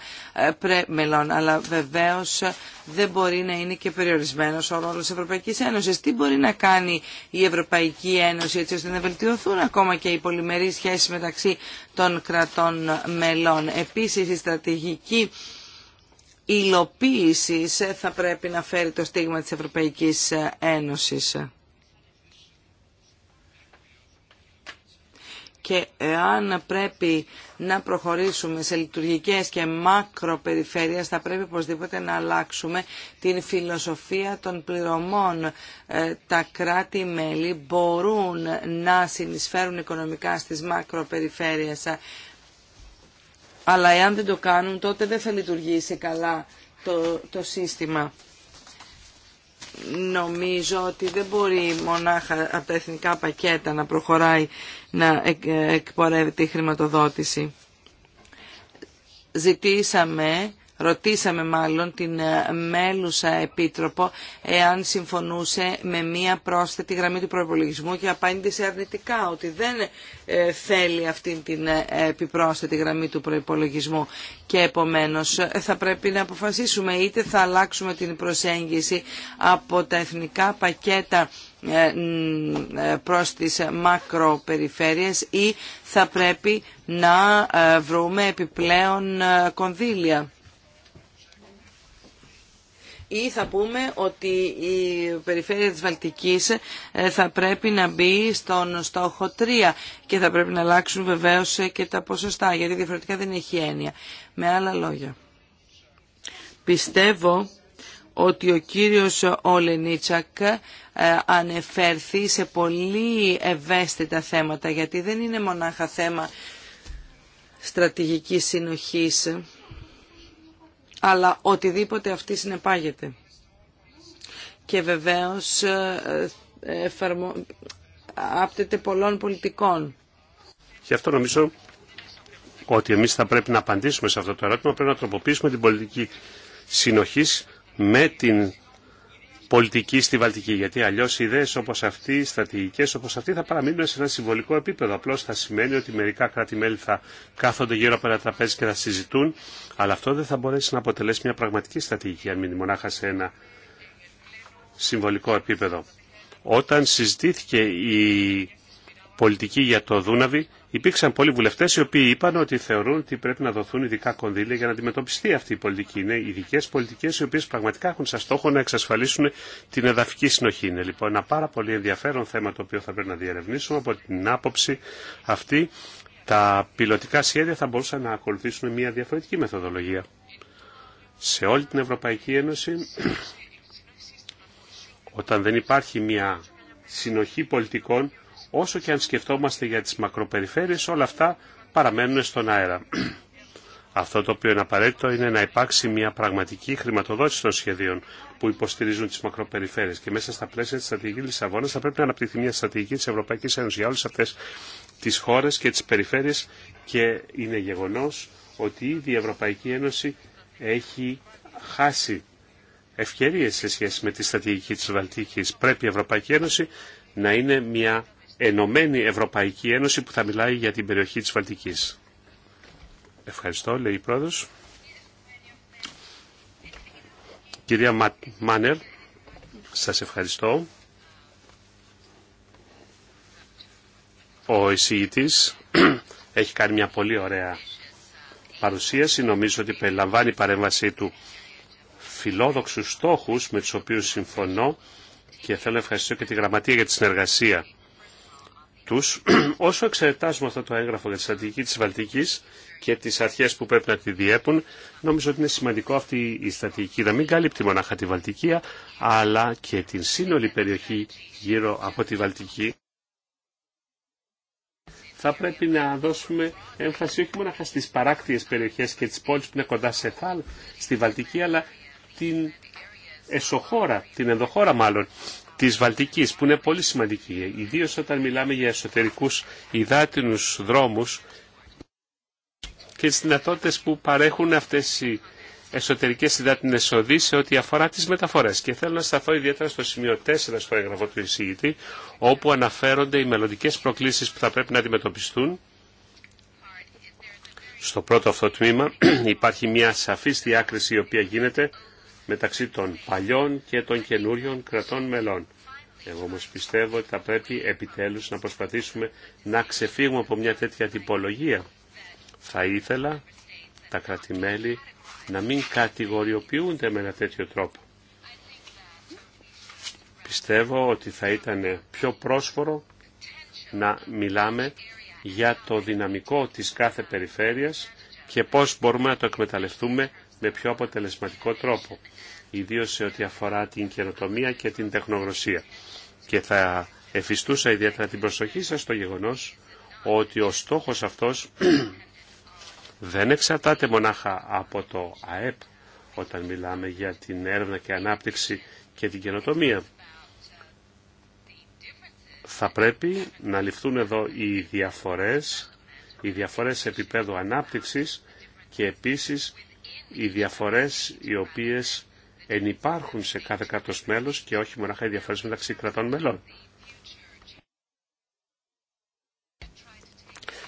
ε, μελών, αλλά βεβαίως ε, δεν μπορεί να είναι και περιορισμένος ο ρόλος της Ευρωπαϊκής Ένωσης. Τι μπορεί να κάνει η Ευρωπαϊκή Ένωση έτσι ώστε να βελτιωθούν ακόμα και οι πολυμερείς σχέσεις μεταξύ των κρατών μελών. Επίσης η στρατηγική υλοποίηση θα πρέπει να φέρει το στίγμα της Ευρωπαϊκής Ένωσης. και εάν πρέπει να προχωρήσουμε σε λειτουργικές και μακροπεριφέρειες θα πρέπει οπωσδήποτε να αλλάξουμε την φιλοσοφία των πληρωμών. Ε, τα κράτη-μέλη μπορούν να συνεισφέρουν οικονομικά στις μακροπεριφέρειες αλλά εάν δεν το κάνουν τότε δεν θα λειτουργήσει καλά το, το σύστημα νομίζω ότι δεν μπορεί μονάχα από τα εθνικά πακέτα να προχωράει να ε, εκπορεύεται η χρηματοδότηση. Ζητήσαμε Ρωτήσαμε μάλλον την ε, μέλουσα επίτροπο εάν συμφωνούσε με μία πρόσθετη γραμμή του προπολογισμού και απάντησε αρνητικά ότι δεν ε, θέλει αυτήν την ε, επιπρόσθετη γραμμή του προπολογισμού και επομένως θα πρέπει να αποφασίσουμε είτε θα αλλάξουμε την προσέγγιση από τα εθνικά πακέτα προς τις μακροπεριφέρειες ή θα πρέπει να βρούμε επιπλέον κονδύλια ή θα πούμε ότι η περιφέρεια της Βαλτικής ε, θα πρέπει να μπει στον στόχο 3 και θα πρέπει να αλλάξουν βεβαίως ε, και τα ποσοστά γιατί διαφορετικά δεν έχει έννοια. Με άλλα λόγια, πιστεύω ότι ο κύριος Ολενίτσακ ε, ανεφέρθη σε πολύ ευαίσθητα θέματα γιατί δεν είναι μονάχα θέμα στρατηγικής συνοχής αλλά οτιδήποτε αυτή συνεπάγεται. Και βεβαίως ε, ε, εφαρμο... άπτεται πολλών πολιτικών. Γι' αυτό νομίζω ότι εμείς θα πρέπει να απαντήσουμε σε αυτό το ερώτημα, πρέπει να τροποποιήσουμε την πολιτική συνοχής με την πολιτική στη Βαλτική. Γιατί αλλιώ οι ιδέε όπω αυτή, οι στρατηγικέ όπω αυτή θα παραμείνουν σε ένα συμβολικό επίπεδο. Απλώ θα σημαίνει ότι μερικά κράτη-μέλη θα κάθονται γύρω από ένα τραπέζι και θα συζητούν, αλλά αυτό δεν θα μπορέσει να αποτελέσει μια πραγματική στρατηγική, αν μείνει μονάχα σε ένα συμβολικό επίπεδο. Όταν συζητήθηκε η πολιτική για το Δούναβι, Υπήρξαν πολλοί βουλευτέ οι οποίοι είπαν ότι θεωρούν ότι πρέπει να δοθούν ειδικά κονδύλια για να αντιμετωπιστεί αυτή η πολιτική. Είναι ειδικέ πολιτικέ οι οποίε πραγματικά έχουν σαν στόχο να εξασφαλίσουν την εδαφική συνοχή. Είναι λοιπόν ένα πάρα πολύ ενδιαφέρον θέμα το οποίο θα πρέπει να διερευνήσουμε. Από την άποψη αυτή, τα πιλωτικά σχέδια θα μπορούσαν να ακολουθήσουν μια διαφορετική μεθοδολογία. Σε όλη την Ευρωπαϊκή Ένωση, *clears throat* όταν δεν υπάρχει μια συνοχή πολιτικών, όσο και αν σκεφτόμαστε για τις μακροπεριφέρειες, όλα αυτά παραμένουν στον αέρα. *clears throat* Αυτό το οποίο είναι απαραίτητο είναι να υπάρξει μια πραγματική χρηματοδότηση των σχεδίων που υποστηρίζουν τι μακροπεριφέρειες. Και μέσα στα πλαίσια τη στρατηγική Λισαβόνα θα πρέπει να αναπτυχθεί μια στρατηγική τη Ευρωπαϊκή Ένωση για όλε αυτέ τι χώρε και τι περιφέρειες. Και είναι γεγονό ότι ήδη η Ευρωπαϊκή Ένωση έχει χάσει ευκαιρίε σε σχέση με τη στρατηγική τη Βαλτική. Πρέπει η Ευρωπαϊκή Ένωση να είναι μια ενωμένη Ευρωπαϊκή Ένωση που θα μιλάει για την περιοχή της Βαλτικής. Ευχαριστώ, λέει η πρόεδρος. Κυρία Μάνερ, σας ευχαριστώ. Ο εισηγητής *clears throat* έχει κάνει μια πολύ ωραία παρουσίαση. Νομίζω ότι περιλαμβάνει η παρέμβασή του φιλόδοξους στόχους με τους οποίους συμφωνώ και θέλω να ευχαριστώ και τη Γραμματεία για τη συνεργασία τους. *clears throat* Όσο εξετάζουμε αυτό το έγγραφο για τη στρατηγική της Βαλτικής και τις αρχές που πρέπει να τη διέπουν, νομίζω ότι είναι σημαντικό αυτή η στρατηγική να μην καλύπτει μονάχα τη Βαλτική, αλλά και την σύνολη περιοχή γύρω από τη Βαλτική. Θα πρέπει να δώσουμε έμφαση όχι μόνο στις παράκτιες περιοχές και τις πόλεις που είναι κοντά σε θάλ, στη Βαλτική, αλλά την εσωχώρα, την ενδοχώρα μάλλον της Βαλτικής που είναι πολύ σημαντική, ιδίω όταν μιλάμε για εσωτερικούς υδάτινους δρόμους και τις δυνατότητες που παρέχουν αυτές οι εσωτερικές υδάτινες οδοί σε ό,τι αφορά τις μεταφορές. Και θέλω να σταθώ ιδιαίτερα στο σημείο 4 στο έγγραφο του εισηγητή, όπου αναφέρονται οι μελλοντικέ προκλήσεις που θα πρέπει να αντιμετωπιστούν. Στο πρώτο αυτό τμήμα *clears throat* υπάρχει μια σαφής διάκριση η οποία γίνεται μεταξύ των παλιών και των καινούριων κρατών μελών. Εγώ όμως πιστεύω ότι θα πρέπει επιτέλους να προσπαθήσουμε να ξεφύγουμε από μια τέτοια τυπολογία. Θα ήθελα τα κρατημέλη να μην κατηγοριοποιούνται με ένα τέτοιο τρόπο. Πιστεύω ότι θα ήταν πιο πρόσφορο να μιλάμε για το δυναμικό της κάθε περιφέρειας και πώς μπορούμε να το εκμεταλλευτούμε με πιο αποτελεσματικό τρόπο, ιδίως σε ό,τι αφορά την καινοτομία και την τεχνογνωσία. Και θα εφιστούσα ιδιαίτερα την προσοχή σας στο γεγονός ότι ο στόχος αυτός *clears throat* δεν εξαρτάται μονάχα από το ΑΕΠ όταν μιλάμε για την έρευνα και ανάπτυξη και την καινοτομία. Θα πρέπει να ληφθούν εδώ οι διαφορές, οι διαφορές επίπεδου ανάπτυξης και επίσης οι διαφορές οι οποίες ενυπάρχουν σε κάθε κράτος μέλος και όχι μονάχα οι διαφορές μεταξύ κρατών μελών.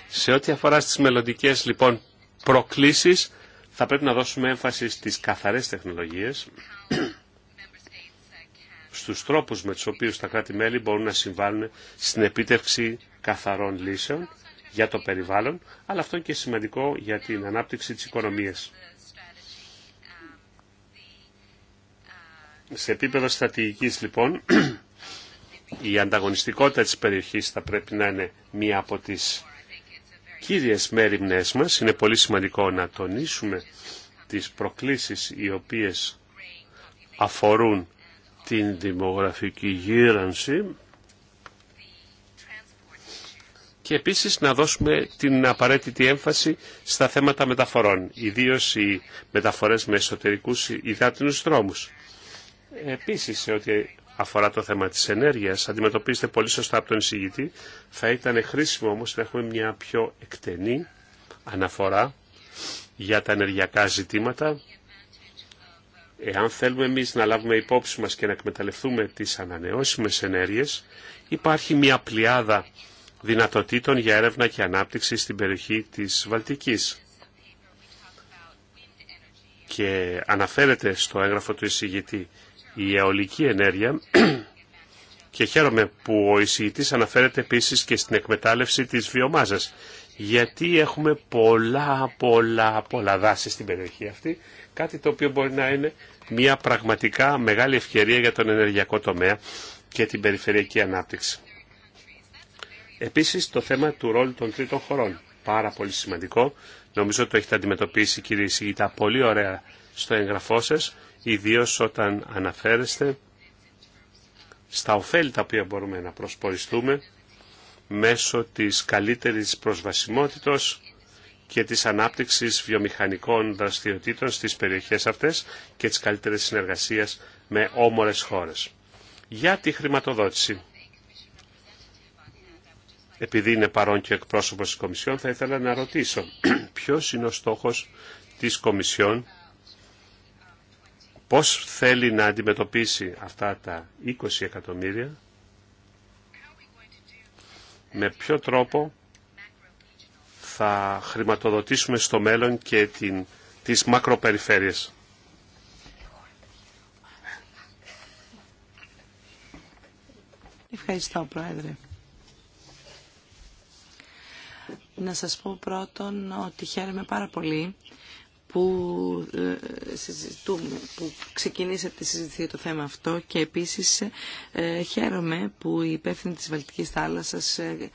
Σε ό,τι αφορά στις μελλοντικέ λοιπόν προκλήσεις, θα πρέπει να δώσουμε έμφαση στις καθαρές τεχνολογίες, *clears throat* στους τρόπους με τους οποίους τα κράτη-μέλη μπορούν να συμβάλλουν στην επίτευξη καθαρών λύσεων για το περιβάλλον, αλλά αυτό είναι και σημαντικό για την ανάπτυξη της οικονομίας. Σε επίπεδο στρατηγικής λοιπόν, *clears throat* η ανταγωνιστικότητα της περιοχής θα πρέπει να είναι μία από τις κύριες μέρημνές μας. Είναι πολύ σημαντικό να τονίσουμε τις προκλήσεις οι οποίες αφορούν την δημογραφική γύρανση και επίσης να δώσουμε την απαραίτητη έμφαση στα θέματα μεταφορών, ιδίως οι μεταφορές με εσωτερικούς υδάτινους δρόμους. Επίσης, σε ό,τι αφορά το θέμα της ενέργειας, αντιμετωπίζεται πολύ σωστά από τον εισηγητή. Θα ήταν χρήσιμο όμως να έχουμε μια πιο εκτενή αναφορά για τα ενεργειακά ζητήματα. Εάν θέλουμε εμείς να λάβουμε υπόψη μας και να εκμεταλλευτούμε τις ανανεώσιμες ενέργειες, υπάρχει μια πλειάδα δυνατοτήτων για έρευνα και ανάπτυξη στην περιοχή της Βαλτικής. Και αναφέρεται στο έγγραφο του εισηγητή η αιωλική ενέργεια *clears throat* και χαίρομαι που ο εισηγητής αναφέρεται επίσης και στην εκμετάλλευση της βιομάζας γιατί έχουμε πολλά πολλά πολλά δάση στην περιοχή αυτή κάτι το οποίο μπορεί να είναι μια πραγματικά μεγάλη ευκαιρία για τον ενεργειακό τομέα και την περιφερειακή ανάπτυξη. Επίσης το θέμα του ρόλου των τρίτων χωρών. Πάρα πολύ σημαντικό. Νομίζω το έχετε αντιμετωπίσει κύριε Σιγητά πολύ ωραία στο εγγραφό σας, ιδίως όταν αναφέρεστε στα ωφέλη τα οποία μπορούμε να προσποριστούμε μέσω της καλύτερης προσβασιμότητος και της ανάπτυξης βιομηχανικών δραστηριοτήτων στις περιοχές αυτές και της καλύτερης συνεργασίας με όμορες χώρες. Για τη χρηματοδότηση. Επειδή είναι παρόν και εκπρόσωπος της Κομισιόν, θα ήθελα να ρωτήσω *clears throat* ποιος είναι ο στόχος της Κομισιόν πώς θέλει να αντιμετωπίσει αυτά τα 20 εκατομμύρια, με ποιο τρόπο θα χρηματοδοτήσουμε στο μέλλον και την, τις μακροπεριφέρειες. Ευχαριστώ, Πρόεδρε. Να σας πω πρώτον ότι χαίρομαι πάρα πολύ που ε, συζητούμε, που ξεκινήσατε τη συζήτηση το θέμα αυτό και επίσης ε, χαίρομαι που οι υπεύθυνοι της Βαλτικής θάλασσας ε,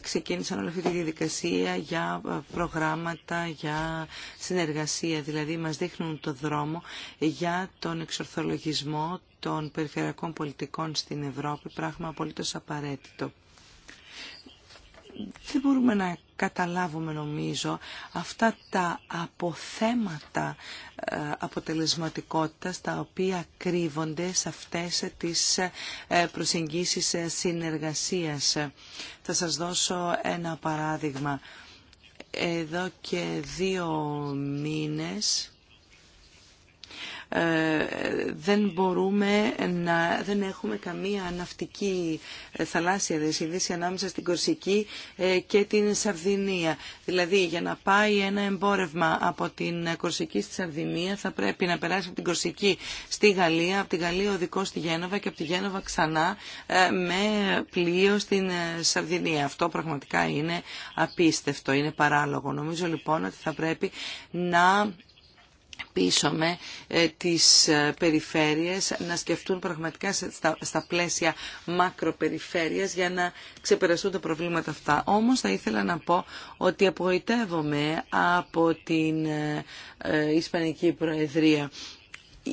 ξεκίνησαν όλη αυτή τη διαδικασία για προγράμματα, για συνεργασία, δηλαδή μας δείχνουν το δρόμο για τον εξορθολογισμό των περιφερειακών πολιτικών στην Ευρώπη, πράγμα απολύτως απαραίτητο δεν μπορούμε να καταλάβουμε νομίζω αυτά τα αποθέματα ε, αποτελεσματικότητας τα οποία κρύβονται σε αυτές τις ε, προσεγγίσεις ε, συνεργασίας. Θα σας δώσω ένα παράδειγμα. Εδώ και δύο μήνες ε, δεν μπορούμε να, δεν έχουμε καμία ναυτική ε, θαλάσσια διασύνδεση ανάμεσα στην Κορσική ε, και την Σαρδινία. Δηλαδή για να πάει ένα εμπόρευμα από την Κορσική στη Σαρδινία θα πρέπει να περάσει από την Κορσική στη Γαλλία, από τη Γαλλία οδικό στη Γένοβα και από τη Γένοβα ξανά με πλοίο στην Σαρδινία. Αυτό πραγματικά είναι απίστευτο, είναι παράλογο. Νομίζω λοιπόν ότι θα πρέπει να Πίσω με τις ε, περιφέρειες να σκεφτούν πραγματικά στα πλαίσια μακροπεριφέρειας για να ξεπεραστούν τα προβλήματα αυτά. Όμως θα ήθελα να πω ότι απογοητεύομαι από την ε, ε, Ισπανική Προεδρία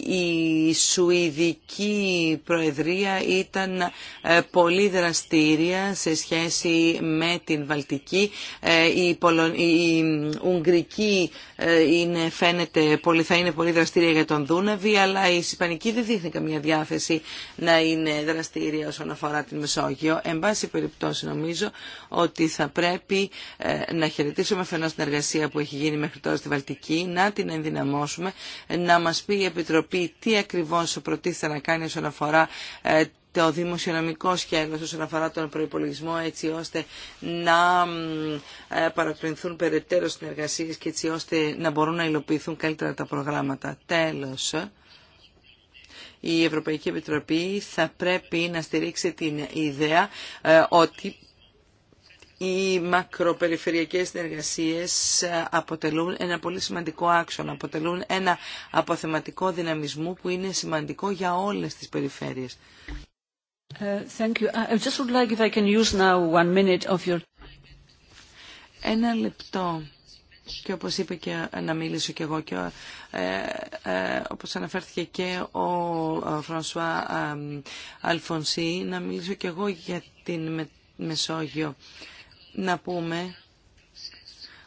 η Σουηδική Προεδρία ήταν ε, πολύ δραστήρια σε σχέση με την Βαλτική. Ε, η, η Ουγγρική ε, είναι, φαίνεται, πολύ, θα είναι πολύ δραστήρια για τον Δούναβη, αλλά η Ισπανική δεν δείχνει καμία διάθεση να είναι δραστήρια όσον αφορά την Μεσόγειο. Εν πάση περιπτώσει νομίζω ότι θα πρέπει να χαιρετήσουμε φαινό την εργασία που έχει γίνει μέχρι τώρα στη Βαλτική, να την ενδυναμώσουμε, να μας πει η Επιτροπή Επιτροπή τι ακριβώς προτίθεται να κάνει όσον αφορά ε, το δημοσιονομικό σχέδιο, όσον αφορά τον προπολογισμό έτσι ώστε να ε, παρακολουθούν περαιτέρω συνεργασίε και έτσι ώστε να μπορούν να υλοποιηθούν καλύτερα τα προγράμματα. Τέλο, η Ευρωπαϊκή Επιτροπή θα πρέπει να στηρίξει την ιδέα ε, ότι οι μακροπεριφερειακές συνεργασίες αποτελούν ένα πολύ σημαντικό άξονα, αποτελούν ένα αποθεματικό δυναμισμό που είναι σημαντικό για όλες τις περιφέρειες. Ένα λεπτό. Και όπως είπε και να μιλήσω και εγώ και ε, ε, όπως αναφέρθηκε και ο Φρανσουά ε, Αλφονσί, να μιλήσω και εγώ για την Μεσόγειο να πούμε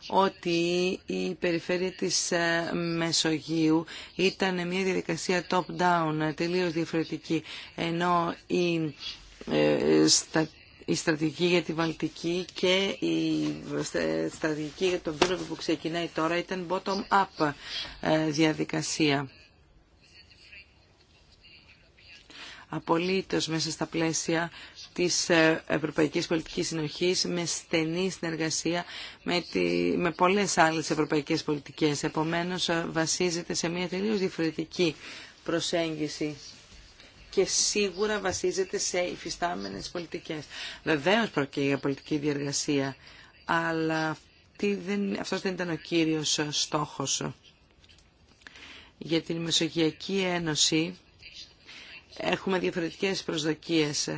ότι η περιφέρεια της ε, Μεσογείου ήταν μια διαδικασία top-down, τελείως διαφορετική, ενώ η, ε, η στρατηγική για τη Βαλτική και η στρατηγική για τον πύρο που ξεκινάει τώρα ήταν bottom-up ε, διαδικασία. Απολύτως μέσα στα πλαίσια της ε, Ευρωπαϊκής Πολιτικής Συνοχής με στενή συνεργασία με, τη, με πολλές άλλες ευρωπαϊκές πολιτικές. Επομένως ε, βασίζεται σε μια τελείως διαφορετική προσέγγιση και σίγουρα βασίζεται σε υφιστάμενες πολιτικές. Βεβαίω πρόκειται για πολιτική διεργασία, αλλά αυτή δεν, αυτός δεν ήταν ο κύριος στόχος. Για την Μεσογειακή Ένωση έχουμε διαφορετικές προσδοκίες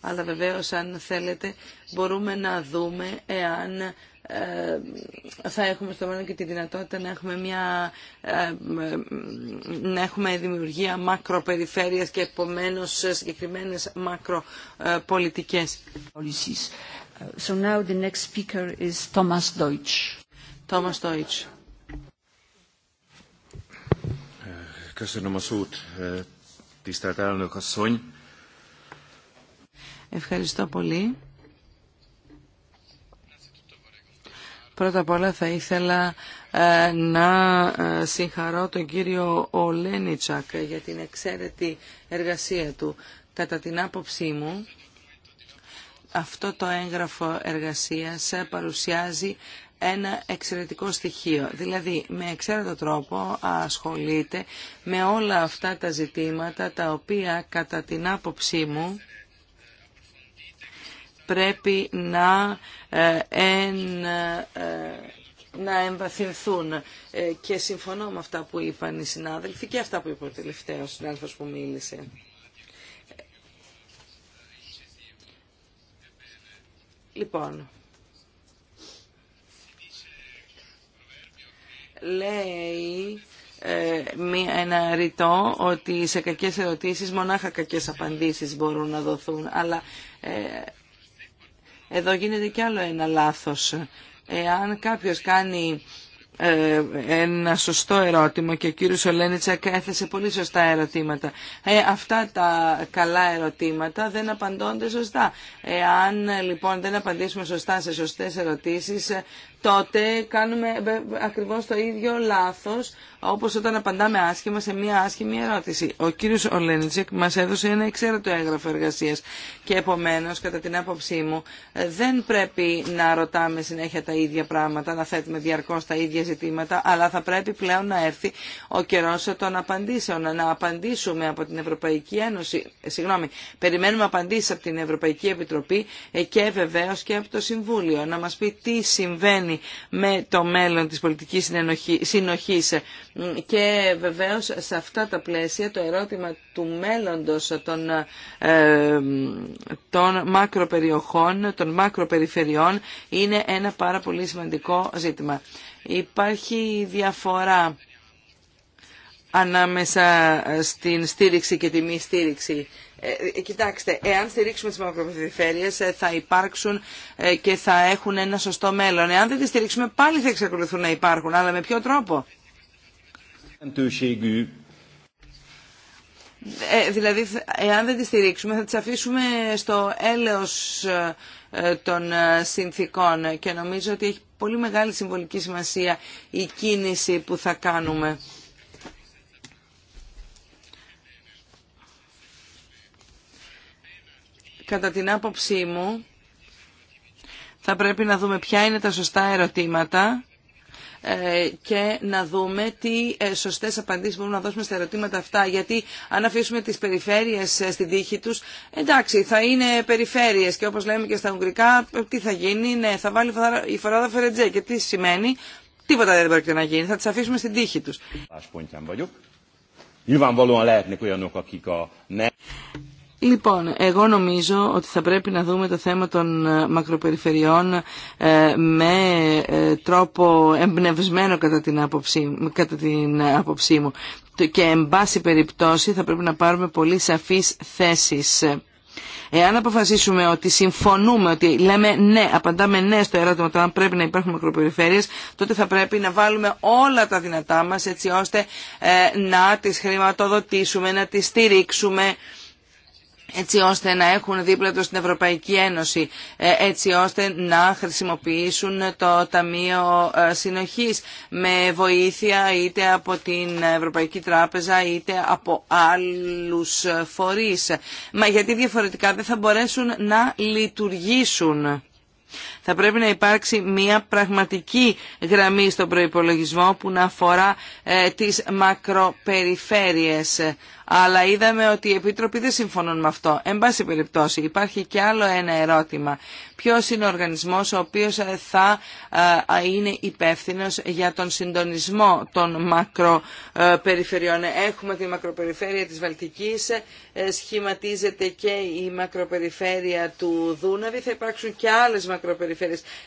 αλλά βεβαίως αν θέλετε μπορούμε να δούμε εάν ε, θα έχουμε στο μέλλον και τη δυνατότητα να έχουμε, μια, ε, να έχουμε δημιουργία μακροπεριφέρειας και επομένως συγκεκριμένες μακροπολιτικές. Ε, so now the next speaker is Thomas Deutsch. Thomas Deutsch. Köszönöm a szót, tisztelt elnök asszony. Ευχαριστώ πολύ. Πρώτα απ' όλα θα ήθελα ε, να ε, συγχαρώ τον κύριο Ολένιτσακ για την εξαίρετη εργασία του. Κατά την άποψή μου, αυτό το έγγραφο εργασίας παρουσιάζει ένα εξαιρετικό στοιχείο. Δηλαδή, με εξαίρετο τρόπο ασχολείται με όλα αυτά τα ζητήματα τα οποία κατά την άποψή μου πρέπει να ε, εν, ε, να εμβαθυνθούν. Ε, και συμφωνώ με αυτά που είπαν οι συνάδελφοι και αυτά που είπε ο τελευταίος συνάδελφος που μίλησε. Λοιπόν, λέει ένα ρητό ότι σε κακές ερωτήσεις μονάχα κακές απαντήσεις μπορούν να δοθούν, αλλά εδώ γίνεται κι άλλο ένα λάθος. Εάν κάποιος κάνει ε, ένα σωστό ερώτημα και ο κύριος Ολένιτσακ έθεσε πολύ σωστά ερωτήματα. Ε, αυτά τα καλά ερωτήματα δεν απαντώνται σωστά. Εάν ε, λοιπόν δεν απαντήσουμε σωστά σε σωστές ερωτήσεις τότε κάνουμε ακριβώς το ίδιο λάθος όπως όταν απαντάμε άσχημα σε μια άσχημη ερώτηση. Ο κύριος Ολένιτσεκ μας έδωσε ένα εξαίρετο έγγραφο εργασίας και επομένως, κατά την άποψή μου, δεν πρέπει να ρωτάμε συνέχεια τα ίδια πράγματα, να θέτουμε διαρκώς τα ίδια ζητήματα, αλλά θα πρέπει πλέον να έρθει ο καιρός των απαντήσεων, να απαντήσουμε από την Ευρωπαϊκή Ένωση, ε, συγγνώμη, περιμένουμε απαντήσει από την Ευρωπαϊκή Επιτροπή ε, και βεβαίω και από το Συμβούλιο, να μας πει τι συμβαίνει με το μέλλον της πολιτικής συνοχής και βεβαίως σε αυτά τα πλαίσια το ερώτημα του μέλλοντος των, ε, των μακροπεριοχών, των μακροπεριφερειών είναι ένα πάρα πολύ σημαντικό ζήτημα. Υπάρχει διαφορά ανάμεσα στην στήριξη και τη μη στήριξη. Ε, κοιτάξτε, εάν στηρίξουμε τις μακροπεριφέρειες ε, θα υπάρξουν και θα έχουν ένα σωστό μέλλον. Εάν δεν τις στηρίξουμε πάλι θα εξακολουθούν να υπάρχουν, αλλά με ποιο τρόπο. Ε, δηλαδή, εάν δεν τη στηρίξουμε, θα τις αφήσουμε στο έλεος ε, των ε, συνθήκων και νομίζω ότι έχει πολύ μεγάλη συμβολική σημασία η κίνηση που θα κάνουμε. Κατά την άποψή μου, θα πρέπει να δούμε ποια είναι τα σωστά ερωτήματα ε, και να δούμε τι ε, σωστές απαντήσεις μπορούμε να δώσουμε στα ερωτήματα αυτά. Γιατί αν αφήσουμε τις περιφέρειες ε, στην τύχη τους, εντάξει, θα είναι περιφέρειες και όπως λέμε και στα Ουγγρικά, τι θα γίνει, ναι, θα βάλει η φοράδα Φερετζέ και τι σημαίνει, τίποτα δεν πρόκειται να γίνει, θα τις αφήσουμε στην τύχη τους. Λοιπόν, εγώ νομίζω ότι θα πρέπει να δούμε το θέμα των ε, μακροπεριφερειών ε, με ε, τρόπο εμπνευσμένο κατά την άποψή, κατά την μου και εν πάση περιπτώσει θα πρέπει να πάρουμε πολύ σαφείς θέσεις. Εάν αποφασίσουμε ότι συμφωνούμε, ότι λέμε ναι, απαντάμε ναι στο ερώτημα ότι αν πρέπει να υπάρχουν μακροπεριφέρειες, τότε θα πρέπει να βάλουμε όλα τα δυνατά μας έτσι ώστε να τις χρηματοδοτήσουμε, να τις στηρίξουμε έτσι ώστε να έχουν δίπλα τους την Ευρωπαϊκή Ένωση, ε, έτσι ώστε να χρησιμοποιήσουν το Ταμείο ε, Συνοχής με βοήθεια είτε από την Ευρωπαϊκή Τράπεζα είτε από άλλους φορείς. Μα γιατί διαφορετικά δεν θα μπορέσουν να λειτουργήσουν. Θα πρέπει να υπάρξει μια πραγματική γραμμή στον προϋπολογισμό που να αφορά ε, τις μακροπεριφέρειες. Αλλά είδαμε ότι οι Επίτροποι δεν συμφωνούν με αυτό. Εν πάση περιπτώσει υπάρχει και άλλο ένα ερώτημα. Ποιος είναι ο οργανισμός ο οποίος ε, θα ε, είναι υπεύθυνος για τον συντονισμό των μακροπεριφερειών. Έχουμε τη μακροπεριφέρεια της Βαλτικής, σχηματίζεται και η μακροπεριφέρεια του Δούναβη. Θα υπάρξουν και άλλες μακροπεριφέρειες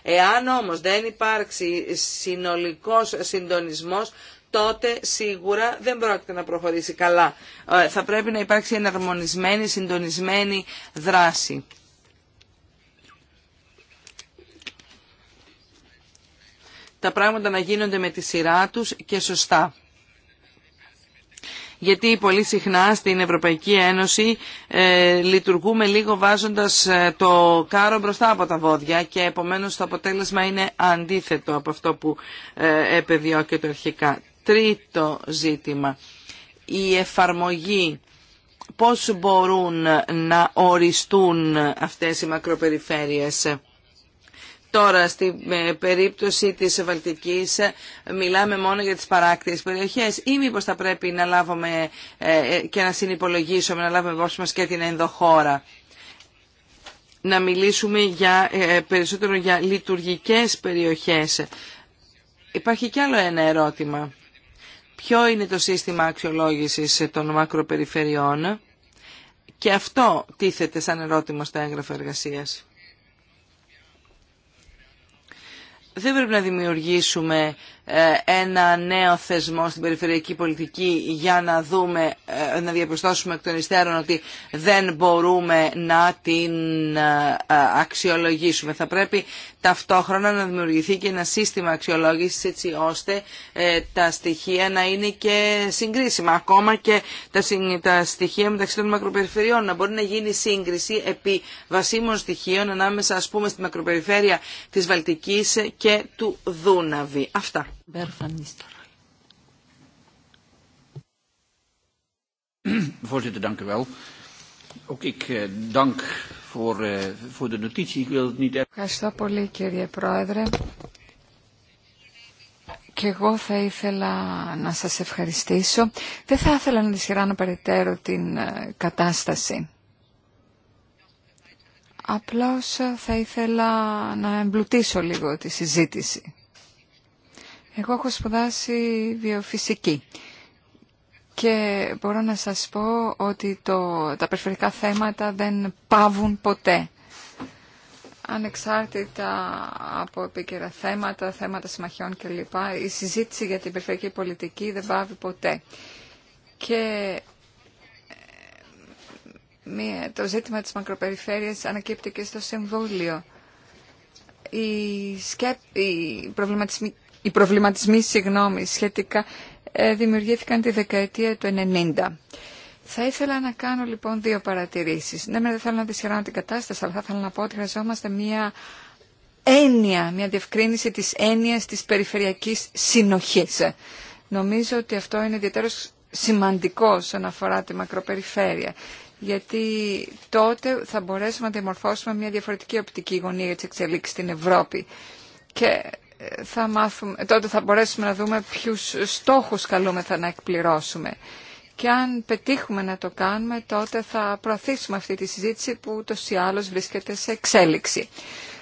Εάν όμως δεν υπάρξει συνολικός συντονισμός, τότε σίγουρα δεν πρόκειται να προχωρήσει καλά. Ε, θα πρέπει να υπάρξει εναρμονισμένη, συντονισμένη δράση. Τα πράγματα να γίνονται με τη σειρά τους και σωστά γιατί πολύ συχνά στην Ευρωπαϊκή Ένωση ε, λειτουργούμε λίγο βάζοντας ε, το κάρο μπροστά από τα βόδια και επομένως το αποτέλεσμα είναι αντίθετο από αυτό που ε, το αρχικά. Τρίτο ζήτημα, η εφαρμογή πώς μπορούν να οριστούν αυτές οι μακροπεριφέρειες. Τώρα, στην ε, περίπτωση της Βαλτικής, ε, μιλάμε μόνο για τις παράκτιες περιοχές ή μήπως θα πρέπει να λάβουμε ε, και να συνυπολογίσουμε, να λάβουμε υπόψη μας και την ενδοχώρα. Να μιλήσουμε για, περισσότερο για λειτουργικές περιοχές. Υπάρχει κι άλλο ένα ερώτημα. Ποιο είναι το σύστημα αξιολόγησης των μακροπεριφερειών και αυτό τίθεται σαν ερώτημα στο έγγραφο εργασίας. δεν πρέπει να δημιουργήσουμε ε, ένα νέο θεσμό στην περιφερειακή πολιτική για να δούμε, ε, να διαπιστώσουμε εκ των υστέρων ότι δεν μπορούμε να την ε, αξιολογήσουμε. Θα πρέπει ταυτόχρονα να δημιουργηθεί και ένα σύστημα αξιολόγησης έτσι ώστε τα στοιχεία να είναι και συγκρίσιμα. Ακόμα και τα στοιχεία μεταξύ των μακροπεριφερειών να μπορεί να γίνει σύγκριση επί βασίμων στοιχείων ανάμεσα ας πούμε στη μακροπεριφέρεια της Βαλτικής και του Δούναβη. Αυτά. Voorzitter, dank u wel. Ook ik eh, dank voor, eh, voor de notitie. Ik Ευχαριστώ πολύ κύριε Πρόεδρε. Και εγώ θα ήθελα να σας ευχαριστήσω. Δεν θα ήθελα να δυσχεράνω περαιτέρω την ε, κατάσταση. Απλώς ε, θα ήθελα να εμπλουτίσω λίγο τη συζήτηση. Εγώ έχω σπουδάσει βιοφυσική και μπορώ να σας πω ότι το, τα περιφερικά θέματα δεν πάβουν ποτέ. Ανεξάρτητα από επίκαιρα θέματα, θέματα συμμαχιών κλπ. Η συζήτηση για την περιφερειακή πολιτική δεν πάβει ποτέ. Και ε, το ζήτημα της μακροπεριφέρειας ανακύπτει και στο Συμβούλιο. Η σκέπ, οι οι προβληματισμοί συγγνώμη, σχετικά ε, δημιουργήθηκαν τη δεκαετία του 90. Θα ήθελα να κάνω λοιπόν δύο παρατηρήσεις. Ναι, δεν θέλω να δυσχεράνω την κατάσταση, αλλά θα ήθελα να πω ότι χρειαζόμαστε μία έννοια, μία διευκρίνηση της έννοιας της περιφερειακής συνοχής. Νομίζω ότι αυτό είναι ιδιαίτερος σημαντικό όσον αφορά τη μακροπεριφέρεια γιατί τότε θα μπορέσουμε να διαμορφώσουμε μια διαφορετική αυτο ειναι ιδιαίτερο σημαντικο οσον αφορα τη μακροπεριφερεια γιατι γωνία για τι εξελίξει στην Ευρώπη. Και θα μάθουμε, τότε θα μπορέσουμε να δούμε ποιους στόχους καλούμεθα να εκπληρώσουμε. Και αν πετύχουμε να το κάνουμε, τότε θα προωθήσουμε αυτή τη συζήτηση που το ή άλλως βρίσκεται σε εξέλιξη.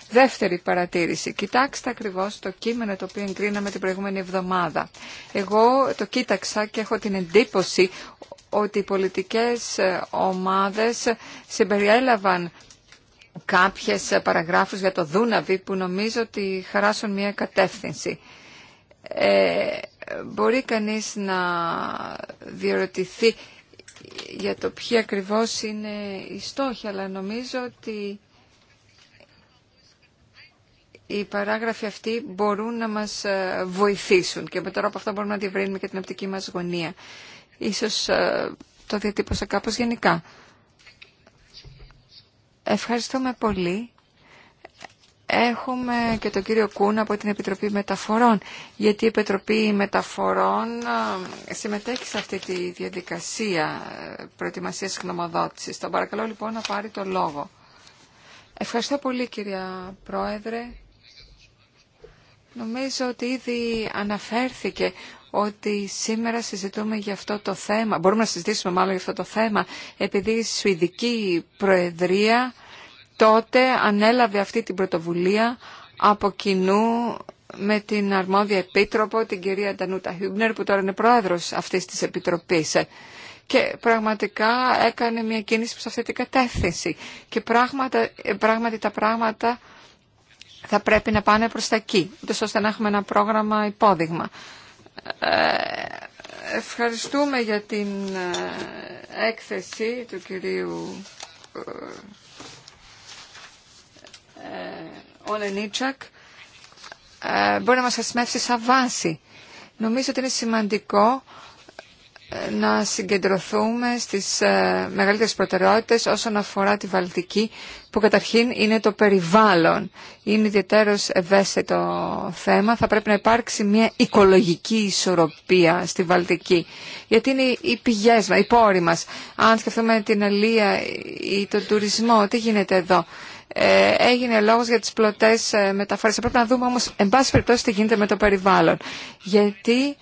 Δεύτερη παρατήρηση. Κοιτάξτε ακριβώς το κείμενο το οποίο εγκρίναμε την προηγούμενη εβδομάδα. Εγώ το κοίταξα και έχω την εντύπωση ότι οι πολιτικές ομάδες συμπεριέλαβαν κάποιες παραγράφους για το Δούναβι που νομίζω ότι χαράσουν μια κατεύθυνση. Ε, μπορεί κανείς να διερωτηθεί για το ποιοι ακριβώς είναι οι στόχοι, αλλά νομίζω ότι οι παράγραφοι αυτοί μπορούν να μας ε, βοηθήσουν και με τώρα από αυτά μπορούμε να διευρύνουμε και την οπτική μας γωνία. Ίσως ε, το διατύπωσα κάπως γενικά. Ευχαριστούμε πολύ. Έχουμε και τον κύριο Κούν από την Επιτροπή Μεταφορών, γιατί η Επιτροπή Μεταφορών συμμετέχει σε αυτή τη διαδικασία ε, προετοιμασίας γνωμοδότησης. Τον παρακαλώ λοιπόν να πάρει το λόγο. Ευχαριστώ πολύ κυρία Πρόεδρε. Νομίζω ότι ήδη αναφέρθηκε ότι σήμερα συζητούμε για αυτό το θέμα, μπορούμε να συζητήσουμε μάλλον για αυτό το θέμα, επειδή η Σουηδική Προεδρία τότε ανέλαβε αυτή την πρωτοβουλία από κοινού με την αρμόδια επίτροπο, την κυρία Ντανούτα Χιούμπνερ, που τώρα είναι πρόεδρος αυτής της επιτροπής. Και πραγματικά έκανε μια κίνηση προς αυτή την κατεύθυνση. Και ε, πράγματι τα πράγματα θα πρέπει να πάνε προς τα εκεί, ώστε να έχουμε ένα πρόγραμμα υπόδειγμα. Ε, ευχαριστούμε για την ε, έκθεση του κυρίου Ολενίτσακ. Ε, μπορεί να μας ασμεύσει σαν βάση. Νομίζω ότι είναι σημαντικό να συγκεντρωθούμε στις ε, μεγαλύτερες προτεραιότητες όσον αφορά τη Βαλτική που καταρχήν είναι το περιβάλλον. Είναι ιδιαίτερος ευαίσθητο θέμα. Θα πρέπει να υπάρξει μια οικολογική ισορροπία στη Βαλτική. Γιατί είναι οι πηγές μας, οι πόροι μας. Αν σκεφτούμε την αλία ή τον τουρισμό, τι γίνεται εδώ. Ε, έγινε λόγος για τις πλωτές ε, μεταφορές. Θα πρέπει να δούμε όμως, εν πάση περιπτώσει, τι γίνεται με το περιβάλλον. Γιατί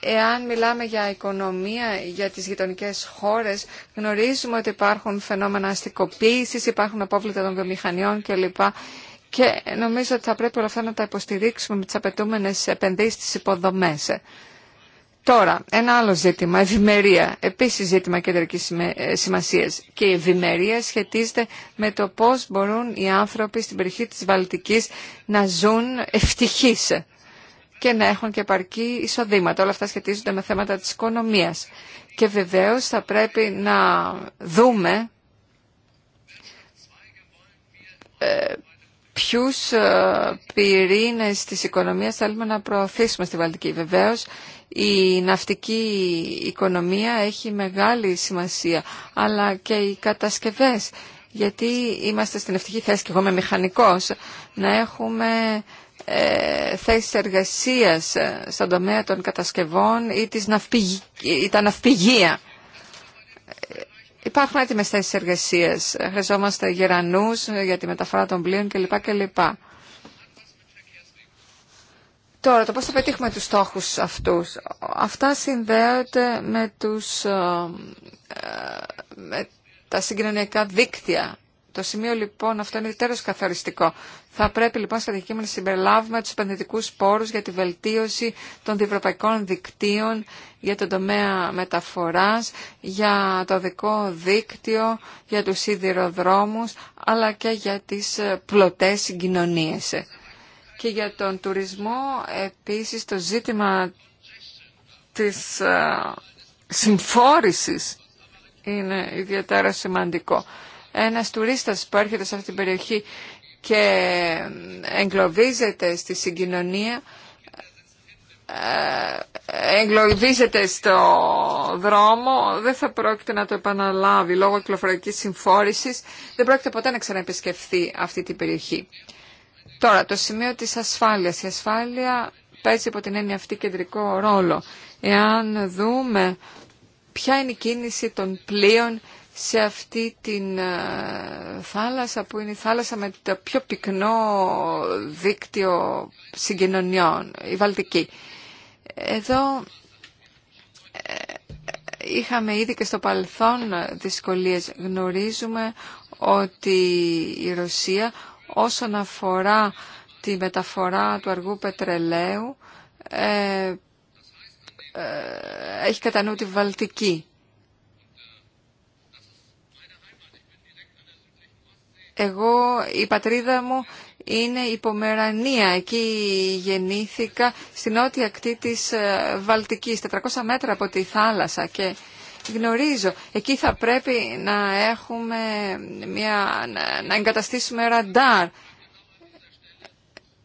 Εάν μιλάμε για οικονομία για τις γειτονικές χώρες, γνωρίζουμε ότι υπάρχουν φαινόμενα αστικοποίησης, υπάρχουν απόβλητα των βιομηχανιών κλπ. Και νομίζω ότι θα πρέπει όλα αυτά να τα υποστηρίξουμε με τις απαιτούμενε επενδύσεις στις υποδομές. Τώρα, ένα άλλο ζήτημα, ευημερία, επίσης ζήτημα κεντρικής ε, σημασίας. Και η ευημερία σχετίζεται με το πώς μπορούν οι άνθρωποι στην περιοχή της Βαλτικής να ζουν ευτυχείς και να έχουν και επαρκή εισοδήματα. Όλα αυτά σχετίζονται με θέματα της οικονομίας. Και βεβαίως θα πρέπει να δούμε ε, ποιους ε, πυρήνες της οικονομίας θέλουμε να προωθήσουμε στη Βαλτική. Βεβαίως η ναυτική οικονομία έχει μεγάλη σημασία, αλλά και οι κατασκευές, γιατί είμαστε στην ευτυχή θέση και εγώ είμαι μηχανικός, να έχουμε ε, θέσεις εργασίας ε, στον τομέα των κατασκευών ή, της ναυπηγ... τα ναυπηγεία. Ε, υπάρχουν έτοιμε θέσει εργασία. Χρειαζόμαστε γερανού για τη μεταφορά των πλοίων κλπ. Τώρα, το πώς θα πετύχουμε τους στόχους αυτούς. Αυτά συνδέονται με, τους, με τα συγκοινωνιακά δίκτυα το σημείο λοιπόν αυτό είναι τέλος καθοριστικό. Θα πρέπει λοιπόν στα δική να συμπεριλάβουμε του επενδυτικού πόρους για τη βελτίωση των διευρωπαϊκών δικτύων, για τον τομέα μεταφορά για το δικό δίκτυο, για τους σιδηροδρόμους, αλλά και για τις ε, πλωτέ συγκοινωνίε. Και για τον τουρισμό επίσης το ζήτημα της ε, συμφόρησης είναι ιδιαίτερα σημαντικό ένας τουρίστας που έρχεται σε αυτή την περιοχή και εγκλωβίζεται στη συγκοινωνία, ε, εγκλωβίζεται στο δρόμο, δεν θα πρόκειται να το επαναλάβει λόγω κυκλοφορικής συμφόρησης, δεν πρόκειται ποτέ να ξαναεπισκεφθεί αυτή την περιοχή. Τώρα, το σημείο της ασφάλειας. Η ασφάλεια παίζει από την έννοια αυτή κεντρικό ρόλο. Εάν δούμε ποια είναι η κίνηση των πλοίων σε αυτή την ε, θάλασσα που είναι η θάλασσα με το πιο πυκνό δίκτυο συγκοινωνιών, η Βαλτική. Εδώ ε, είχαμε ήδη και στο παρελθόν δυσκολίες. Γνωρίζουμε ότι η Ρωσία όσον αφορά τη μεταφορά του αργού πετρελαίου ε, έχει κατά νου τη Βαλτική. Εγώ, η πατρίδα μου είναι η Πομερανία. Εκεί γεννήθηκα στην νότια ακτή της ε, Βαλτικής, 400 μέτρα από τη θάλασσα και γνωρίζω. Εκεί θα πρέπει να έχουμε μια, να εγκαταστήσουμε ραντάρ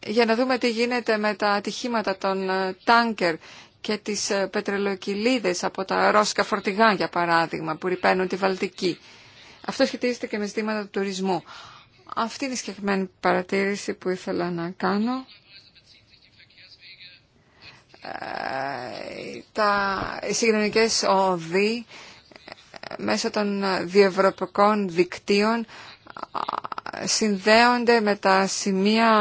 για να δούμε τι γίνεται με τα ατυχήματα των ε, τάνκερ και τις ε, πετρελοκυλίδες από τα ρώσικα φορτηγά, για παράδειγμα, που ρηπαίνουν τη Βαλτική. Αυτό σχετίζεται και με ζητήματα του τουρισμού. Αυτή είναι η συγκεκριμένη παρατήρηση που ήθελα να κάνω. Ε, τα, οι συγκοινωνικές οδοί ε, μέσω των διευρωπαϊκών δικτύων ε, συνδέονται με τα σημεία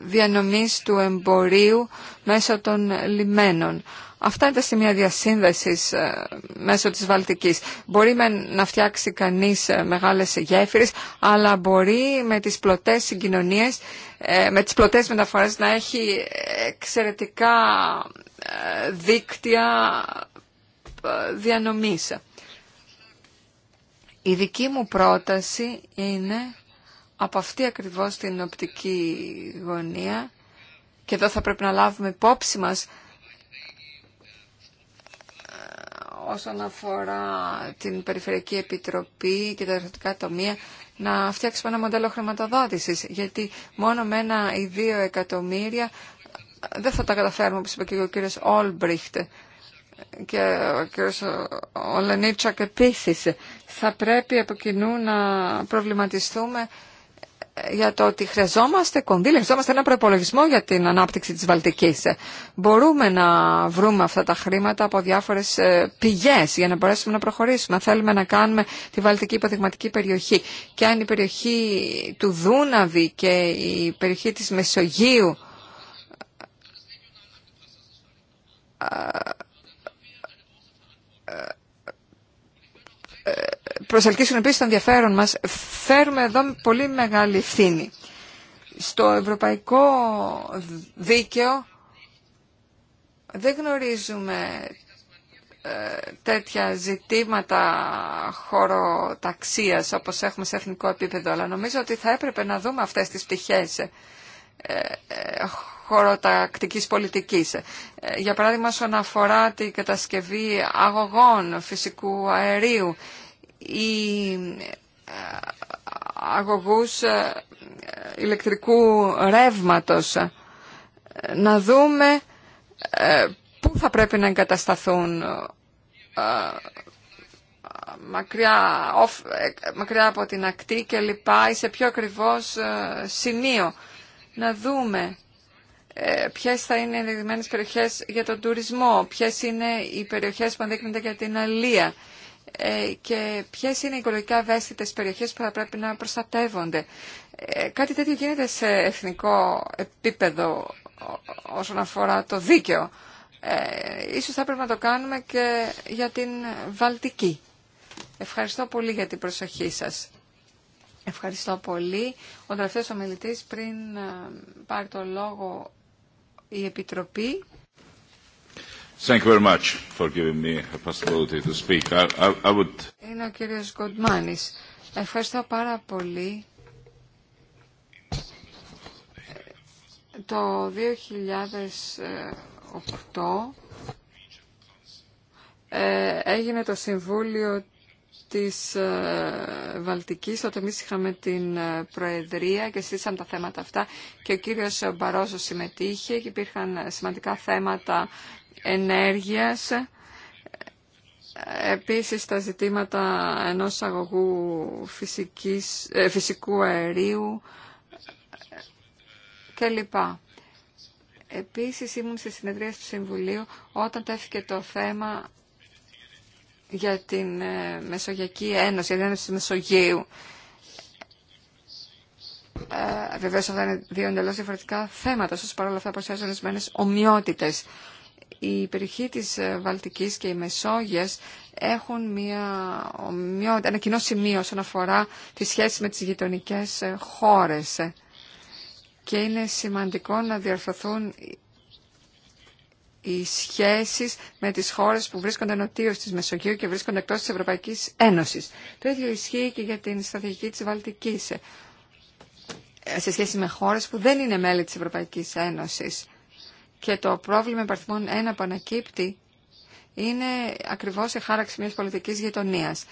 διανομής του εμπορίου μέσω των λιμένων. Αυτά είναι τα σημεία διασύνδεσης ε, μέσω της Βαλτικής. Μπορεί να φτιάξει κανείς ε, μεγάλες γέφυρες, αλλά μπορεί με τις πλωτές συγκοινωνίες, ε, με τις πλωτές μεταφορές να έχει εξαιρετικά δίκτυα διανομή. Η δική μου πρόταση είναι από αυτή ακριβώς την οπτική γωνία και εδώ θα πρέπει να λάβουμε υπόψη μας όσον αφορά την Περιφερειακή Επιτροπή και τα ερωτικά τομεία να φτιάξουμε ένα μοντέλο χρηματοδότησης, γιατί μόνο με ένα ή δύο εκατομμύρια δεν θα τα καταφέρουμε, όπως είπε και ο κύριος Όλμπριχτ και ο κύριος Ολενίτσακ επίσης. Θα πρέπει από κοινού να προβληματιστούμε για το ότι χρειαζόμαστε κονδύλια, χρειαζόμαστε ένα προπολογισμό για την ανάπτυξη της Βαλτικής. Μπορούμε να βρούμε αυτά τα χρήματα από διάφορες ε, πηγές για να μπορέσουμε να προχωρήσουμε. Θέλουμε να κάνουμε τη Βαλτική υποδειγματική περιοχή. Και αν η περιοχή του Δούναβη και η περιοχή της Μεσογείου ε, ε, προσελκύσουν επίσης το ενδιαφέρον μας, φέρουμε εδώ πολύ μεγάλη ευθύνη. Στο ευρωπαϊκό δίκαιο δεν γνωρίζουμε ε, τέτοια ζητήματα χωροταξίας όπως έχουμε σε εθνικό επίπεδο αλλά νομίζω ότι θα έπρεπε να δούμε αυτές τις πτυχές ε, ε, χωροτακτικής πολιτικής. Για παράδειγμα, όσον αφορά την κατασκευή αγωγών φυσικού αερίου οι ε, αγωγούς ε, ηλεκτρικού ρεύματος. Ε, να δούμε πού θα πρέπει να εγκατασταθούν μακριά, από την ακτή και λοιπά ή σε πιο ακριβώς σημείο. Να δούμε ποιες θα είναι οι ενδεδειγμένες περιοχές για τον τουρισμό, ποιες είναι οι περιοχές που ανδείκνονται για την αλία ε, και ποιες είναι οι οικολογικά ευαίσθητες περιοχές που θα πρέπει να προστατεύονται. Ε, κάτι τέτοιο γίνεται σε εθνικό επίπεδο όσον αφορά το δίκαιο. Ε, ίσως θα πρέπει να το κάνουμε και για την Βαλτική. Ευχαριστώ πολύ για την προσοχή σας. Ευχαριστώ πολύ. Ο τελευταίος ομιλητής πριν πάρει το λόγο η Επιτροπή Thank you very Είναι ο κύριος Γκοντμάνης. Ευχαριστώ πάρα πολύ. Το 2008 ε, έγινε το Συμβούλιο της ε, Βαλτικής, όταν εμεί είχαμε την ε, Προεδρία και συζήτησαμε τα θέματα αυτά και ο κύριος Μπαρόζο συμμετείχε και υπήρχαν σημαντικά θέματα ενέργειας, επίσης τα ζητήματα ενός αγωγού φυσικής, ε, φυσικού αερίου κλπ. Επίσης ήμουν σε συνεδρία του Συμβουλίου όταν τέθηκε το θέμα για την ε, Μεσογειακή Ένωση, για την Ένωση της Μεσογείου. Ε, Βεβαίω αυτά είναι δύο εντελώ διαφορετικά θέματα, όσο παρόλα αυτά παρουσιάζουν ορισμένε ομοιότητε η περιοχή της ε, Βαλτικής και η Μεσόγειας έχουν μια, μια, ένα κοινό σημείο όσον αφορά τη σχέση με τις γειτονικές ε, χώρες και είναι σημαντικό να διορθωθούν οι σχέσεις με τις χώρες που βρίσκονται νοτίως της Μεσογείου και βρίσκονται εκτός της Ευρωπαϊκής Ένωσης. Το ίδιο ισχύει και για την στρατηγική της Βαλτικής ε, σε σχέση με χώρες που δεν είναι μέλη της Ευρωπαϊκής Ένωσης και το πρόβλημα υπαρθμών ένα που ανακύπτει είναι ακριβώς η χάραξη μιας πολιτικής γειτονίας.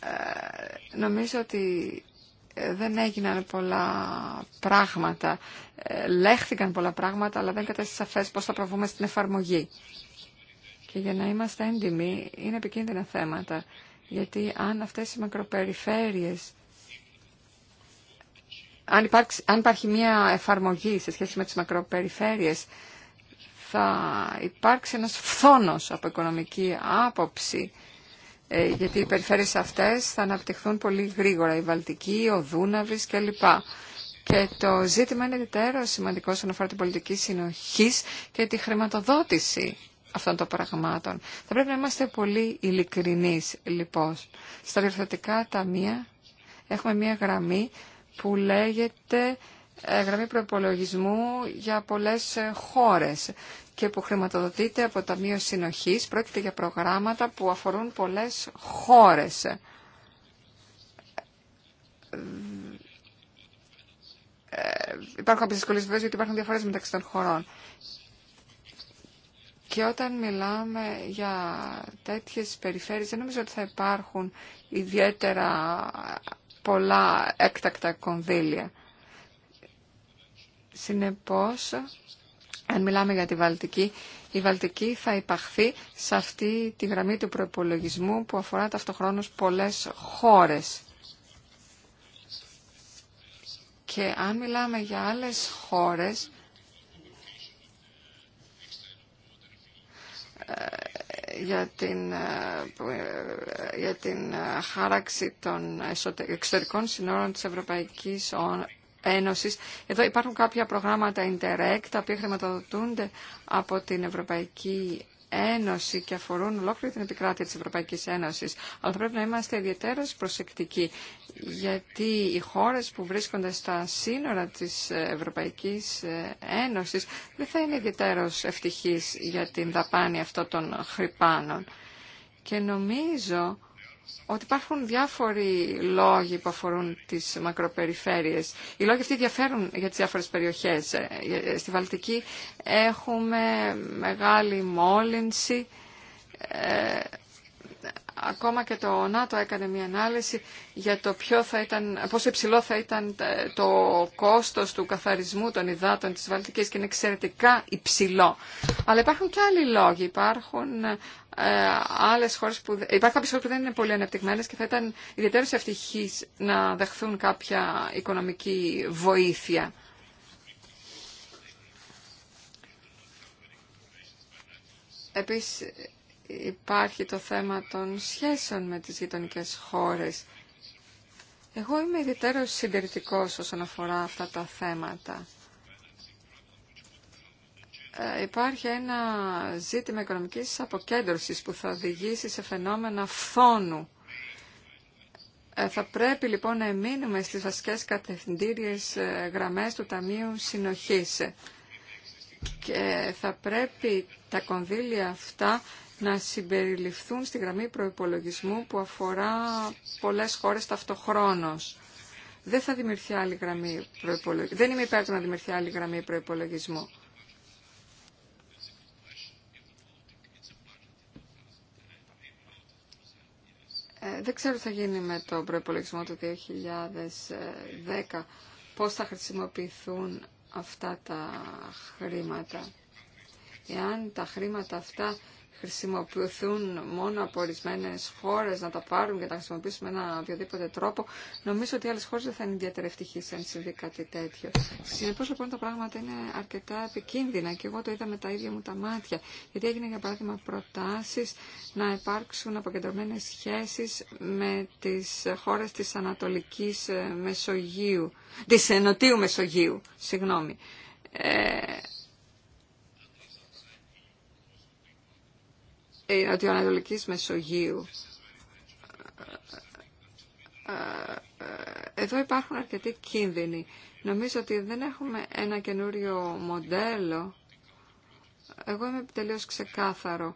Ε, νομίζω ότι ε, δεν έγιναν πολλά πράγματα. Ε, λέχθηκαν πολλά πράγματα, αλλά δεν κατέστη σαφές πώς θα προβούμε στην εφαρμογή. Και για να είμαστε έντιμοι, είναι επικίνδυνα θέματα. Γιατί αν αυτές οι μακροπεριφέρειες αν, υπάρχει μια εφαρμογή σε σχέση με τις μακροπεριφέρειες, θα υπάρξει ένας φθόνος από οικονομική άποψη, ε, γιατί οι περιφέρειες αυτές θα αναπτυχθούν πολύ γρήγορα, η Βαλτική, ο Δούναβης κλπ. Και το ζήτημα είναι ιδιαίτερα σημαντικό όσον αφορά την πολιτική συνοχή και τη χρηματοδότηση αυτών των πραγμάτων. Θα πρέπει να είμαστε πολύ ειλικρινεί, λοιπόν. Στα διευθυντικά ταμεία έχουμε μια γραμμή που λέγεται ε, γραμμή προπολογισμού για πολλές ε, χώρες και που χρηματοδοτείται από Ταμείο Συνοχής. Πρόκειται για προγράμματα που αφορούν πολλές χώρες. Ε, υπάρχουν κάποιες δυσκολίες βέβαια γιατί υπάρχουν διαφορές μεταξύ των χωρών. Και όταν μιλάμε για τέτοιες περιφέρειες, δεν νομίζω ότι θα υπάρχουν ιδιαίτερα πολλά έκτακτα κονδύλια. Συνεπώς, αν μιλάμε για τη Βαλτική, η Βαλτική θα υπαχθεί σε αυτή τη γραμμή του προπολογισμού που αφορά ταυτοχρόνως πολλές χώρες. Και αν μιλάμε για άλλες χώρες, για την, ε, ε, για την ε, χάραξη των εξωτερικών συνόρων της Ευρωπαϊκής Ένωσης. Εδώ υπάρχουν κάποια προγράμματα Interreg, τα οποία χρηματοδοτούνται από την Ευρωπαϊκή Ένωση και αφορούν ολόκληρη την επικράτεια της Ευρωπαϊκής Ένωσης. Αλλά θα πρέπει να είμαστε ιδιαίτερως προσεκτικοί, γιατί οι χώρες που βρίσκονται στα σύνορα της Ευρωπαϊκής Ένωσης δεν θα είναι ιδιαίτερως ευτυχείς για την δαπάνη αυτών των χρυπάνων. Και νομίζω ότι υπάρχουν διάφοροι λόγοι που αφορούν τις μακροπεριφέρειες. Οι λόγοι αυτοί διαφέρουν για τις διάφορες περιοχές. Ε, ε, στη Βαλτική έχουμε μεγάλη μόλυνση. Ε, ακόμα και το ΝΑΤΟ έκανε μια ανάλυση για το ποιο θα ήταν, πόσο υψηλό θα ήταν το κόστος του καθαρισμού των υδάτων της Βαλτικής και είναι εξαιρετικά υψηλό. Αλλά υπάρχουν και άλλοι λόγοι. Υπάρχουν ε, άλλες χώρες που, υπάρχουν κάποιες χώρες που δεν είναι πολύ ανεπτυγμένες και θα ήταν ιδιαίτερως ευτυχεί να δεχθούν κάποια οικονομική βοήθεια. Επίσης υπάρχει το θέμα των σχέσεων με τις γειτονικέ χώρες. Εγώ είμαι ιδιαίτερο συντηρητικός όσον αφορά αυτά τα θέματα. Ε, υπάρχει ένα ζήτημα οικονομικής αποκέντρωσης που θα οδηγήσει σε φαινόμενα φθόνου. Ε, θα πρέπει λοιπόν να εμείνουμε στις βασικές κατευθυντήριες ε, γραμμές του Ταμείου Συνοχής και θα πρέπει τα κονδύλια αυτά να συμπεριληφθούν στη γραμμή προϋπολογισμού που αφορά πολλές χώρες ταυτοχρόνως. Δεν θα δημιουργηθεί άλλη γραμμή προϋπολογισμού. Δεν είμαι υπέρ του να δημιουργηθεί άλλη γραμμή προϋπολογισμού. Ε, δεν ξέρω τι θα γίνει με τον προπολογισμό του 2010, πώς θα χρησιμοποιηθούν αυτά τα χρήματα. Εάν τα χρήματα αυτά χρησιμοποιηθούν μόνο από ορισμένε χώρε, να τα πάρουν και να τα χρησιμοποιήσουν με ένα οποιοδήποτε τρόπο, νομίζω ότι οι άλλε χώρε δεν θα είναι ιδιαίτερα ευτυχεί αν συμβεί κάτι τέτοιο. Συνεπώ λοιπόν τα πράγματα είναι αρκετά επικίνδυνα και εγώ το είδα με τα ίδια μου τα μάτια. Γιατί έγινε για παράδειγμα προτάσει να υπάρξουν αποκεντρωμένε σχέσει με τι χώρε τη Ανατολική ε, Μεσογείου, τη Ενωτίου Μεσογείου, συγγνώμη. Ε, Νοτιοανατολικής ε, Μεσογείου. Ε, ε, εδώ υπάρχουν αρκετοί κίνδυνοι. Νομίζω ότι δεν έχουμε ένα καινούριο μοντέλο. Εγώ είμαι τελείως ξεκάθαρο.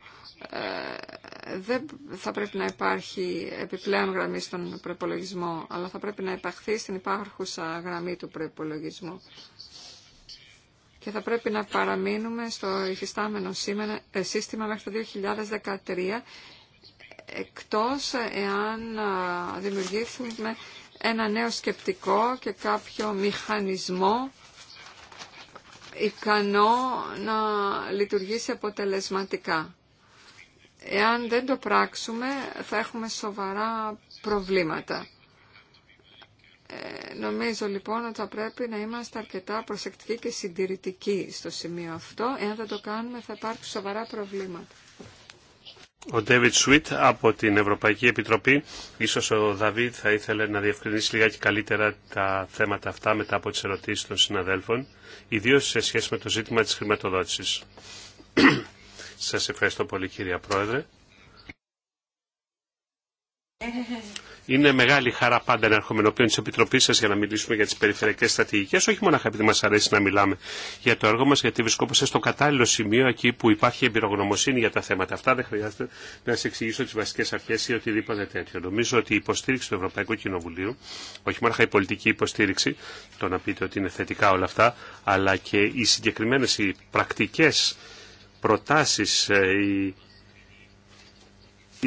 δεν θα πρέπει να υπάρχει επιπλέον γραμμή στον προπολογισμό, αλλά θα πρέπει να υπαχθεί στην υπάρχουσα γραμμή του προπολογισμού και θα πρέπει να παραμείνουμε στο υφιστάμενο ε, σύστημα μέχρι το 2013 εκτός εάν δημιουργήσουμε ένα νέο σκεπτικό και κάποιο μηχανισμό ικανό να λειτουργήσει αποτελεσματικά. Εάν δεν το πράξουμε θα έχουμε σοβαρά προβλήματα νομίζω λοιπόν ότι θα πρέπει να είμαστε αρκετά προσεκτικοί και συντηρητικοί στο σημείο αυτό. Εάν δεν το κάνουμε θα υπάρχουν σοβαρά προβλήματα. Ο David Sweet από την Ευρωπαϊκή Επιτροπή. Ίσως ο Δαβίδ θα ήθελε να διευκρινίσει λιγάκι καλύτερα τα θέματα αυτά μετά από τις ερωτήσεις των συναδέλφων, ιδίως σε σχέση με το ζήτημα της χρηματοδότησης. Σας ευχαριστώ πολύ κύριε Πρόεδρε. Είναι μεγάλη χαρά πάντα να έρχομαι ενώπιον τη Επιτροπή σα για να μιλήσουμε για τι περιφερειακέ στρατηγικέ. Όχι μόνο επειδή μα αρέσει να μιλάμε για το έργο μα, γιατί βρισκόμαστε στο κατάλληλο σημείο εκεί που υπάρχει εμπειρογνωμοσύνη για τα θέματα αυτά. Δεν χρειάζεται να σα εξηγήσω τι βασικέ αρχέ ή οτιδήποτε τέτοιο. Νομίζω ότι η υποστήριξη του Ευρωπαϊκού Κοινοβουλίου, όχι μόνο η πολιτική υποστήριξη, το να πείτε ότι είναι θετικά όλα αυτά, αλλά και οι συγκεκριμένε οι πρακτικέ προτάσει, ε,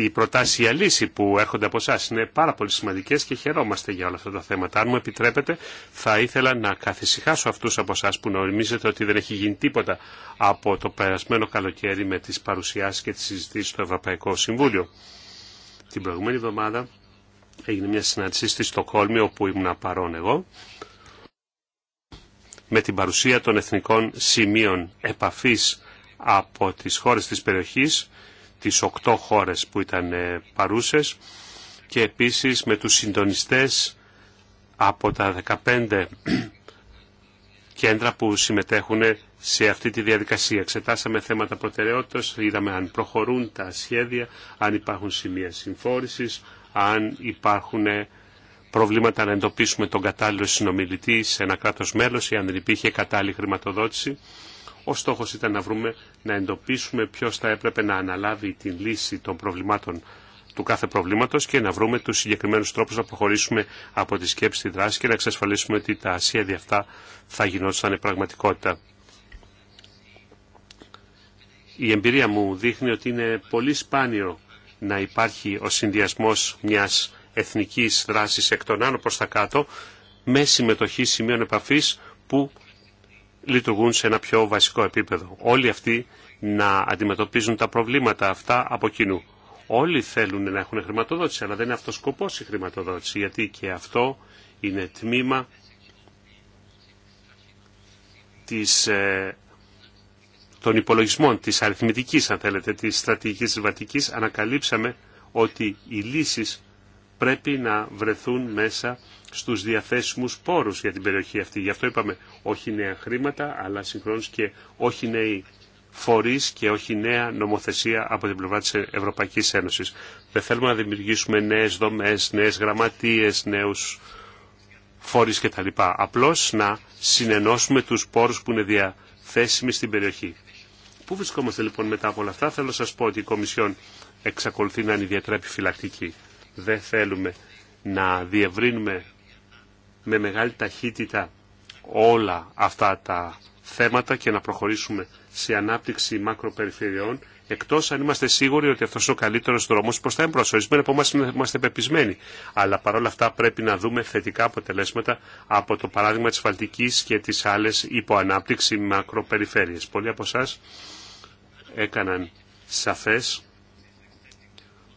οι προτάσει για λύση που έρχονται από εσά είναι πάρα πολύ σημαντικέ και χαιρόμαστε για όλα αυτά τα θέματα. Αν μου επιτρέπετε, θα ήθελα να καθησυχάσω αυτού από εσά που νομίζετε ότι δεν έχει γίνει τίποτα από το περασμένο καλοκαίρι με τι παρουσιάσει και τι συζητήσει στο Ευρωπαϊκό Συμβούλιο. Την προηγούμενη εβδομάδα έγινε μια συνάντηση στη Στοκόλμη, όπου ήμουν παρόν εγώ, με την παρουσία των εθνικών σημείων επαφή από τι χώρε τη περιοχή τις οκτώ χώρες που ήταν ε, παρούσες και επίσης με τους συντονιστές από τα 15 *clears throat* κέντρα που συμμετέχουν σε αυτή τη διαδικασία. Εξετάσαμε θέματα προτεραιότητας, είδαμε αν προχωρούν τα σχέδια, αν υπάρχουν σημεία συμφόρησης, αν υπάρχουν ε, προβλήματα να εντοπίσουμε τον κατάλληλο συνομιλητή σε ένα κράτος μέλος ή αν δεν υπήρχε κατάλληλη χρηματοδότηση. Ο στόχος ήταν να βρούμε, να εντοπίσουμε ποιος θα έπρεπε να αναλάβει την λύση των προβλημάτων του κάθε προβλήματος και να βρούμε τους συγκεκριμένους τρόπους να προχωρήσουμε από τη σκέψη στη δράση και να εξασφαλίσουμε ότι τα σχέδια αυτά θα γινόταν πραγματικότητα. Η εμπειρία μου δείχνει ότι είναι πολύ σπάνιο να υπάρχει ο συνδυασμός μιας εθνικής δράσης εκ των άνω προς τα κάτω με συμμετοχή σημείων επαφής που λειτουργούν σε ένα πιο βασικό επίπεδο. Όλοι αυτοί να αντιμετωπίζουν τα προβλήματα αυτά από κοινού. Όλοι θέλουν να έχουν χρηματοδότηση, αλλά δεν είναι αυτός σκοπός η χρηματοδότηση, γιατί και αυτό είναι τμήμα της, ε, των υπολογισμών, της αριθμητικής, αν θέλετε, της στρατηγικής της Βατικής. Ανακαλύψαμε ότι οι λύσεις πρέπει να βρεθούν μέσα στους διαθέσιμους πόρους για την περιοχή αυτή. Γι' αυτό είπαμε όχι νέα χρήματα, αλλά συγχρόνως και όχι νέοι φορείς και όχι νέα νομοθεσία από την πλευρά της Ευρωπαϊκής Ένωσης. Δεν θέλουμε να δημιουργήσουμε νέες δομές, νέες γραμματείες, νέους φορείς κτλ. Απλώς να συνενώσουμε τους πόρους που είναι διαθέσιμοι στην περιοχή. Πού βρισκόμαστε λοιπόν μετά από όλα αυτά, θέλω να σας πω ότι η Κομισιόν εξακολουθεί να είναι ιδιαίτερα επιφυλακτική δεν θέλουμε να διευρύνουμε με μεγάλη ταχύτητα όλα αυτά τα θέματα και να προχωρήσουμε σε ανάπτυξη μακροπεριφερειών, εκτό αν είμαστε σίγουροι ότι αυτό είναι ο καλύτερο δρόμο προ τα έμπρο. Ορισμένοι από εμά είμαστε πεπισμένοι. Αλλά παρόλα αυτά πρέπει να δούμε θετικά αποτελέσματα από το παράδειγμα τη Βαλτική και τι άλλε υποανάπτυξη μακροπεριφέρειε. Πολλοί από εσά έκαναν σαφές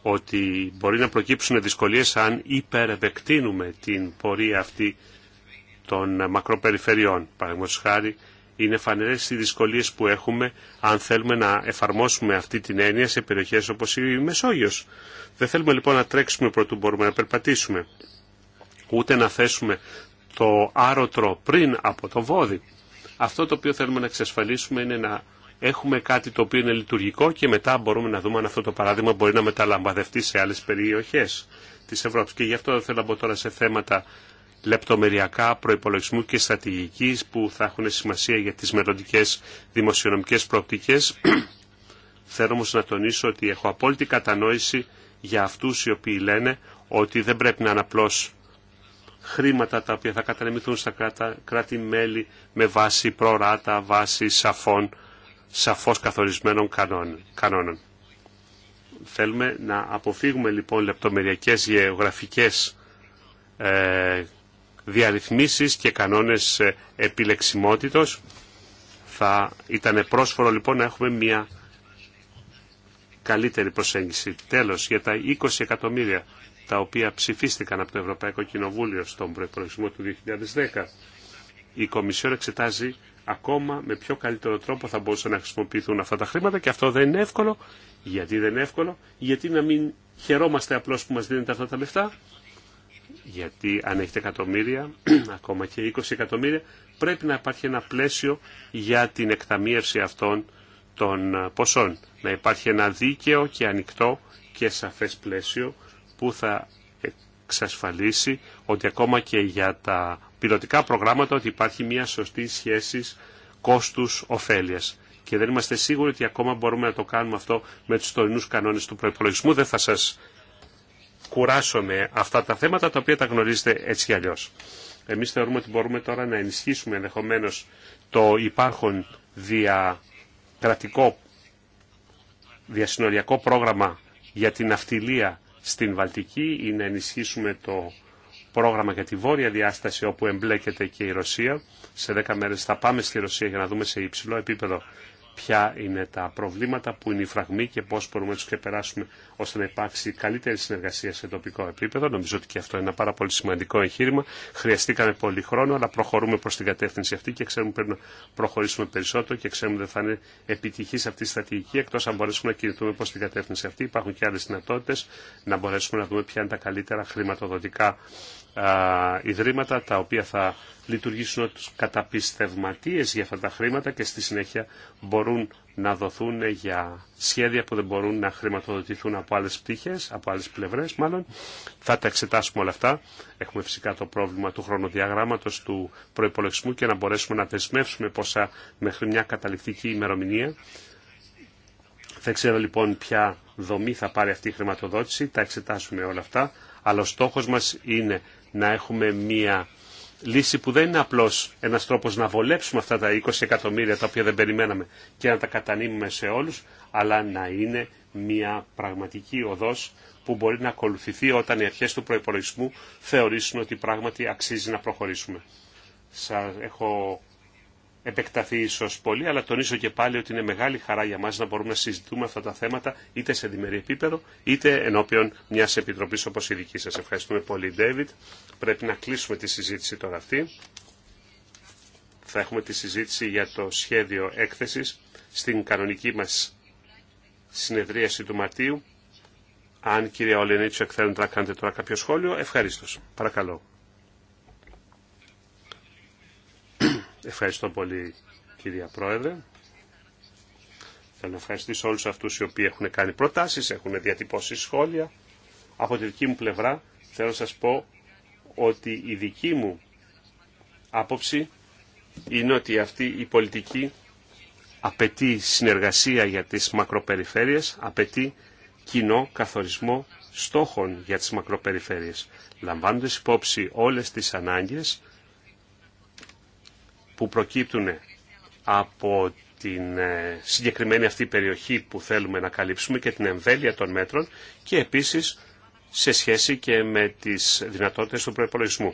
ότι μπορεί να προκύψουν δυσκολίες αν υπερεπεκτείνουμε την πορεία αυτή των μακροπεριφερειών. Παραδείγματος χάρη, είναι φανερές οι δυσκολίες που έχουμε αν θέλουμε να εφαρμόσουμε αυτή την έννοια σε περιοχές όπως η Μεσόγειος. Δεν θέλουμε λοιπόν να τρέξουμε πρωτού μπορούμε να περπατήσουμε, ούτε να θέσουμε το άρωτρο πριν από το βόδι. Αυτό το οποίο θέλουμε να εξασφαλίσουμε είναι να έχουμε κάτι το οποίο είναι λειτουργικό και μετά μπορούμε να δούμε αν αυτό το παράδειγμα μπορεί να μεταλαμβαδευτεί σε άλλες περιοχές της Ευρώπης. Και γι' αυτό θέλω να μπω τώρα σε θέματα λεπτομεριακά προϋπολογισμού και στρατηγικής που θα έχουν σημασία για τις μελλοντικέ δημοσιονομικές προοπτικές. *clears throat* θέλω όμως να τονίσω ότι έχω απόλυτη κατανόηση για αυτούς οι οποίοι λένε ότι δεν πρέπει να είναι χρήματα τα οποία θα κατανεμηθούν στα κράτη-μέλη με βάση προράτα, βάση σαφών σαφώς καθορισμένων κανόνων. Θέλουμε να αποφύγουμε λοιπόν λεπτομεριακές γεωγραφικές ε, διαρρυθμίσεις και κανόνες ε, επιλεξιμότητος. Θα ήταν πρόσφορο λοιπόν να έχουμε μια καλύτερη προσέγγιση. Τέλος, για τα 20 εκατομμύρια τα οποία ψηφίστηκαν από το Ευρωπαϊκό Κοινοβούλιο στον προϋπολογισμό του 2010, η Κομισιόν εξετάζει ακόμα με πιο καλύτερο τρόπο θα μπορούσαν να χρησιμοποιηθούν αυτά τα χρήματα και αυτό δεν είναι εύκολο. Γιατί δεν είναι εύκολο, γιατί να μην χαιρόμαστε απλώς που μας δίνετε αυτά τα λεφτά. Γιατί αν έχετε εκατομμύρια, *clears throat* ακόμα και 20 εκατομμύρια, πρέπει να υπάρχει ένα πλαίσιο για την εκταμείευση αυτών των ε, ποσών. Να υπάρχει ένα δίκαιο και ανοιχτό και σαφές πλαίσιο που θα εξασφαλίσει ότι ακόμα και για τα πιλωτικά προγράμματα ότι υπάρχει μια σωστή σχέση κόστους-οφέλειας. Και δεν είμαστε σίγουροι ότι ακόμα μπορούμε να το κάνουμε αυτό με τους τωρινούς κανόνες του προϋπολογισμού. Δεν θα σας κουράσω με αυτά τα θέματα τα οποία τα γνωρίζετε έτσι κι αλλιώς. Εμείς θεωρούμε ότι μπορούμε τώρα να ενισχύσουμε ενδεχομένω το υπάρχον διακρατικό διασυνοριακό πρόγραμμα για την αυτιλία στην Βαλτική ή να ενισχύσουμε το πρόγραμμα για τη βόρεια διάσταση όπου εμπλέκεται και η Ρωσία. Σε 10 μέρες θα πάμε στη Ρωσία για να δούμε σε υψηλό επίπεδο ποια είναι τα προβλήματα που είναι οι φραγμοί και πώς μπορούμε να τους ξεπεράσουμε ώστε να υπάρξει καλύτερη συνεργασία σε τοπικό επίπεδο. Νομίζω ότι και αυτό είναι ένα πάρα πολύ σημαντικό εγχείρημα. Χρειαστήκαμε πολύ χρόνο, αλλά προχωρούμε προς την κατεύθυνση αυτή και ξέρουμε πρέπει να προχωρήσουμε περισσότερο και ξέρουμε ότι δεν θα είναι επιτυχής αυτή η στρατηγική, εκτός αν μπορέσουμε να κινηθούμε προς την κατεύθυνση αυτή. Υπάρχουν και άλλε δυνατότητε να μπορέσουμε να δούμε ποια είναι τα καλύτερα χρηματοδοτικά ιδρύματα τα οποία θα λειτουργήσουν ως καταπιστευματίες για αυτά τα χρήματα και στη συνέχεια μπορούν να δοθούν για σχέδια που δεν μπορούν να χρηματοδοτηθούν από άλλες πτυχές, από άλλες πλευρές μάλλον. Θα τα εξετάσουμε όλα αυτά. Έχουμε φυσικά το πρόβλημα του χρονοδιαγράμματος του προϋπολογισμού και να μπορέσουμε να δεσμεύσουμε πόσα μέχρι μια καταληκτική ημερομηνία. Δεν ξέρω λοιπόν ποια δομή θα πάρει αυτή η χρηματοδότηση, τα εξετάσουμε όλα αυτά, αλλά ο στόχος μας είναι να έχουμε μία λύση που δεν είναι απλώς ένας τρόπος να βολέψουμε αυτά τα 20 εκατομμύρια τα οποία δεν περιμέναμε και να τα κατανείμουμε σε όλους, αλλά να είναι μία πραγματική οδός που μπορεί να ακολουθηθεί όταν οι αρχές του προϋπολογισμού θεωρήσουν ότι πράγματι αξίζει να προχωρήσουμε. Σας έχω επεκταθεί ίσω πολύ, αλλά τονίζω και πάλι ότι είναι μεγάλη χαρά για μα να μπορούμε να συζητούμε αυτά τα θέματα είτε σε διμερή επίπεδο είτε ενώπιον μια επιτροπή όπω η δική σα. Ευχαριστούμε πολύ, Ντέβιτ. Πρέπει να κλείσουμε τη συζήτηση τώρα αυτή. Θα έχουμε τη συζήτηση για το σχέδιο έκθεση στην κανονική μα συνεδρίαση του Μαρτίου. Αν κυρία Ολενίτσο εκθέτουν να κάνετε τώρα κάποιο σχόλιο, ευχαρίστω. Παρακαλώ. Ευχαριστώ πολύ κυρία Πρόεδρε. Θέλω να ευχαριστήσω όλους αυτούς οι οποίοι έχουν κάνει προτάσεις, έχουν διατυπώσει σχόλια. Από τη δική μου πλευρά θέλω να σας πω ότι η δική μου άποψη είναι ότι αυτή η πολιτική απαιτεί συνεργασία για τις μακροπεριφέρειες, απαιτεί κοινό καθορισμό στόχων για τις μακροπεριφέρειες, λαμβάνοντας υπόψη όλες τις ανάγκες που προκύπτουν από την ε, συγκεκριμένη αυτή περιοχή που θέλουμε να καλύψουμε και την εμβέλεια των μέτρων και επίσης σε σχέση και με τις δυνατότητες του προπολογισμού.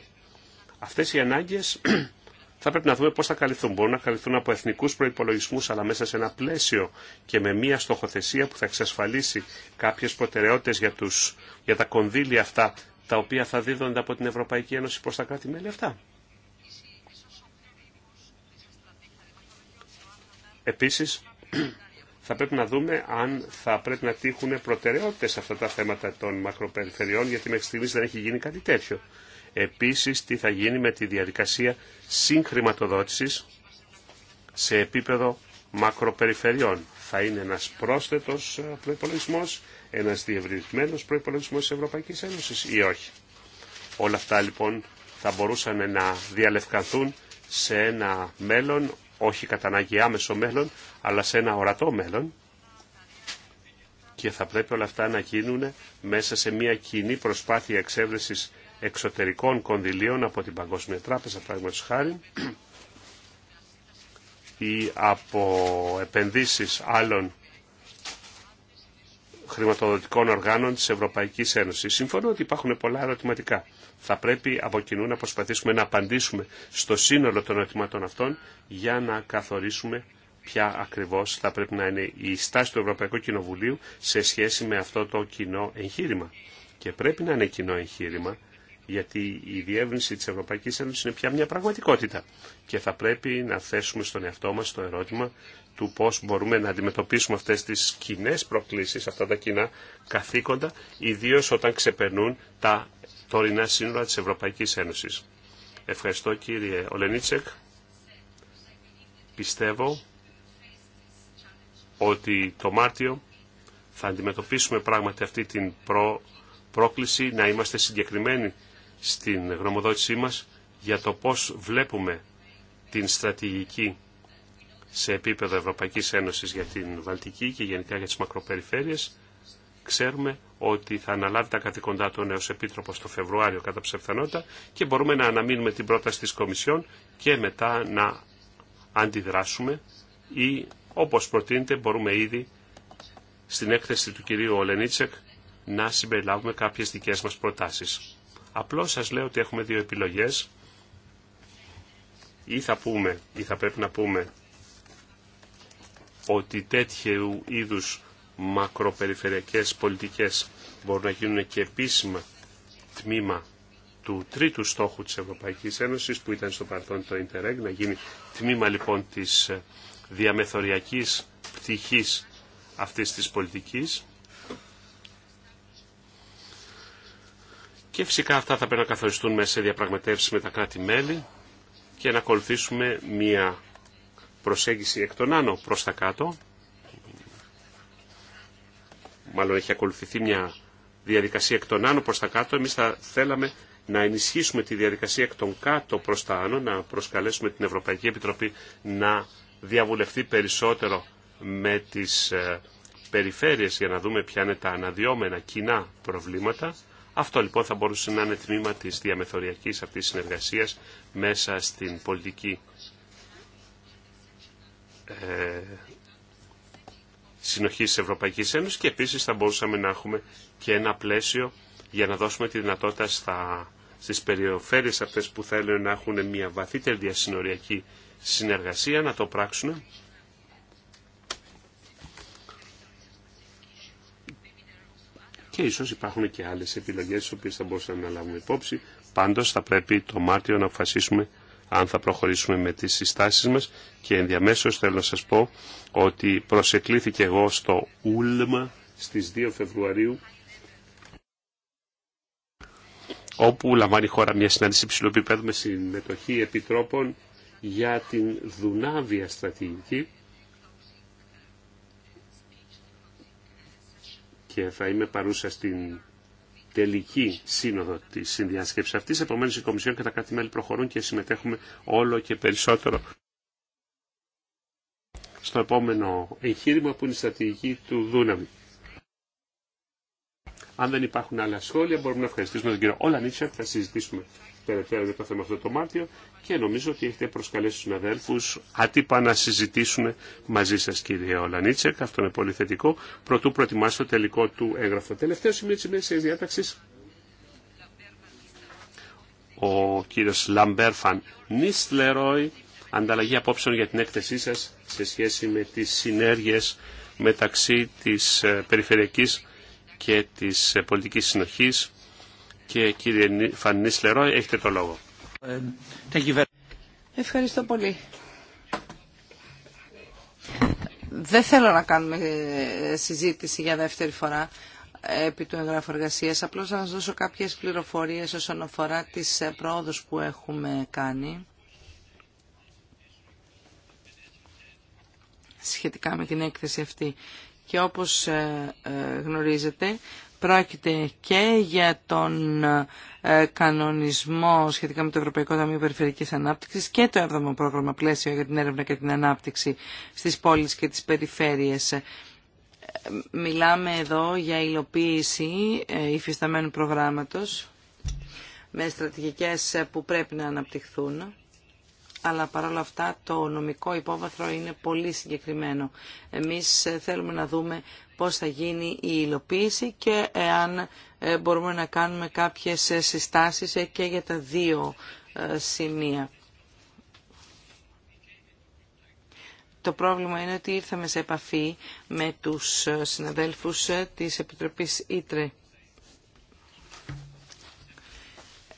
Αυτές οι ανάγκες *clears throat* θα πρέπει να δούμε πώς θα καλυφθούν. Μπορούν να καλυφθούν από εθνικούς προϋπολογισμούς, αλλά μέσα σε ένα πλαίσιο και με μία στοχοθεσία που θα εξασφαλίσει κάποιες προτεραιότητες για, τους, για τα κονδύλια αυτά, τα οποία θα δίδονται από την Ευρωπαϊκή Ένωση προς τα κράτη-μέλη αυτά. Επίσης, θα πρέπει να δούμε αν θα πρέπει να τύχουν προτεραιότητες αυτά τα θέματα των μακροπεριφερειών, γιατί μέχρι στιγμής δεν έχει γίνει κάτι τέτοιο. Επίσης, τι θα γίνει με τη διαδικασία συγχρηματοδότησης σε επίπεδο μακροπεριφερειών. Θα είναι ένας πρόσθετος ε, προϋπολογισμός, ένας διευρυνθμένος προϋπολογισμός της Ευρωπαϊκής Ένωσης ή όχι. Όλα αυτά λοιπόν θα μπορούσαν να διαλευκανθούν σε ένα μέλλον όχι κατά ανάγκη άμεσο μέλλον, αλλά σε ένα ορατό μέλλον. Και θα πρέπει όλα αυτά να γίνουν μέσα σε μια κοινή προσπάθεια εξέβρεσης εξωτερικών κονδυλίων από την Παγκόσμια Τράπεζα, πράγματος χάρη, ή από επενδύσεις άλλων χρηματοδοτικών οργάνων της Ευρωπαϊκής Ένωσης. Συμφωνώ ότι υπάρχουν πολλά ερωτηματικά. Θα πρέπει από κοινού να προσπαθήσουμε να απαντήσουμε στο σύνολο των ερωτηματών αυτών για να καθορίσουμε ποια ακριβώς θα πρέπει να είναι η στάση του Ευρωπαϊκού Κοινοβουλίου σε σχέση με αυτό το κοινό εγχείρημα. Και πρέπει να είναι κοινό εγχείρημα γιατί η διεύρυνση της Ευρωπαϊκής Ένωσης είναι πια μια πραγματικότητα και θα πρέπει να θέσουμε στον εαυτό μας το ερώτημα του πώς μπορούμε να αντιμετωπίσουμε αυτές τις κοινέ προκλήσεις, αυτά τα κοινά καθήκοντα, ιδίως όταν ξεπερνούν τα τωρινά σύνορα της Ευρωπαϊκής Ένωσης. Ευχαριστώ κύριε Ολενίτσεκ. Πιστεύω ότι το Μάρτιο θα αντιμετωπίσουμε πράγματι αυτή την προ... πρόκληση να είμαστε συγκεκριμένοι στην γνωμοδότησή μας για το πώς βλέπουμε την στρατηγική σε επίπεδο Ευρωπαϊκής Ένωσης για την Βαλτική και γενικά για τις μακροπεριφέρειες. Ξέρουμε ότι θα αναλάβει τα καθήκοντά του ο νέος επίτροπος το Φεβρουάριο κατά ψευθανότητα και μπορούμε να αναμείνουμε την πρόταση της Κομισιόν και μετά να αντιδράσουμε ή όπως προτείνεται μπορούμε ήδη στην έκθεση του κυρίου Ολενίτσεκ να συμπεριλάβουμε κάποιες δικές μας προτάσεις. Απλώς σας λέω ότι έχουμε δύο επιλογές. Ή θα πούμε, ή θα πρέπει να πούμε ότι τέτοιου είδους μακροπεριφερειακές πολιτικές μπορούν να γίνουν και επίσημα τμήμα του τρίτου στόχου της Ευρωπαϊκής Ένωσης που ήταν στο παρελθόν το Interreg, να γίνει τμήμα λοιπόν της ε, διαμεθοριακής πτυχής αυτής της πολιτικής. Και φυσικά αυτά θα πρέπει να καθοριστούν μέσα σε διαπραγματεύσεις με τα κράτη-μέλη και να ακολουθήσουμε μια προσέγγιση εκ των άνω προς τα κάτω. Μάλλον έχει ακολουθηθεί μια διαδικασία εκ των άνω προς τα κάτω. Εμείς θα θέλαμε να ενισχύσουμε τη διαδικασία εκ των κάτω προς τα άνω, να προσκαλέσουμε την Ευρωπαϊκή Επιτροπή να διαβουλευτεί περισσότερο με τις ε, περιφέρειες για να δούμε ποια είναι τα αναδυόμενα κοινά προβλήματα. Αυτό λοιπόν θα μπορούσε να είναι τμήμα της διαμεθοριακής αυτής συνεργασίας μέσα στην πολιτική ε, συνοχής της Ευρωπαϊκής Ένωσης και επίσης θα μπορούσαμε να έχουμε και ένα πλαίσιο για να δώσουμε τη δυνατότητα στα, στις περιοφέρειες αυτές που θέλουν να έχουν μια βαθύτερη διασυνοριακή συνεργασία να το πράξουν. Και ίσως υπάρχουν και άλλες επιλογές τις οποίες θα μπορούσαμε να λάβουμε υπόψη. Πάντως θα πρέπει το Μάρτιο να αποφασίσουμε αν θα προχωρήσουμε με τις συστάσεις μας και ενδιαμέσως θέλω να σας πω ότι προσεκλήθηκε εγώ στο Ούλμα στις 2 Φεβρουαρίου όπου λαμβάνει η χώρα μια συνάντηση επίπεδου με συμμετοχή επιτρόπων για την Δουνάβια στρατηγική και θα είμαι παρούσα στην τελική σύνοδο τη συνδιάσκεψη αυτή. Επομένω, η Κομισιόν και τα κράτη-μέλη προχωρούν και συμμετέχουμε όλο και περισσότερο στο επόμενο εγχείρημα που είναι η στρατηγική του Δούναβη. Αν δεν υπάρχουν άλλα σχόλια, μπορούμε να ευχαριστήσουμε τον κύριο Όλα και Θα συζητήσουμε περαιτέρω για το θέμα αυτό το Μάρτιο και νομίζω ότι έχετε προσκαλέσει τους αδέλφους άτυπα να συζητήσουν μαζί σας κύριε Ολανίτσεκ. Αυτό είναι πολύ θετικό. Πρωτού προετοιμάστε το τελικό του έγγραφο. Τελευταίο σημείο της ημέρας διάταξης. Ο κύριος Λαμπέρφαν Νίστλεροι ανταλλαγή απόψεων για την έκθεσή σας σε σχέση με τις συνέργειες μεταξύ της ε, περιφερειακής και της ε, πολιτικής συνοχής και κύριε Φανίς έχετε το λόγο. Ευχαριστώ πολύ. Δεν θέλω να κάνουμε ε, συζήτηση για δεύτερη φορά ε, επί του εγγράφου εργασία. Απλώ να σα δώσω κάποιε πληροφορίε όσον αφορά τι ε, πρόοδου που έχουμε κάνει. σχετικά με την έκθεση αυτή. Και όπως γνωρίζετε, Πρόκειται και για τον ε, κανονισμό σχετικά με το Ευρωπαϊκό Ταμείο Περιφερειακής Ανάπτυξης και το 7ο πρόγραμμα πλαίσιο για την έρευνα και την ανάπτυξη στις πόλεις και τις περιφέρειες. Ε, μιλάμε εδώ για υλοποίηση ε, υφισταμένου προγράμματος με στρατηγικές που πρέπει να αναπτυχθούν αλλά παρόλα αυτά το νομικό υπόβαθρο είναι πολύ συγκεκριμένο. Εμείς θέλουμε να δούμε πώς θα γίνει η υλοποίηση και εάν ε, μπορούμε να κάνουμε κάποιες ε, συστάσεις ε, και για τα δύο σημεία. Το πρόβλημα είναι ότι ήρθαμε σε επαφή με τους συναδέλφους της Επιτροπής Ήτρε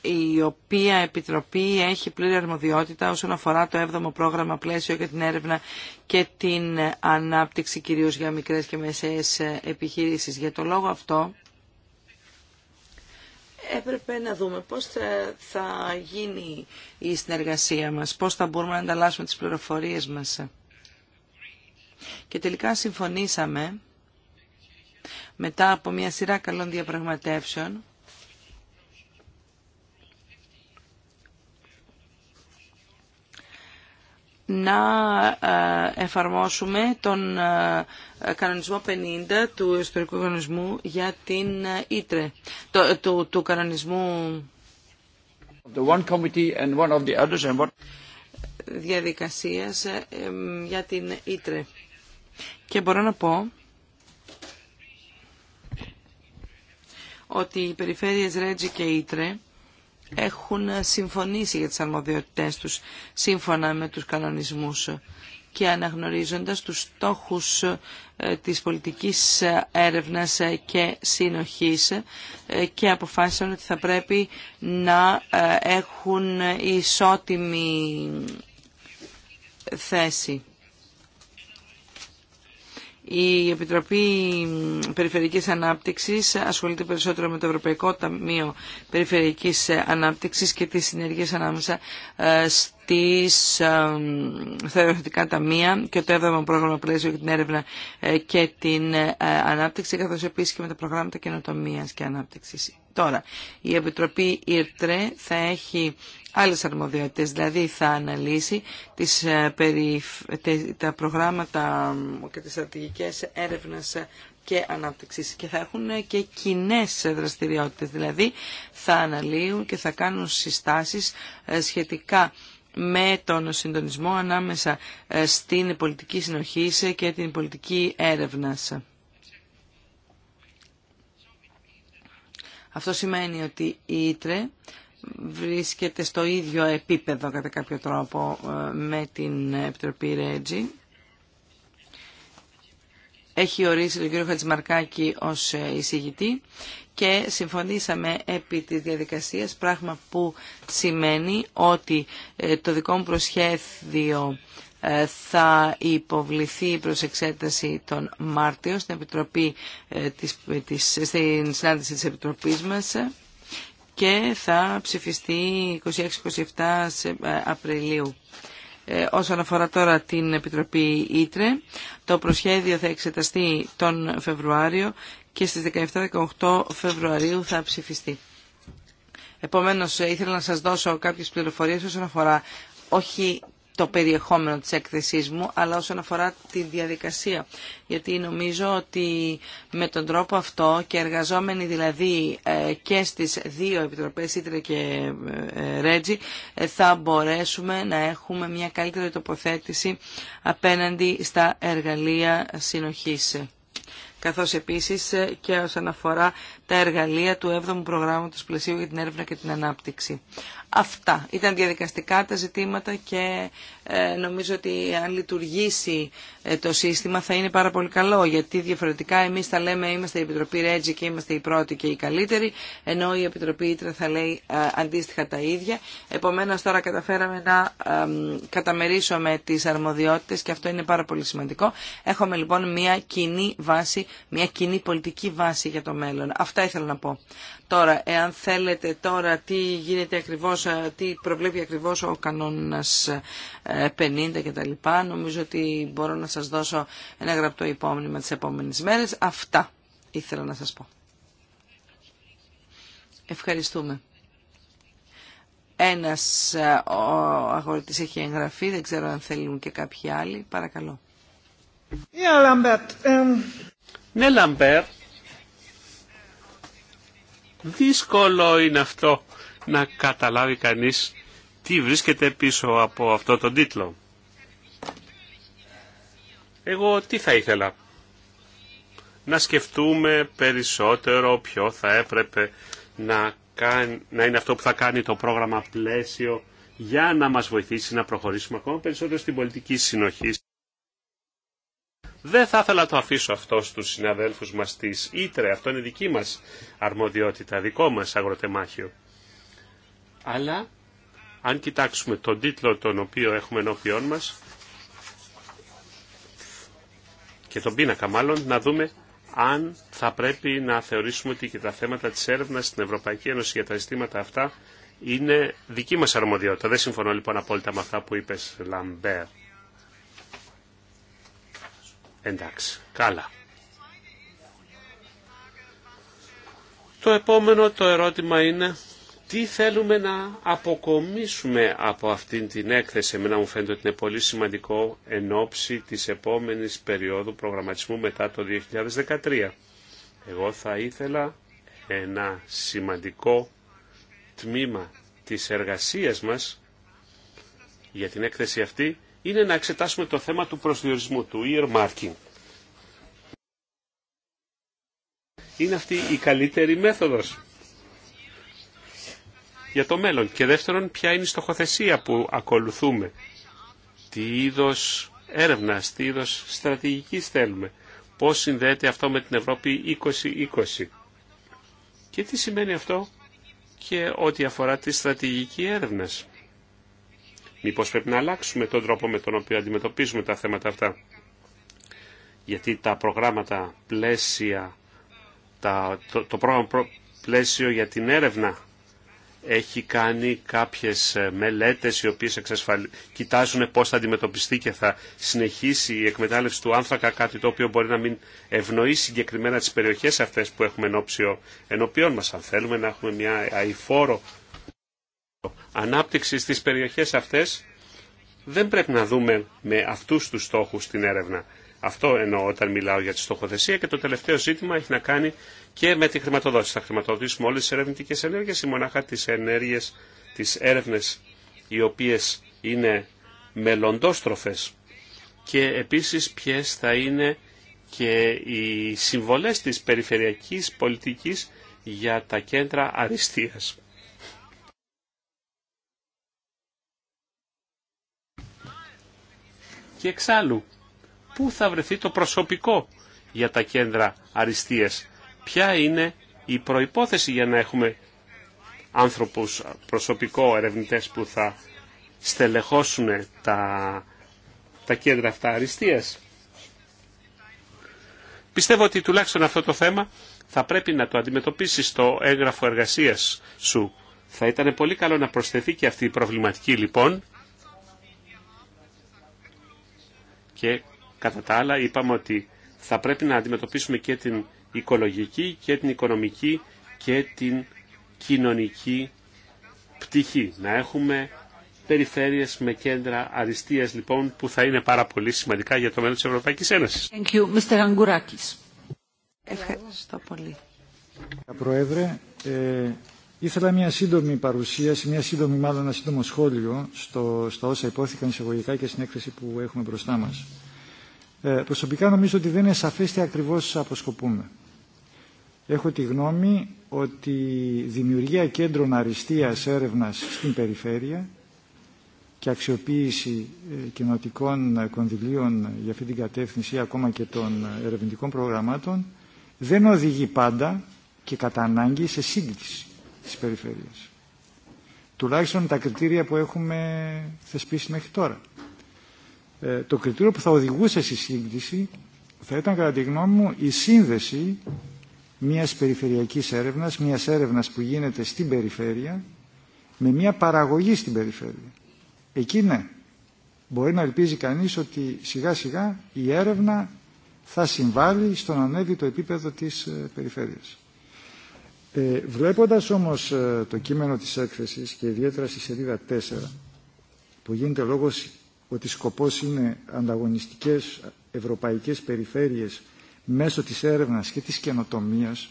η οποία Επιτροπή έχει πλήρη αρμοδιότητα όσον αφορά το 7ο πρόγραμμα πλαίσιο για την έρευνα και την ανάπτυξη κυρίως για μικρές και μεσαίες επιχειρήσεις. Για το λόγο αυτό έπρεπε να δούμε πώς θα, γίνει η συνεργασία μας, πώς θα μπορούμε να ανταλλάσσουμε τις πληροφορίες μας. Και τελικά συμφωνήσαμε μετά από μια σειρά καλών διαπραγματεύσεων να ε, εφαρμόσουμε τον ε, κανονισμό 50 του ιστορικού κανονισμού για την ε, Ήτρε, του, του κανονισμού the one committee and one of the others and διαδικασίας για την Ήτρε. Και μπορώ να πω ότι οι περιφέρειες Ρέτζι και Ήτρε έχουν συμφωνήσει για τις αρμοδιότητές τους σύμφωνα με τους κανονισμούς και αναγνωρίζοντας τους στόχους ε, της πολιτικής έρευνας και συνοχής ε, και αποφάσισαν ότι θα πρέπει να ε, έχουν ισότιμη θέση. Η Επιτροπή Περιφερειακής Ανάπτυξης ασχολείται περισσότερο με το Ευρωπαϊκό Ταμείο Περιφερειακής Ανάπτυξης και τις συνεργίες ανάμεσα ε, στις, στα ε, ταμεία και το 7ο πρόγραμμα πλαίσιο για την έρευνα ε, και την ανάπτυξη, καθώς επίσης και με τα προγράμματα καινοτομίας και ανάπτυξης. Τώρα, η Επιτροπή ΙΡΤΡΕ θα έχει άλλες αρμοδιότητες, δηλαδή θα αναλύσει τις, ε, τα προγράμματα και τις στρατηγικές έρευνας και ανάπτυξης και θα έχουν και κοινέ δραστηριότητες, δηλαδή θα αναλύουν και θα κάνουν συστάσεις ε, σχετικά με τον συντονισμό ανάμεσα ε, στην πολιτική συνοχή και την πολιτική έρευνα. Αυτό σημαίνει ότι η Ήτρε βρίσκεται στο ίδιο επίπεδο κατά κάποιο τρόπο ε, με την Επιτροπή Ρέτζη. Έχει ορίσει τον κύριο Χατζημαρκάκη ως ε, εισηγητή και συμφωνήσαμε επί της διαδικασίας, πράγμα που σημαίνει ότι ε, το δικό μου προσχέδιο ε, θα υποβληθεί προς εξέταση τον Μάρτιο στην, Επιτροπή, ε, της, στην συνάντηση της Επιτροπής μας και θα ψηφιστεί 26-27 ε, Απριλίου. Όσον αφορά τώρα την Επιτροπή Ήτρε, το προσχέδιο θα εξεταστεί τον Φεβρουάριο και στις 17-18 Φεβρουαρίου θα ψηφιστεί. Επομένως, ήθελα να σας δώσω κάποιες πληροφορίες όσον αφορά όχι το περιεχόμενο της έκθεσής μου, αλλά όσον αφορά τη διαδικασία. Γιατί νομίζω ότι με τον τρόπο αυτό και εργαζόμενοι δηλαδή ε, και στις δύο επιτροπές, Ήτρε και ε, Ρέτζι, ε, θα μπορέσουμε να έχουμε μια καλύτερη τοποθέτηση απέναντι στα εργαλεία συνοχής καθώς επίσης ε, και όσον αφορά τα εργαλεία του 7ου προγράμματος πλαισίου για την έρευνα και την ανάπτυξη. Αυτά ήταν διαδικαστικά τα ζητήματα και ε, νομίζω ότι αν λειτουργήσει ε, το σύστημα θα είναι πάρα πολύ καλό γιατί διαφορετικά εμείς θα λέμε είμαστε η Επιτροπή Ρέτζη και είμαστε οι πρώτη και οι καλύτεροι ενώ η Επιτροπή Ήτρα θα λέει ε, αντίστοιχα τα ίδια. Επομένως τώρα καταφέραμε να καταμερίσουμε τις αρμοδιότητες και αυτό είναι πάρα πολύ σημαντικό. Έχουμε λοιπόν μια κοινή βάση, μια κοινή πολιτική βάση για το μέλλον. Αυτά ήθελα να πω. Τώρα, εάν θέλετε τώρα τι γίνεται ακριβώς, τι προβλέπει ακριβώς ο κανόνας 50 ε, και τα λοιπά, νομίζω ότι μπορώ να σας δώσω ένα γραπτό υπόμνημα τις επόμενες μέρες. Αυτά ήθελα να σας πω. Ευχαριστούμε. Ένας ε, ο αγορητής έχει εγγραφεί, δεν ξέρω αν θέλουν και κάποιοι άλλοι. Παρακαλώ. Um, ναι, Λαμπέρτ, Δύσκολο είναι αυτό να καταλάβει κανείς τι βρίσκεται πίσω από αυτό τον τίτλο. Εγώ τι θα ήθελα. Να σκεφτούμε περισσότερο ποιο θα έπρεπε να, να είναι αυτό που θα κάνει το πρόγραμμα πλαίσιο για να μας βοηθήσει να προχωρήσουμε ακόμα περισσότερο στην πολιτική συνοχή. Δεν θα ήθελα να το αφήσω αυτό στους συναδέλφους μας της Ήτρε. Αυτό είναι δική μας αρμοδιότητα, δικό μας αγροτεμάχιο. Αλλά αν κοιτάξουμε τον τίτλο τον οποίο έχουμε ενώπιόν μας και τον πίνακα μάλλον, να δούμε αν θα πρέπει να θεωρήσουμε ότι και τα θέματα της έρευνας στην Ευρωπαϊκή Ένωση για τα ζητήματα αυτά είναι δική μας αρμοδιότητα. Δεν συμφωνώ λοιπόν απόλυτα με αυτά που είπες Λαμπέρ. Εντάξει, καλά. Το επόμενο το ερώτημα είναι τι θέλουμε να αποκομίσουμε από αυτήν την έκθεση. Εμένα μου φαίνεται ότι είναι πολύ σημαντικό εν ώψη της επόμενης περίοδου προγραμματισμού μετά το 2013. Εγώ θα ήθελα ένα σημαντικό τμήμα της εργασίας μας για την έκθεση αυτή είναι να εξετάσουμε το θέμα του προσδιορισμού, του earmarking. Είναι αυτή η καλύτερη μέθοδος για το μέλλον. Και δεύτερον, ποια είναι η στοχοθεσία που ακολουθούμε. Τι είδος έρευνας, τι είδος στρατηγικής θέλουμε. Πώς συνδέεται αυτό με την Ευρώπη 2020. Και τι σημαίνει αυτό και ό,τι αφορά τη στρατηγική έρευνας. Μήπως πρέπει να αλλάξουμε τον τρόπο με τον οποίο αντιμετωπίζουμε τα θέματα αυτά. Γιατί τα προγράμματα πλαίσια, τα, το, πρόγραμμα πλαίσιο για την έρευνα έχει κάνει κάποιες ε, μελέτες οι οποίες κοιτάζουν πώς θα αντιμετωπιστεί και θα συνεχίσει η εκμετάλλευση του άνθρακα, κάτι το οποίο μπορεί να μην ευνοεί συγκεκριμένα τις περιοχές αυτές που έχουμε ενώπιον μας. Αν θέλουμε να έχουμε μια αηφόρο ανάπτυξη στις περιοχές αυτές δεν πρέπει να δούμε με αυτούς τους στόχους την έρευνα. Αυτό εννοώ όταν μιλάω για τη στοχοθεσία και το τελευταίο ζήτημα έχει να κάνει και με τη χρηματοδότηση. Θα χρηματοδοτήσουμε όλες τις ερευνητικές ενέργειες ή μονάχα τις ενέργειες, τις έρευνες οι οποίες είναι μελλοντόστροφες και επίσης ποιες θα είναι και οι συμβολές της περιφερειακής πολιτικής για τα κέντρα αριστείας. Και εξάλλου, πού θα βρεθεί το προσωπικό για τα κέντρα αριστείας. Ποια είναι η προϋπόθεση για να έχουμε άνθρωπους, προσωπικό, ερευνητές που θα στελεχώσουν τα, τα κέντρα αυτά αριστείας. Πιστεύω ότι τουλάχιστον αυτό το θέμα θα πρέπει να το αντιμετωπίσει στο έγγραφο εργασίας σου. Θα ήταν πολύ καλό να προσθεθεί και αυτή η προβληματική λοιπόν Και κατά τα άλλα είπαμε ότι θα πρέπει να αντιμετωπίσουμε και την οικολογική και την οικονομική και την κοινωνική πτυχή. Να έχουμε περιφέρειες με κέντρα αριστείας λοιπόν που θα είναι πάρα πολύ σημαντικά για το μέλλον της Ευρωπαϊκής Ένωσης. Thank you, Mr. Ευχαριστώ πολύ. Πρόεδρε, ε, Ήθελα μια σύντομη παρουσίαση, μια σύντομη μάλλον ένα σύντομο σχόλιο στο, στα όσα υπόθηκαν εισαγωγικά και στην έκθεση που έχουμε μπροστά μας. Ε, προσωπικά νομίζω ότι δεν είναι σαφές τι ακριβώς αποσκοπούμε. Έχω τη γνώμη ότι δημιουργία κέντρων αριστείας έρευνας στην περιφέρεια και αξιοποίηση ε, κοινοτικών κονδυλίων για αυτή την κατεύθυνση ή ακόμα και των ερευνητικών προγραμμάτων δεν οδηγεί πάντα και κατά ανάγκη σε σύγκληση της περιφέρειας. Τουλάχιστον τα κριτήρια που έχουμε θεσπίσει μέχρι τώρα. Ε, το κριτήριο που θα οδηγούσε στη σύγκριση θα ήταν κατά τη γνώμη μου η σύνδεση μιας περιφερειακής έρευνας, μιας έρευνας που γίνεται στην περιφέρεια με μια παραγωγή στην περιφέρεια. Εκεί ναι, μπορεί να ελπίζει κανείς ότι σιγά σιγά η έρευνα θα συμβάλλει στον να το επίπεδο της ε, περιφέρειας. Ε, βλέποντας όμως ε, το κείμενο της έκθεσης και ιδιαίτερα στη σελίδα 4 που γίνεται λόγος ότι σκοπός είναι ανταγωνιστικές ευρωπαϊκές περιφέρειες μέσω της έρευνας και της καινοτομίας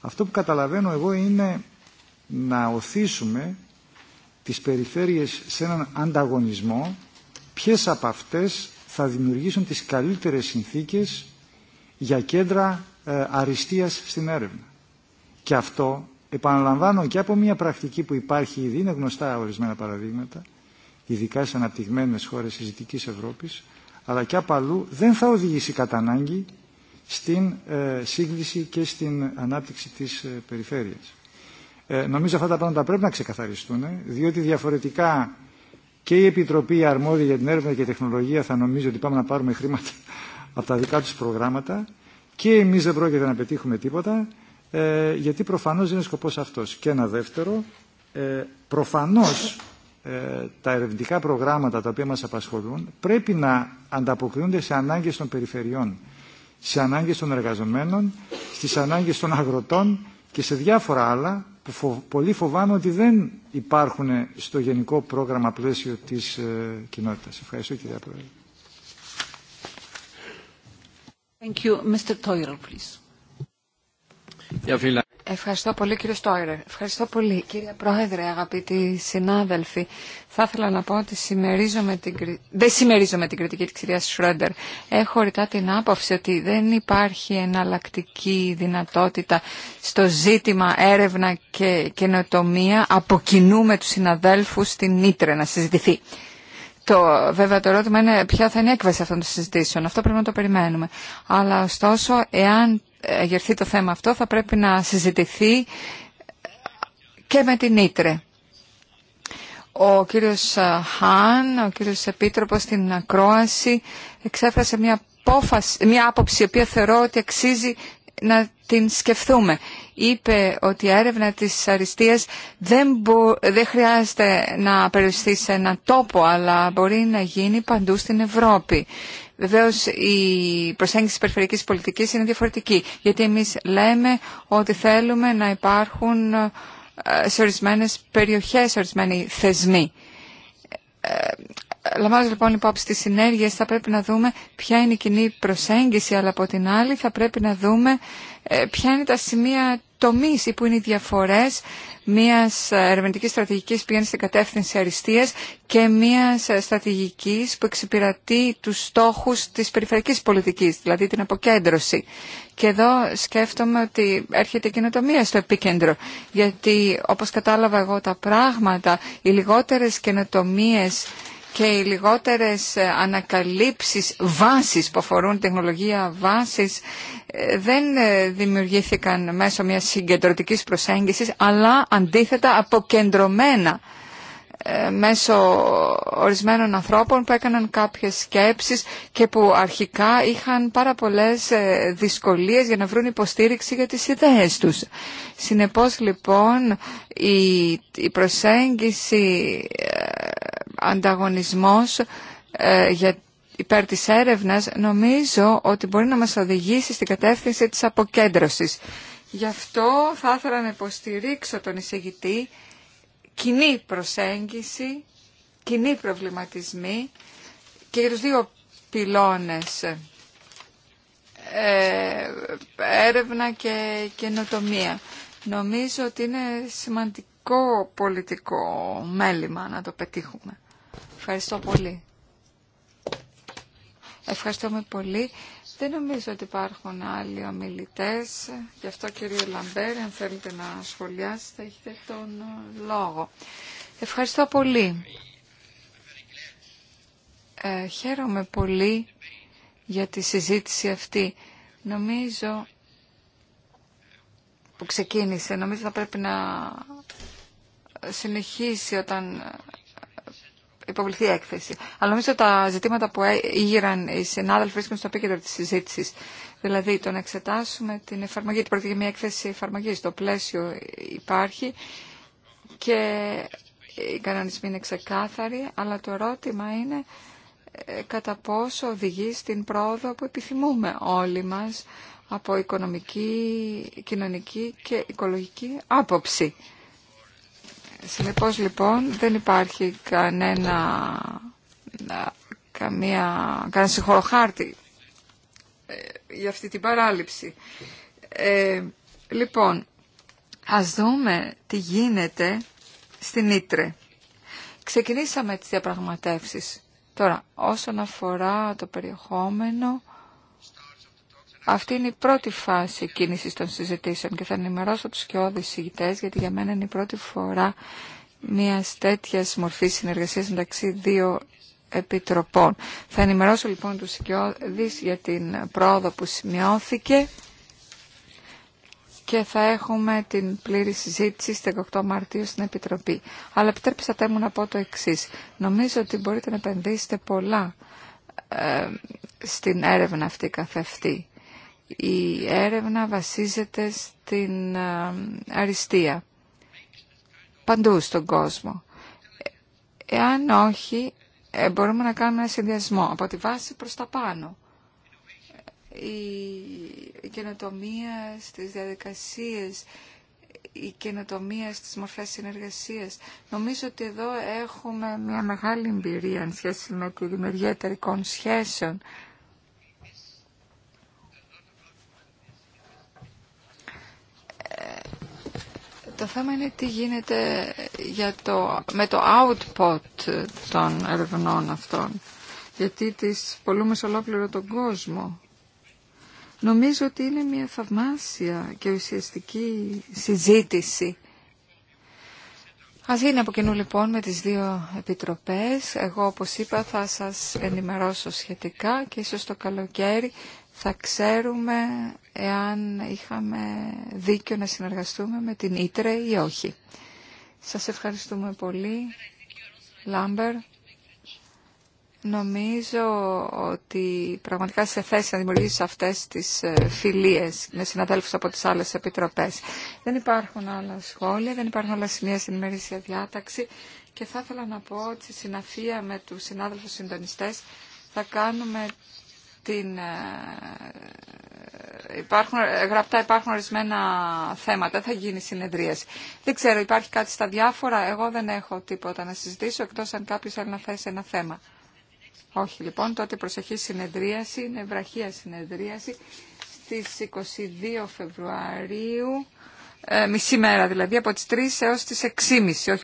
αυτό που καταλαβαίνω εγώ είναι να οθήσουμε τις περιφέρειες σε έναν ανταγωνισμό ποιες από αυτές θα δημιουργήσουν τις καλύτερες συνθήκες για κέντρα ε, αριστείας στην έρευνα. Και αυτό, επαναλαμβάνω, και από μια πρακτική που υπάρχει ήδη, είναι γνωστά ορισμένα παραδείγματα, ειδικά σε αναπτυγμένε χώρε τη Δυτική Ευρώπη, αλλά και από αλλού δεν θα οδηγήσει κατά ανάγκη στην ε, σύγκληση και στην ανάπτυξη τη ε, περιφέρειας. Ε, νομίζω αυτά τα πράγματα πρέπει να ξεκαθαριστούν, ε, διότι διαφορετικά και η Επιτροπή Αρμόδια για την Έρευνα και Τεχνολογία θα νομίζει ότι πάμε να πάρουμε χρήματα *laughs* από τα δικά του προγράμματα και εμεί δεν πρόκειται να πετύχουμε τίποτα ε, γιατί προφανώς είναι σκοπός αυτός. Και ένα δεύτερο, ε, προφανώς ε, τα ερευνητικά προγράμματα τα οποία μας απασχολούν πρέπει να ανταποκρίνονται σε ανάγκες των περιφερειών, σε ανάγκες των εργαζομένων, στις ανάγκες των αγροτών και σε διάφορα άλλα που πολύ φοβάμαι ότι δεν υπάρχουν στο γενικό πρόγραμμα πλαίσιο της ε, κοινότητας. Ευχαριστώ κυρία Πρόεδρε. Thank you. Mr. Ευχαριστώ πολύ κύριε Στόιρε. Ευχαριστώ πολύ κύριε Πρόεδρε, αγαπητοί συνάδελφοι. Θα ήθελα να πω ότι συμμερίζομαι την... δεν συμμερίζομαι την κριτική της κυρίας Σρόντερ. Έχω ρητά την άποψη ότι δεν υπάρχει εναλλακτική δυνατότητα στο ζήτημα έρευνα και καινοτομία. με τους συναδέλφους στην Ήτρε να συζητηθεί. Το, βέβαια το ερώτημα είναι ποια θα είναι η έκβαση αυτών των συζητήσεων. Αυτό πρέπει να το περιμένουμε. Αλλά ωστόσο, εάν εγερθεί το θέμα αυτό θα πρέπει να συζητηθεί και με την Ήτρε. Ο κύριος Χάν, ο κύριος Επίτροπος στην Ακρόαση εξέφρασε μια, απόφαση, μια άποψη η οποία θεωρώ ότι αξίζει να την σκεφτούμε. Είπε ότι η έρευνα της αριστείας δεν, μπο, δεν χρειάζεται να περιοριστεί σε έναν τόπο, αλλά μπορεί να γίνει παντού στην Ευρώπη. Βεβαίω, η προσέγγιση τη περιφερειακής πολιτική είναι διαφορετική, γιατί εμείς λέμε ότι θέλουμε να υπάρχουν ε, σε ορισμένε περιοχές, σε ορισμένοι θεσμοί. Ε, Λαμβάνοντα λοιπόν υπόψη τι συνέργειε, θα πρέπει να δούμε ποια είναι η κοινή προσέγγιση αλλά από την άλλη θα πρέπει να δούμε ε, ποια είναι τα σημεία τομή ή που είναι οι διαφορέ μια ερευνητική στρατηγική που πηγαίνει στην κατεύθυνση αριστείας και μια στρατηγική που εξυπηρετεί του στόχου τη περιφερειακή πολιτική, δηλαδή την αποκέντρωση. Και εδώ σκέφτομαι ότι έρχεται η καινοτομία στο επίκεντρο, γιατί όπω κατάλαβα εγώ τα πράγματα, οι λιγότερε καινοτομίε και οι λιγότερες ε, ανακαλύψεις βάσης που αφορούν τεχνολογία βάσης ε, δεν ε, δημιουργήθηκαν μέσω μιας συγκεντρωτικής προσέγγισης αλλά αντίθετα αποκεντρωμένα μέσω ορισμένων ανθρώπων που έκαναν κάποιες σκέψεις και που αρχικά είχαν πάρα πολλές δυσκολίες για να βρουν υποστήριξη για τις ιδέες τους. Συνεπώς λοιπόν η, η προσέγγιση ανταγωνισμός ε, για υπέρ της έρευνας νομίζω ότι μπορεί να μας οδηγήσει στην κατεύθυνση της αποκέντρωσης. Γι' αυτό θα ήθελα να υποστηρίξω τον εισηγητή κοινή προσέγγιση, κοινή προβληματισμή και για τους δύο πυλώνες ε, έρευνα και καινοτομία. Νομίζω ότι είναι σημαντικό πολιτικό μέλημα να το πετύχουμε. Ευχαριστώ πολύ. Ευχαριστούμε πολύ. Δεν νομίζω ότι υπάρχουν άλλοι ομιλητέ. Γι' αυτό κύριε Λαμπέρ, αν θέλετε να σχολιάσετε, έχετε τον ε, λόγο. Ευχαριστώ πολύ. Ε, χαίρομαι πολύ για τη συζήτηση αυτή. Νομίζω που ξεκίνησε, νομίζω θα πρέπει να συνεχίσει όταν υποβληθεί έκθεση. Αλλά νομίζω τα ζητήματα που ήγηραν οι συνάδελφοι βρίσκονται στο επίκεντρο τη συζήτηση. Δηλαδή, το να εξετάσουμε την εφαρμογή, την πρόκειται για μια έκθεση εφαρμογή. Το πλαίσιο υπάρχει και οι κανονισμοί είναι ξεκάθαροι, αλλά το ερώτημα είναι ε, κατά πόσο οδηγεί στην πρόοδο που επιθυμούμε όλοι μας από οικονομική, κοινωνική και οικολογική άποψη. Συνεπώς λοιπόν δεν υπάρχει κανένα, καμία, κανένα συγχωροχάρτη ε, για αυτή την παράληψη. Ε, λοιπόν, ας δούμε τι γίνεται στην Ήτρε. Ξεκινήσαμε τις διαπραγματεύσεις. Τώρα, όσον αφορά το περιεχόμενο, αυτή είναι η πρώτη φάση κίνησης των συζητήσεων και θα ενημερώσω του και συγητέ, γιατί για μένα είναι η πρώτη φορά μια τέτοια μορφή συνεργασίας μεταξύ δύο επιτροπών. Θα ενημερώσω λοιπόν τους Σικιώδης για την πρόοδο που σημειώθηκε και θα έχουμε την πλήρη συζήτηση στις 18 Μαρτίου στην Επιτροπή. Αλλά επιτρέψατε μου να πω το εξή. Νομίζω ότι μπορείτε να επενδύσετε πολλά ε, στην έρευνα αυτή καθευτή η έρευνα βασίζεται στην αριστεία παντού στον κόσμο. Εάν όχι, ε, μπορούμε να κάνουμε ένα συνδυασμό από τη βάση προς τα πάνω. Η καινοτομία στις διαδικασίες, η καινοτομία στις μορφές συνεργασίας. Νομίζω ότι εδώ έχουμε μια μεγάλη εμπειρία σχέση με τη δημιουργία εταιρικών σχέσεων Το θέμα είναι τι γίνεται για το, με το output των ερευνών αυτών, γιατί τις πολλούμε σε ολόκληρο τον κόσμο. Νομίζω ότι είναι μια θαυμάσια και ουσιαστική συζήτηση. Ας γίνει από κοινού λοιπόν με τις δύο επιτροπές. Εγώ όπως είπα θα σας ενημερώσω σχετικά και ίσως το καλοκαίρι θα ξέρουμε εάν είχαμε δίκιο να συνεργαστούμε με την Ήτρε ή όχι. Σας ευχαριστούμε πολύ, Λάμπερ. Νομίζω ότι πραγματικά σε θέση να δημιουργήσει αυτές τις ε, φιλίες με συναδέλφους από τις άλλες επιτροπές. Δεν υπάρχουν άλλα σχόλια, δεν υπάρχουν άλλα σημεία στην ημερήσια διάταξη και θα ήθελα να πω ότι συναφία με τους συνάδελφους συντονιστές θα κάνουμε την, ε, υπάρχουν, γραπτά υπάρχουν ορισμένα θέματα, θα γίνει συνεδρίαση. Δεν ξέρω, υπάρχει κάτι στα διάφορα, εγώ δεν έχω τίποτα να συζητήσω, εκτός αν κάποιος θέλει να θέσει ένα θέμα. Όχι, λοιπόν, τότε προσεχή συνεδρίαση, είναι βραχία συνεδρίαση, στις 22 Φεβρουαρίου, ε, μισή μέρα δηλαδή, από τις 3 έως τις 6.30,